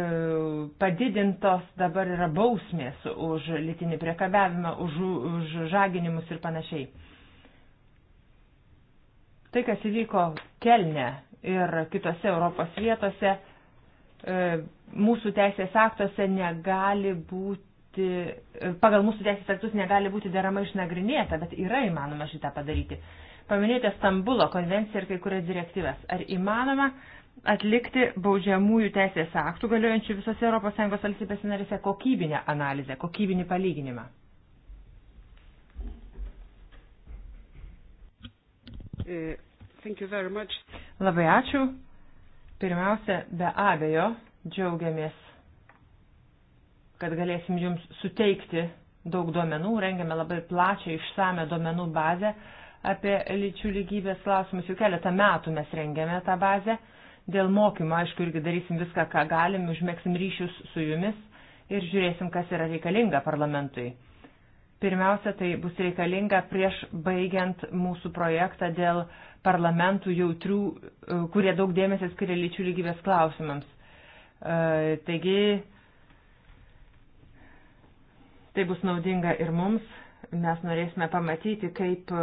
padidintos dabar yra bausmės už litinį priekabiavimą, už, už žaginimus ir panašiai. Tai, kas įvyko Kelne ir kitose Europos vietose, e, mūsų teisės aktuose negali būti būti, pagal mūsų teisės aktus negali būti deramai išnagrinėta, bet yra įmanoma šitą padaryti. Paminėjote Stambulo konvenciją ir kai kurias direktyvas. Ar įmanoma atlikti baudžiamųjų teisės aktų galiojančių visose ES valstybės narėse kokybinę analizę, kokybinį palyginimą? Uh, Labai ačiū. Pirmiausia, be abejo, džiaugiamės kad galėsim jums suteikti daug duomenų, rengiame labai plačią išsame duomenų bazę apie lyčių lygybės klausimus. Jau keletą metų mes rengiame tą bazę. Dėl mokymo, aišku, irgi darysim viską, ką galim, užmėgsim ryšius su jumis ir žiūrėsim, kas yra reikalinga parlamentui. Pirmiausia, tai bus reikalinga prieš baigiant mūsų projektą dėl parlamentų jautrių, e, kurie daug dėmesio skiria lyčių lygybės klausimams. E, taigi, Tai bus naudinga ir mums. Mes norėsime pamatyti, kaip e,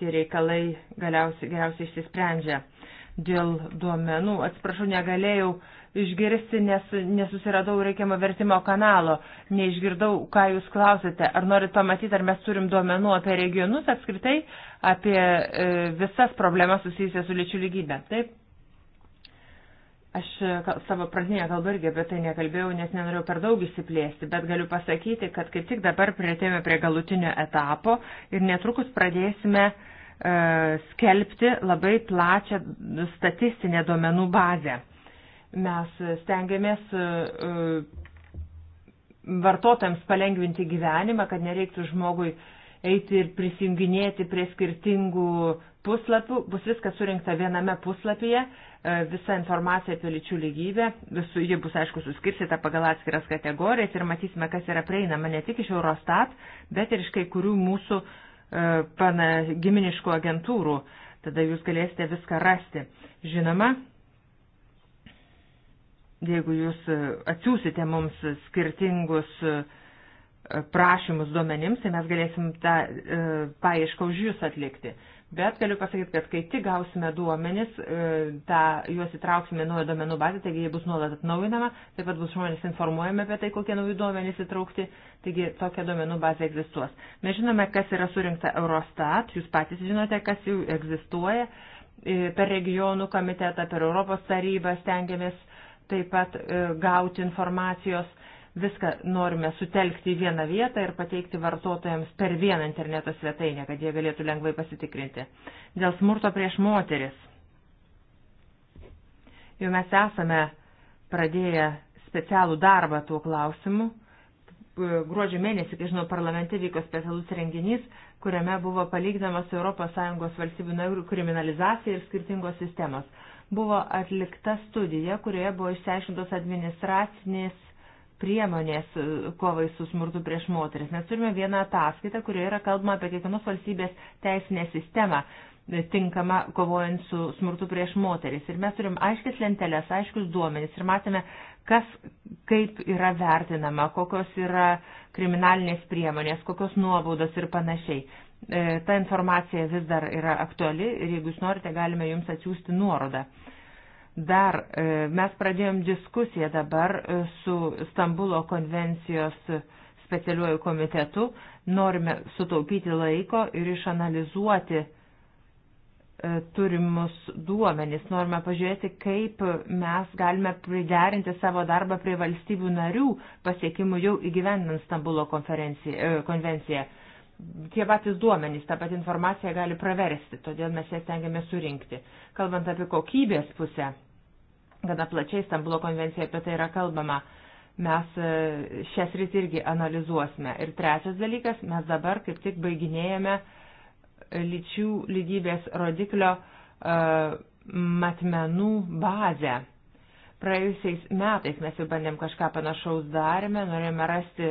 tie reikalai galiausiai, geriausiai išsisprendžia. Dėl duomenų, atsiprašau, negalėjau išgirsti, nes nesusiradau reikiamo vertimo kanalo. Neišgirdau, ką jūs klausėte. Ar norit pamatyti, ar mes turim duomenų apie regionus apskritai, apie e, visas problemas susijusias su lyčių lygybė. Taip? Aš e, savo pradinėje kalbą irgi apie tai nekalbėjau, nes nenorėjau per daug įsiplėsti, bet galiu pasakyti, kad kaip tik dabar prieatėjome prie galutinio etapo ir netrukus pradėsime uh, skelbti labai plačią statistinę duomenų bazę. Mes stengiamės uh, vartotojams palengvinti gyvenimą, kad nereiktų žmogui eiti ir prisijunginėti prie skirtingų puslapių, bus viskas surinkta viename puslapyje, e, visa informacija apie lyčių lygybę, visų, ji bus aišku suskirstyta pagal atskiras kategorijas ir matysime, kas yra prieinama ne tik iš Eurostat, bet ir iš kai kurių mūsų e, pana, giminiškų agentūrų. Tada jūs galėsite viską rasti. Žinoma, jeigu jūs e, atsiūsite mums skirtingus prašymus duomenims, tai mes galėsim tą e, paiešką už jūs atlikti. Bet galiu pasakyti, kad kai tik gausime duomenis, e, tą, juos įtrauksime naują duomenų bazę, taigi jie bus nuolat atnaujinama, taip pat bus žmonės informuojami apie tai, kokie nauji duomenys įtraukti, taigi tokia duomenų bazė egzistuos. Mes žinome, kas yra surinkta Eurostat, jūs patys žinote, kas jau egzistuoja, e, per regionų komitetą, per Europos tarybą stengiamės taip pat e, gauti informacijos viską norime sutelkti į vieną vietą ir pateikti vartotojams per vieną interneto svetainę, kad jie galėtų lengvai pasitikrinti. Dėl smurto prieš moteris. Jau mes esame pradėję specialų darbą tuo klausimu. Gruodžio mėnesį, kai žinau, parlamente vyko specialus renginys, kuriame buvo palygdamas ES valstybių narių kriminalizacija ir skirtingos sistemos. Buvo atlikta studija, kurioje buvo išsiaiškintos administracinės priemonės e, kovai su smurtu prieš moteris. Mes turime vieną ataskaitą, kurioje yra kalbama apie kiekvienos valstybės teisinę sistemą e, tinkama kovojant su smurtu prieš moteris. Ir mes turim aiškis lentelės, aiškius duomenys ir matėme, kas kaip yra vertinama, kokios yra kriminalinės priemonės, kokios nuobaudos ir panašiai. E, ta informacija vis dar yra aktuali ir jeigu jūs norite, galime jums atsiųsti nuorodą. Dar e, mes pradėjom diskusiją dabar e, su Stambulo konvencijos specialiuoju komitetu. Norime sutaupyti laiko ir išanalizuoti e, turimus duomenys. Norime pažiūrėti, kaip mes galime priderinti savo darbą prie valstybių narių pasiekimų jau įgyvendinant Stambulo konvenciją tie patys duomenys, ta pati informacija gali praversti, todėl mes jas tengiame surinkti. Kalbant apie kokybės pusę, gana plačiai Stambulo konvencijoje apie tai yra kalbama, mes e, šias rytį irgi analizuosime. Ir trečias dalykas, mes dabar kaip tik baiginėjame e, lyčių lygybės rodiklio uh, matmenų bazę. Praėjusiais metais mes jau bandėm kažką panašaus darėme, norėjome rasti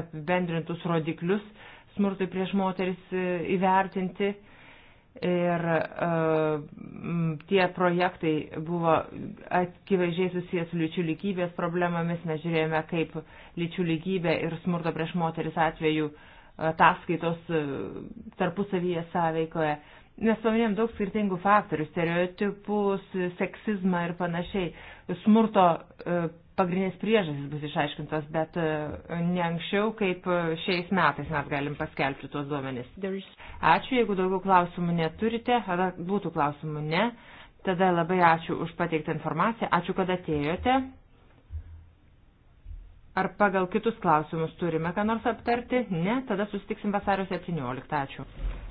apibendrintus rodiklius, uh, smurtui prieš moteris e, įvertinti. Ir uh, tie projektai buvo akivaizdžiai susijęs su lyčių lygybės problemomis. Mes žiūrėjome, kaip lyčių lygybė ir smurto prieš moteris atveju ataskaitos uh, tarpusavyje sąveikoje. Mes paminėjom daug skirtingų faktorių - stereotipus, seksizmą ir panašiai. Smurto uh, pagrindinės priežastys bus išaiškintos, bet e, ne anksčiau, kaip e, šiais metais mes galim paskelbti tuos duomenis. Ačiū, jeigu daugiau klausimų neturite, ar būtų klausimų ne, tada labai ačiū už pateiktą informaciją, ačiū, kad atėjote. Ar pagal kitus klausimus turime ką nors aptarti? Ne, tada susitiksim vasario 17. Ačiū.